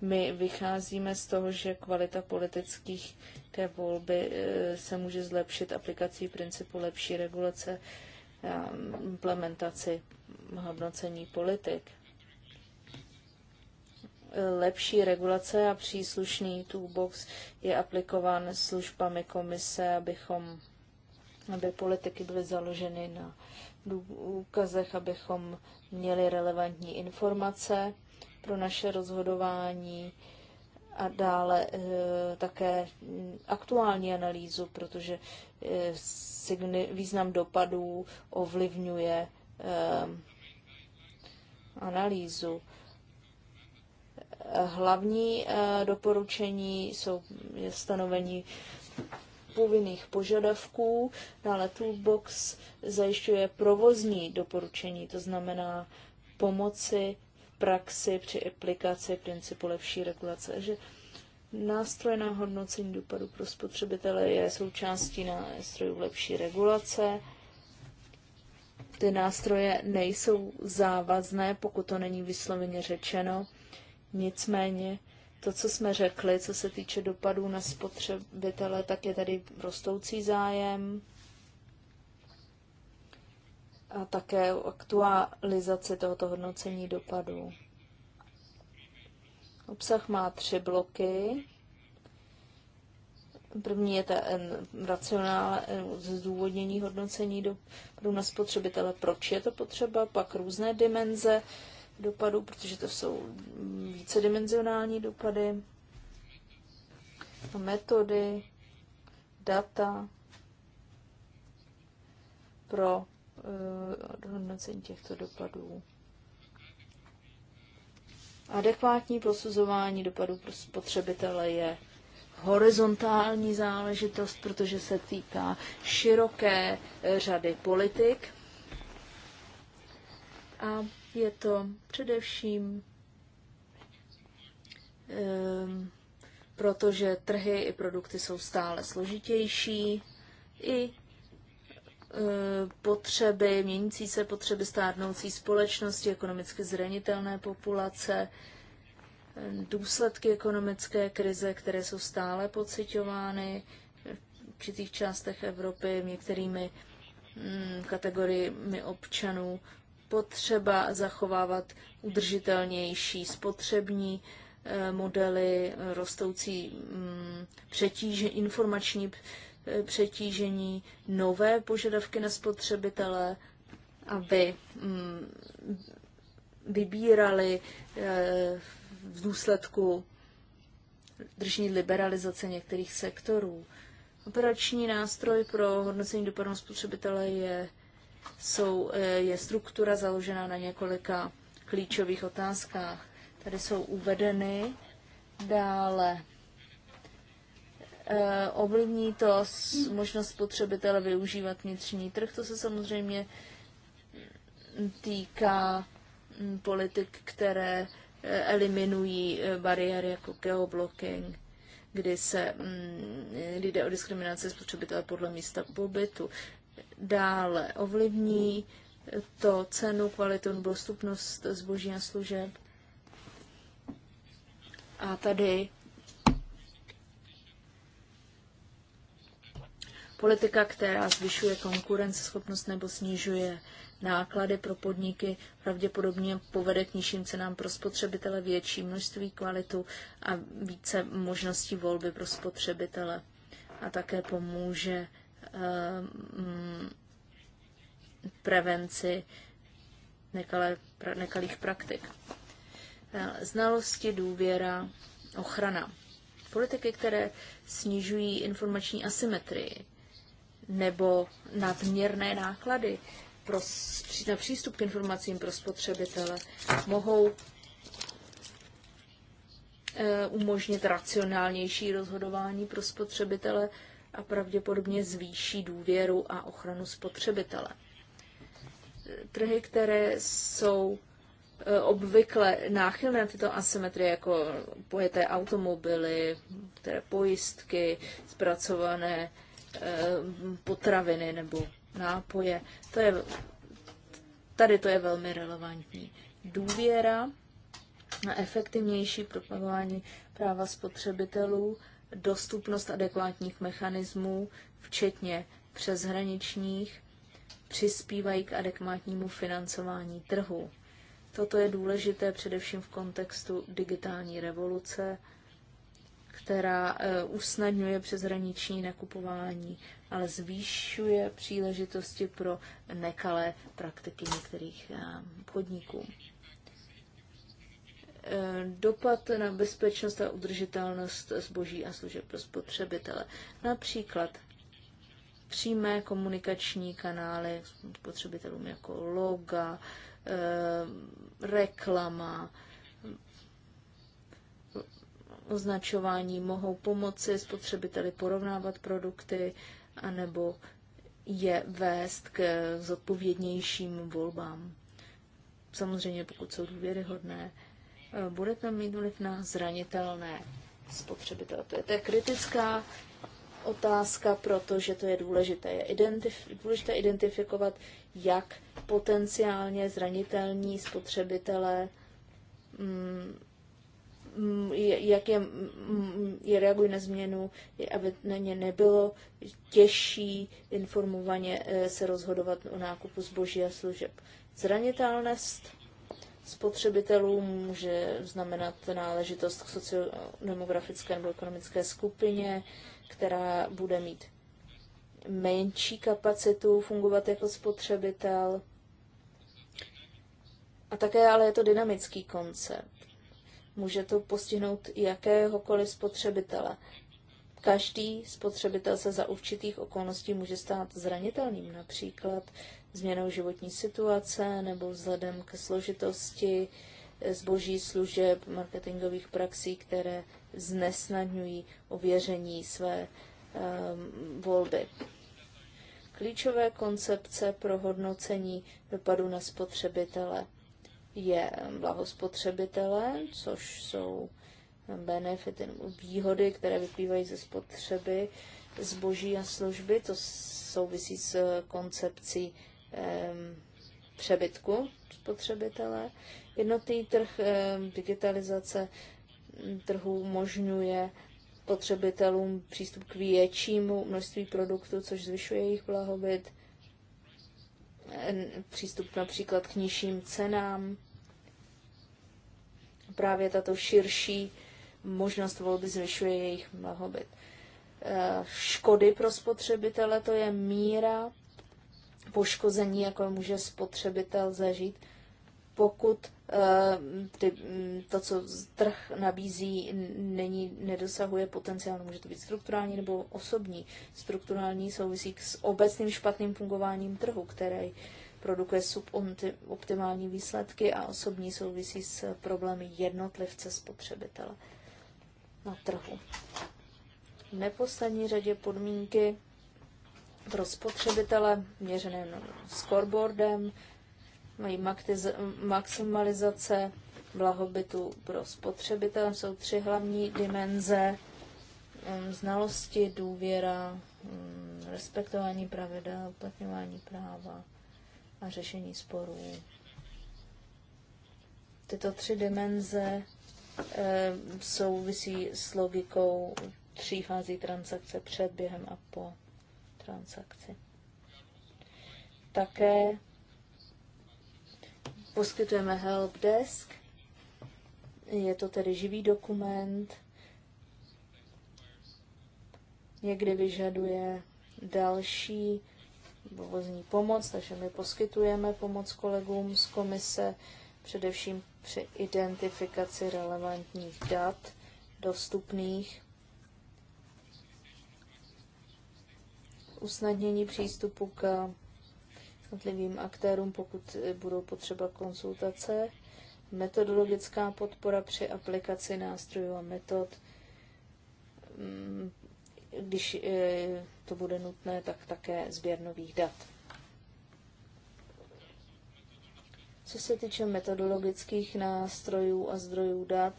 My vycházíme z toho, že kvalita politických té volby e, se může zlepšit aplikací principu lepší regulace a implementaci hodnocení politik. Lepší regulace a příslušný toolbox je aplikován službami komise, abychom, aby politiky byly založeny na důkazech, abychom měli relevantní informace pro naše rozhodování a dále eh, také aktuální analýzu, protože eh, význam dopadů ovlivňuje eh, analýzu. Hlavní doporučení jsou stanovení povinných požadavků, dále Toolbox zajišťuje provozní doporučení, to znamená pomoci praxi při aplikaci principu lepší regulace. Takže nástroj na hodnocení dopadu pro spotřebitele je součástí nástrojů lepší regulace. Ty nástroje nejsou závazné, pokud to není vysloveně řečeno. Nicméně to, co jsme řekli, co se týče dopadů na spotřebitele, tak je tady rostoucí zájem a také aktualizace aktualizaci tohoto hodnocení dopadů. Obsah má tři bloky. První je ta eh, racionální eh, zdůvodnění hodnocení dopadů na spotřebitele, proč je to potřeba, pak různé dimenze dopadů, protože to jsou vícedimenzionální dopady, metody, data pro Eh, hodnocení těchto dopadů. Adekvátní posuzování dopadů pro spotřebitele je horizontální záležitost, protože se týká široké eh, řady politik. A je to především um, protože trhy i produkty jsou stále složitější, i Eh, potřeby, měnící se potřeby stárnoucí společnosti, ekonomicky zranitelné populace, eh, důsledky ekonomické krize, které jsou stále pocitovány v určitých částech Evropy některými mm, kategoriemi občanů, potřeba zachovávat udržitelnější spotřební eh, modely, rostoucí mm, přetíže, informační přetížení, nové požadavky na spotřebitele, aby mm, vybírali eh, v důsledku držní liberalizace některých sektorů. Operační nástroj pro hodnocení dopadu spotřebitele je, jsou, eh, je struktura založená na několika klíčových otázkách. Tady jsou uvedeny dále Eh, ovlivní to možnost spotřebitele využívat vnitřní trh. To se samozřejmě týká hm, politik, které eh, eliminují eh, bariéry jako geoblocking, kdy se lidé hm, o diskriminaci spotřebitele podle místa pobytu. Dále ovlivní to cenu, kvalitu nebo dostupnost zboží a služeb. A tady Politika, která zvyšuje konkurenceschopnost nebo snižuje náklady pro podniky, pravděpodobně povede k nižším cenám pro spotřebitele, větší množství kvalitu a více možností volby pro spotřebitele. A také pomůže um, prevenci nekalé, pra, nekalých praktik. E, znalosti, důvěra, ochrana. Politiky, které snižují informační asymetrii, nebo nadměrné náklady pro, na přístup k informacím pro spotřebitele mohou eh, umožnit racionálnější rozhodování pro spotřebitele a pravděpodobně zvýší důvěru a ochranu spotřebitele. Trhy, které jsou eh, obvykle náchylné na tyto asymetrie, jako pojeté automobily, které pojistky, zpracované Eh, potraviny nebo nápoje. To je, tady to je velmi relevantní. Důvěra na efektivnější propagování práva spotřebitelů, dostupnost adekvátních mechanismů, včetně přeshraničních, přispívají k adekvátnímu financování trhu. Toto je důležité především v kontextu digitální revoluce, která eh, usnadňuje přeshraniční nakupování, ale zvýšuje příležitosti pro nekalé praktiky některých eh, podniků. Eh, dopad na bezpečnost a udržitelnost zboží a služeb pro spotřebitele. Například přímé komunikační kanály spotřebitelům jako loga, reklama, označování mohou pomoci spotřebiteli porovnávat produkty anebo je vést k zodpovědnějším volbám. Samozřejmě, pokud jsou důvěryhodné, eh, bude tam mít vliv na zranitelné spotřebitele. To je, to je kritická otázka, protože to je důležité. Je identif- důležité identifikovat, jak potenciálně zranitelní spotřebitelé mm, Mm, jak je, mm, je reagují na změnu, aby na ně nebylo těžší informovaně eh, se rozhodovat o nákupu zboží a služeb. Zranitelnost spotřebitelů může znamenat náležitost k sociodemografické nebo ekonomické skupině, která bude mít menší kapacitu fungovat jako spotřebitel. A také ale je to dynamický koncept Může to postihnout jakéhokoliv spotřebitele. Každý spotřebitel se za určitých okolností může stát zranitelným, například změnou životní situace nebo vzhledem k složitosti eh, zboží, služeb, marketingových praxí, které znesnadňují ověření své um, volby. Klíčové koncepce pro hodnocení dopadu na spotřebitele je blahospotřebitele, což jsou benefity nebo výhody, které vyplývají ze spotřeby zboží a služby. To souvisí s koncepcí přebytku spotřebitele. Jednotný trh digitalizace trhu umožňuje spotřebitelům přístup k většímu množství produktů, což zvyšuje jejich blahobyt, přístup například k nižším cenám, právě tato širší možnost volby zvyšuje jejich blahobyt. Eh, škody pro spotřebitele to je míra poškození, jako může spotřebitel zažít, pokud eh, mm, to, co trh nabízí, není, nedosahuje potenciál. Může to být strukturální nebo osobní. Strukturální souvisí s obecným špatným fungováním trhu, který produkuje suboptimální výsledky a osobní souvisí s problémy jednotlivce spotřebitele na trhu. V neposlední řadě podmínky pro spotřebitele měřené scoreboardem, mají maximalizace blahobytu pro spotřebitele. Jsou tři hlavní dimenze um, znalosti, důvěra, um, respektování pravidel, uplatňování práva a řešení sporů. Tyto tři dimenze eh, souvisí s logikou tří fází transakce před, během a po transakci. Také poskytujeme helpdesk, je to tedy živý dokument, někdy vyžaduje další dovozní pomoc, takže my poskytujeme pomoc kolegům z komise, především při identifikaci relevantních dat dostupných, usnadnění přístupu k jednotlivým aktérům, pokud eh, budou potřeba konzultace, metodologická podpora při aplikaci nástrojů a metod, mm, když eh, to bude nutné, tak také sběr nových dat. Co se týče metodologických nástrojů a zdrojů dat,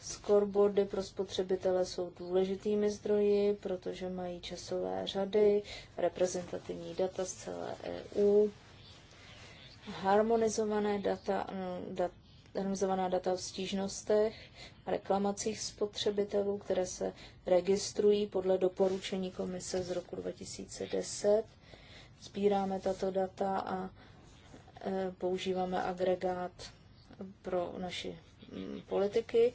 scoreboardy pro spotřebitele jsou důležitými zdroji, protože mají časové řady, reprezentativní data z celé EU, harmonizované data, no, dat anonymizovaná data o stížnostech a reklamacích spotřebitelů, které se registrují podle doporučení komise z roku 2010. Sbíráme tato data a e, používáme agregát pro naši mm, politiky.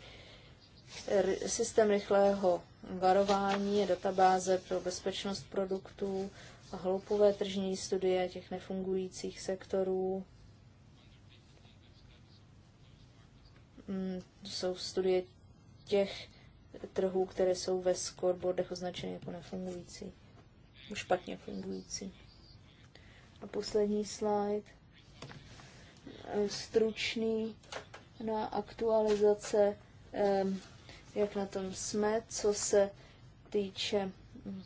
Systém rychlého varování je databáze pro bezpečnost produktů a hloupové tržní studie těch nefungujících sektorů Mm, jsou studie těch trhů, které jsou ve scoreboardech označeny jako nefungující, špatně fungující. A poslední slide. Eh, stručný na aktualizace, ehm, jak na tom jsme, co se týče mm,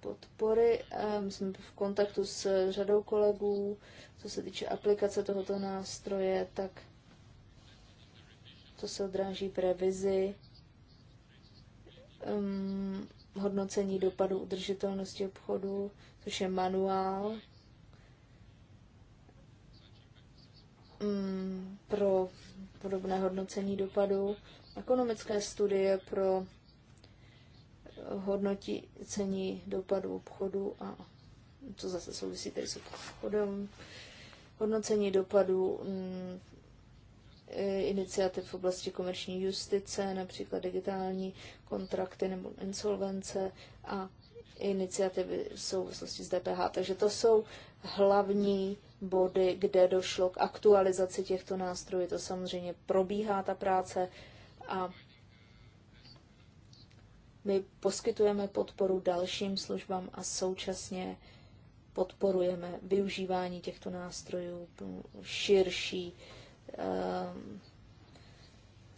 podpory. Ehm, jsme v kontaktu s řadou kolegů, co se týče aplikace tohoto nástroje, tak to se odráží v revizi um, hodnocení dopadu udržitelnosti obchodu, což je manuál um, pro podobné hodnocení dopadu, ekonomické studie pro hodnocení dopadu obchodu a co zase souvisí tady s obchodem, hodnocení dopadu mm, Eh, iniciativ v oblasti komerční justice, například digitální kontrakty nebo insolvence a iniciativy v souvislosti s DPH. Takže to jsou hlavní body, kde došlo k aktualizaci těchto nástrojů. To samozřejmě probíhá ta práce a my poskytujeme podporu dalším službám a současně podporujeme využívání těchto nástrojů širší Eh,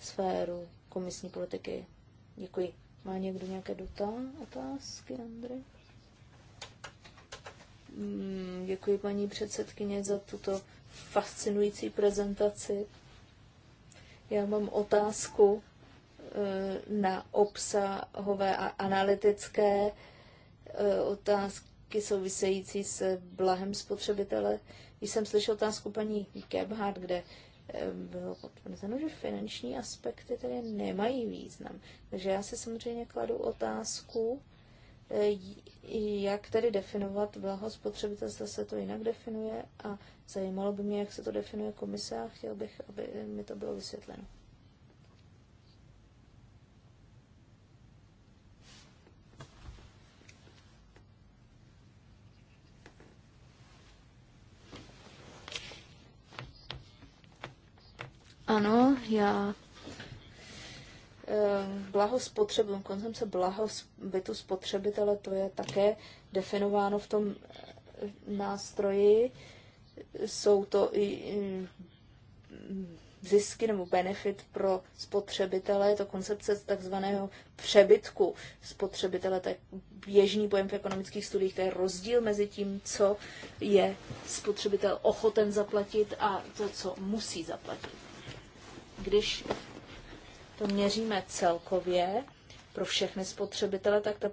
sféru komisní politiky. Děkuji. Má někdo nějaké dotaz, otázky, Andry? Hmm, děkuji paní předsedkyně za tuto fascinující prezentaci. Já mám otázku eh, na obsahové a analytické eh, otázky související s blahem spotřebitele. Když jsem slyšel otázku paní Gebhardt, kde bylo potvrzeno, že finanční aspekty tedy nemají význam. Takže já si samozřejmě kladu otázku, eh, jak tedy definovat blaho spotřebitel, zda se to jinak definuje a zajímalo by mě, jak se to definuje komise a chtěl bych, aby mi to bylo vysvětleno. Ano, já eh, blahospotřebitelům, blaho blahobytu spotřebitele, to je také definováno v tom eh, nástroji. Jsou to i mm, zisky nebo benefit pro spotřebitele, je to koncepce takzvaného přebytku spotřebitele, to je běžný pojem v ekonomických studiích, to je rozdíl mezi tím, co je spotřebitel ochoten zaplatit a to, co musí zaplatit když to měříme celkově pro všechny spotřebitele, tak ta,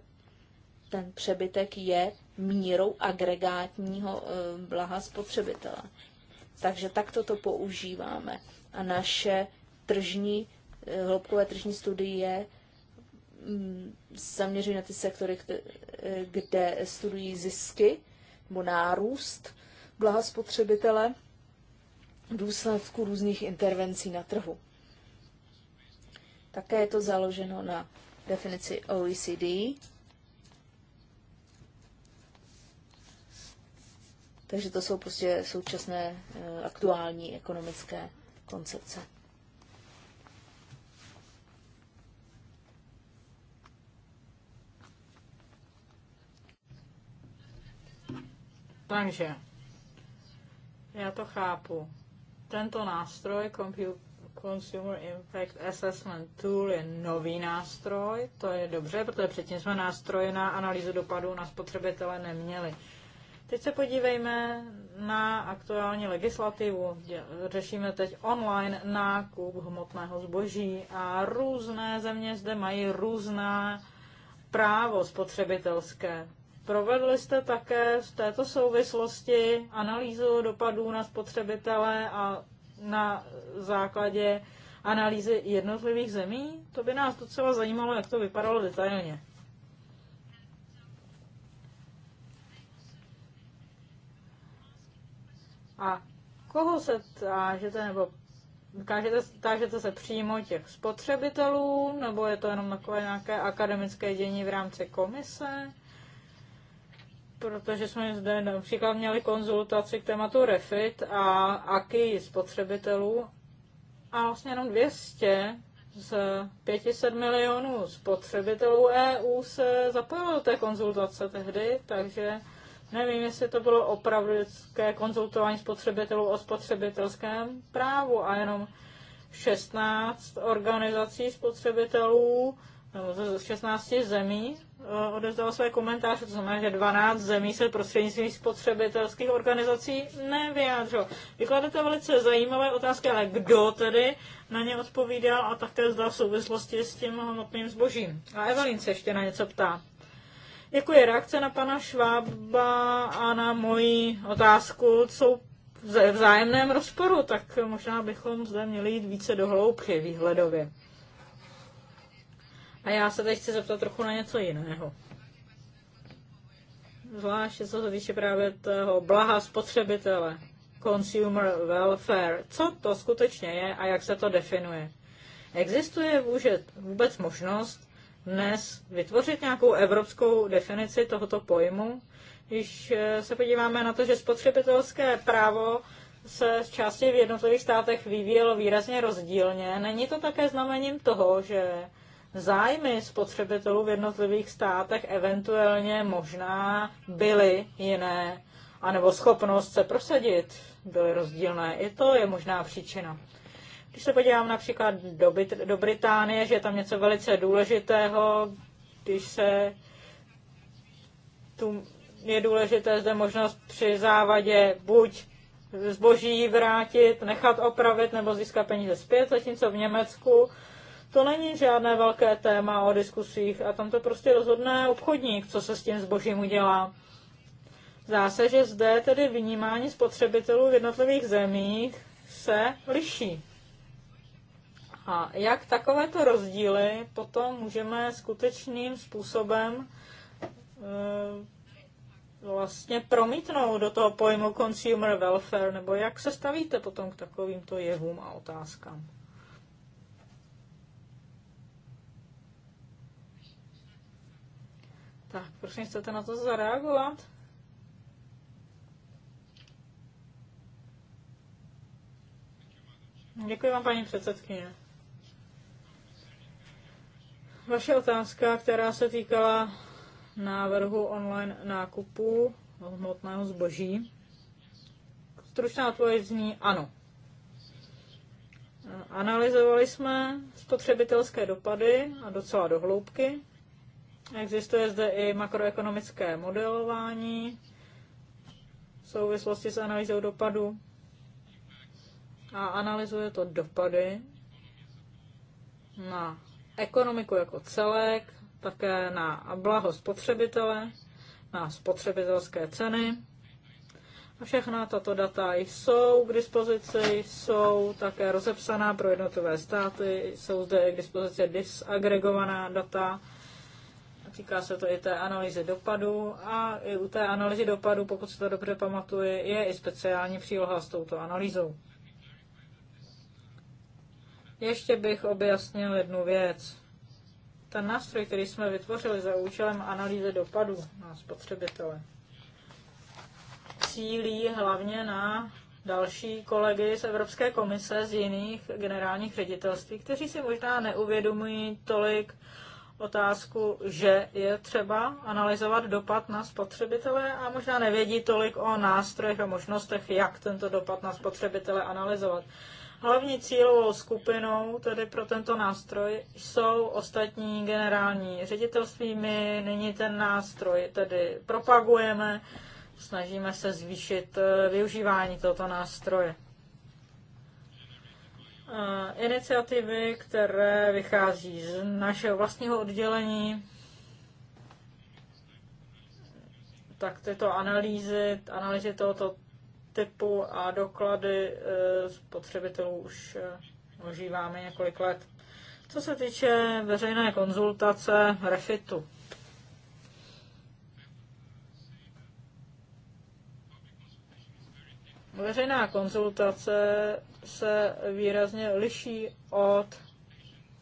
ten přebytek je mírou agregátního eh, blaha spotřebitele. Takže takto to používáme. A naše tržní, eh, hloubkové tržní studie mm, zaměřují na ty sektory, eh, kde studují zisky nebo nárůst blaha spotřebitele důsledku různých intervencí na trhu. Také je to založeno na definici OECD. Takže to jsou prostě současné eh, aktuální ekonomické koncepce. Takže já to chápu. Tento nástroj Consumer Impact Assessment Tool je nový nástroj, to je dobře, protože předtím jsme nástroje na analýzu dopadů na spotřebitele neměli. Teď se podívejme na aktuální legislativu. Řešíme teď online nákup hmotného zboží a různé země zde mají různá právo spotřebitelské. Provedli jste také v této souvislosti analýzu dopadů na spotřebitele a na základě analýzy jednotlivých zemí? To by nás docela zajímalo, jak to vypadalo detailně. A koho se tážete, nebo kážete, tážete se přímo těch spotřebitelů, nebo je to jenom takové nějaké akademické dění v rámci komise? protože jsme zde například měli konzultaci k tématu REFIT a AKI spotřebitelů a vlastně jenom 200 z 500 milionů spotřebitelů EU se zapojilo do té konzultace tehdy, takže nevím, jestli to bylo opravdu konzultování spotřebitelů o spotřebitelském právu a jenom 16 organizací spotřebitelů z 16 zemí e, odevzdalo své komentáře, to znamená, že 12 zemí se prostřednictvím spotřebitelských organizací nevyjádřilo. Vykladete velice zajímavé otázky, ale kdo tedy na ně odpovídal a také zda v souvislosti s tím hmotným zbožím. A Evelyn se ještě na něco ptá. Jako je reakce na pana Švába a na moji otázku, co v vzájemném rozporu, tak možná bychom zde měli jít více do hloubky výhledově. A já se teď chci zeptat trochu na něco jiného. Zvlášť co se týče právě toho blaha spotřebitele, consumer welfare. Co to skutečně je a jak se to definuje? Existuje vůbec možnost dnes vytvořit nějakou evropskou definici tohoto pojmu? Když eh, se podíváme na to, že spotřebitelské právo se v části v jednotlivých státech vyvíjelo výrazně rozdílně, není to také znamením toho, že zájmy spotřebitelů v jednotlivých státech eventuálně možná byly jiné, anebo schopnost se prosadit byly rozdílné. I to je možná příčina. Když se podívám například do, Bit- do Británie, že je tam něco velice důležitého, když se tu je důležité zde možnost při závadě buď zboží vrátit, nechat opravit nebo získat peníze zpět, zatímco v Německu to není žádné velké téma o diskusích a tam to prostě rozhodne obchodník, co se s tím zbožím udělá. Zdá se, že zde tedy vnímání spotřebitelů v jednotlivých zemích se liší. A jak takovéto rozdíly potom můžeme skutečným způsobem eh, vlastně promítnout do toho pojmu consumer welfare, nebo jak se stavíte potom k takovýmto jevům a otázkám? Tak, prosím, chcete na to zareagovat? Děkuji vám, paní předsedkyně. Vaše otázka, která se týkala návrhu online nákupu hmotného zboží, stručná odpověď zní ano. Analyzovali jsme spotřebitelské dopady a docela dohloubky Existuje zde i makroekonomické modelování v souvislosti s analýzou dopadu a analyzuje to dopady na ekonomiku jako celek, také na blaho spotřebitele, na spotřebitelské ceny. A všechna tato data jsou k dispozici, jsou také rozepsaná pro jednotlivé státy, jsou zde k dispozici disagregovaná data Týká se to i té analýzy dopadu a i u té analýzy dopadu, pokud se to dobře pamatuje, je i speciální příloha s touto analýzou. Ještě bych objasnil jednu věc. Ten nástroj, který jsme vytvořili za účelem analýzy dopadu na spotřebitele, cílí hlavně na další kolegy z Evropské komise, z jiných generálních ředitelství, kteří si možná neuvědomují tolik otázku, že je třeba analyzovat dopad na spotřebitele a možná nevědí tolik o nástrojech a možnostech, jak tento dopad na spotřebitele analyzovat. Hlavní cílovou skupinou tedy pro tento nástroj jsou ostatní generální ředitelství. My nyní ten nástroj tedy propagujeme, snažíme se zvýšit eh, využívání tohoto nástroje iniciativy, které vychází z našeho vlastního oddělení, tak tyto analýzy, analýzy tohoto typu a doklady e, spotřebitelů už e, užíváme několik let. Co se týče veřejné konzultace refitu, Veřejná konzultace se výrazně liší od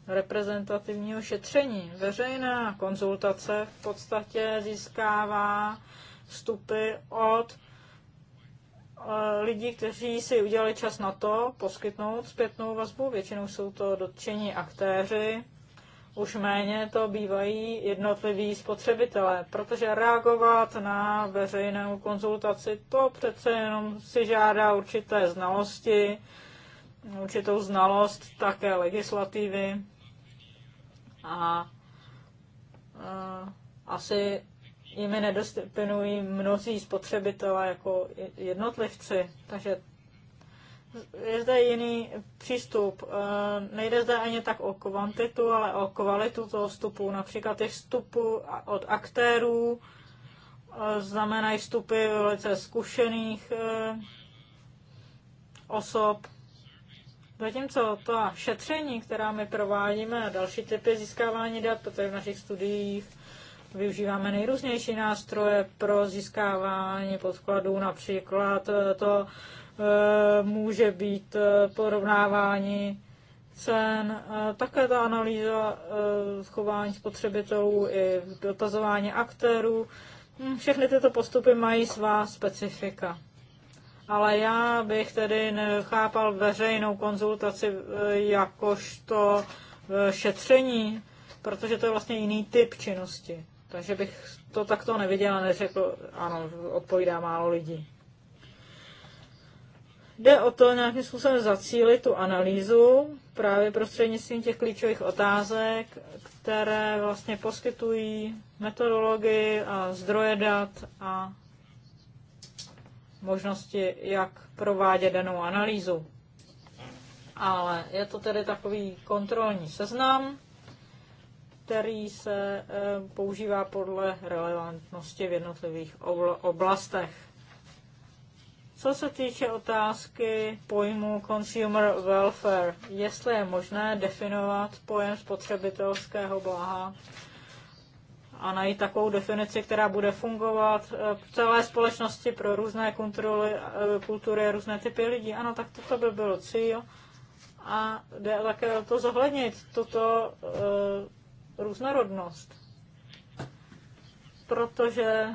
reprezentativního šetření. Veřejná konzultace v podstatě získává vstupy od eh, lidí, kteří si udělali čas na to poskytnout zpětnou vazbu. Většinou jsou to dotčení aktéři, už méně to bývají jednotliví spotřebitelé, protože reagovat na veřejnou konzultaci to přece jenom si žádá určité znalosti, určitou znalost také legislativy a, a asi jimi nedostupinují mnozí spotřebitelé jako jednotlivci, takže je zde jiný přístup. Eh, nejde zde ani tak o kvantitu, ale o kvalitu toho vstupu. Například těch vstupů od aktérů eh, znamenají vstupy velice zkušených eh, osob. Zatímco to šetření, která my provádíme, a další typy získávání dat, protože v našich studiích využíváme nejrůznější nástroje pro získávání podkladů, například to Eh, může být eh, porovnávání cen, také ta analýza eh, chování spotřebitelů i dotazování aktérů. Hm, všechny tyto postupy mají svá specifika. Ale já bych tedy nechápal veřejnou konzultaci jakožto šetření, protože to je vlastně jiný typ činnosti. Takže bych to takto neviděla, neřekl, ano, odpovídá málo lidí. Jde o to nějakým způsobem zacílit tu analýzu právě prostřednictvím těch klíčových otázek, které vlastně poskytují metodologii a zdroje dat a možnosti, jak provádět danou analýzu. Ale je to tedy takový kontrolní seznam, který se eh, používá podle relevantnosti v jednotlivých oblastech. Co se týče otázky pojmu consumer welfare, jestli je možné definovat pojem spotřebitelského blaha a najít takovou definici, která bude fungovat eh, v celé společnosti pro různé kontroly, eh, kultury, různé typy lidí. Ano, tak toto by bylo cíl. A jde také to zohlednit, toto uh, eh, různorodnost. Protože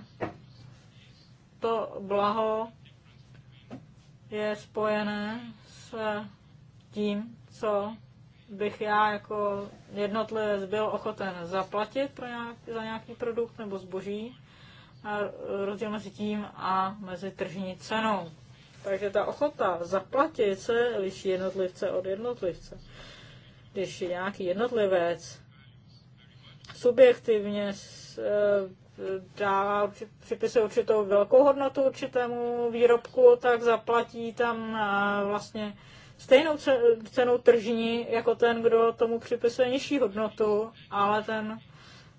to blaho je spojené s tím, co bych já jako jednotlivec byl ochoten zaplatit pro nějak, za nějaký produkt nebo zboží a rozdíl mezi tím a mezi tržní cenou. Takže ta ochota zaplatit se liší jednotlivce od jednotlivce. Když nějaký jednotlivec subjektivně eh, dává, připisuje určitou velkou hodnotu určitému výrobku, tak zaplatí tam eh, vlastně stejnou cenu tržní jako ten, kdo tomu připisuje nižší hodnotu, ale ten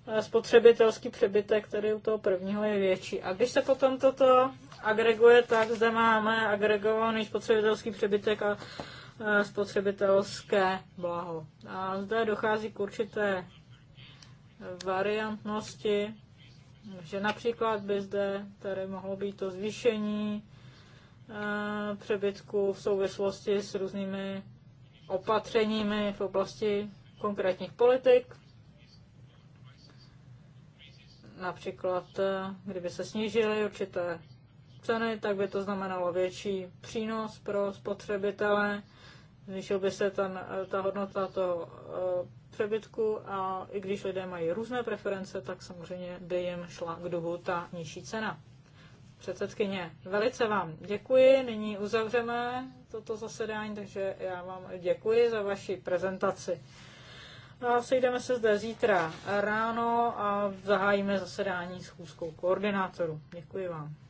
eh, spotřebitelský přebytek tedy u toho prvního je větší. A když se potom toto agreguje, tak zde máme agregovaný spotřebitelský přebytek a eh, spotřebitelské blaho. A zde dochází k určité variantnosti že například by zde tady mohlo být to zvýšení eh, přebytku v souvislosti s různými opatřeními v oblasti konkrétních politik. Například, eh, kdyby se snížily určité ceny, tak by to znamenalo větší přínos pro spotřebitele, zvýšil by se ten, eh, ta hodnota toho přebytku a i když lidé mají různé preference, tak samozřejmě by jim šla k duhu ta nižší cena. Předsedkyně, velice vám děkuji. Nyní uzavřeme toto zasedání, takže já vám děkuji za vaši prezentaci. A sejdeme se zde zítra ráno a zahájíme zasedání s chůzkou koordinátoru. Děkuji vám.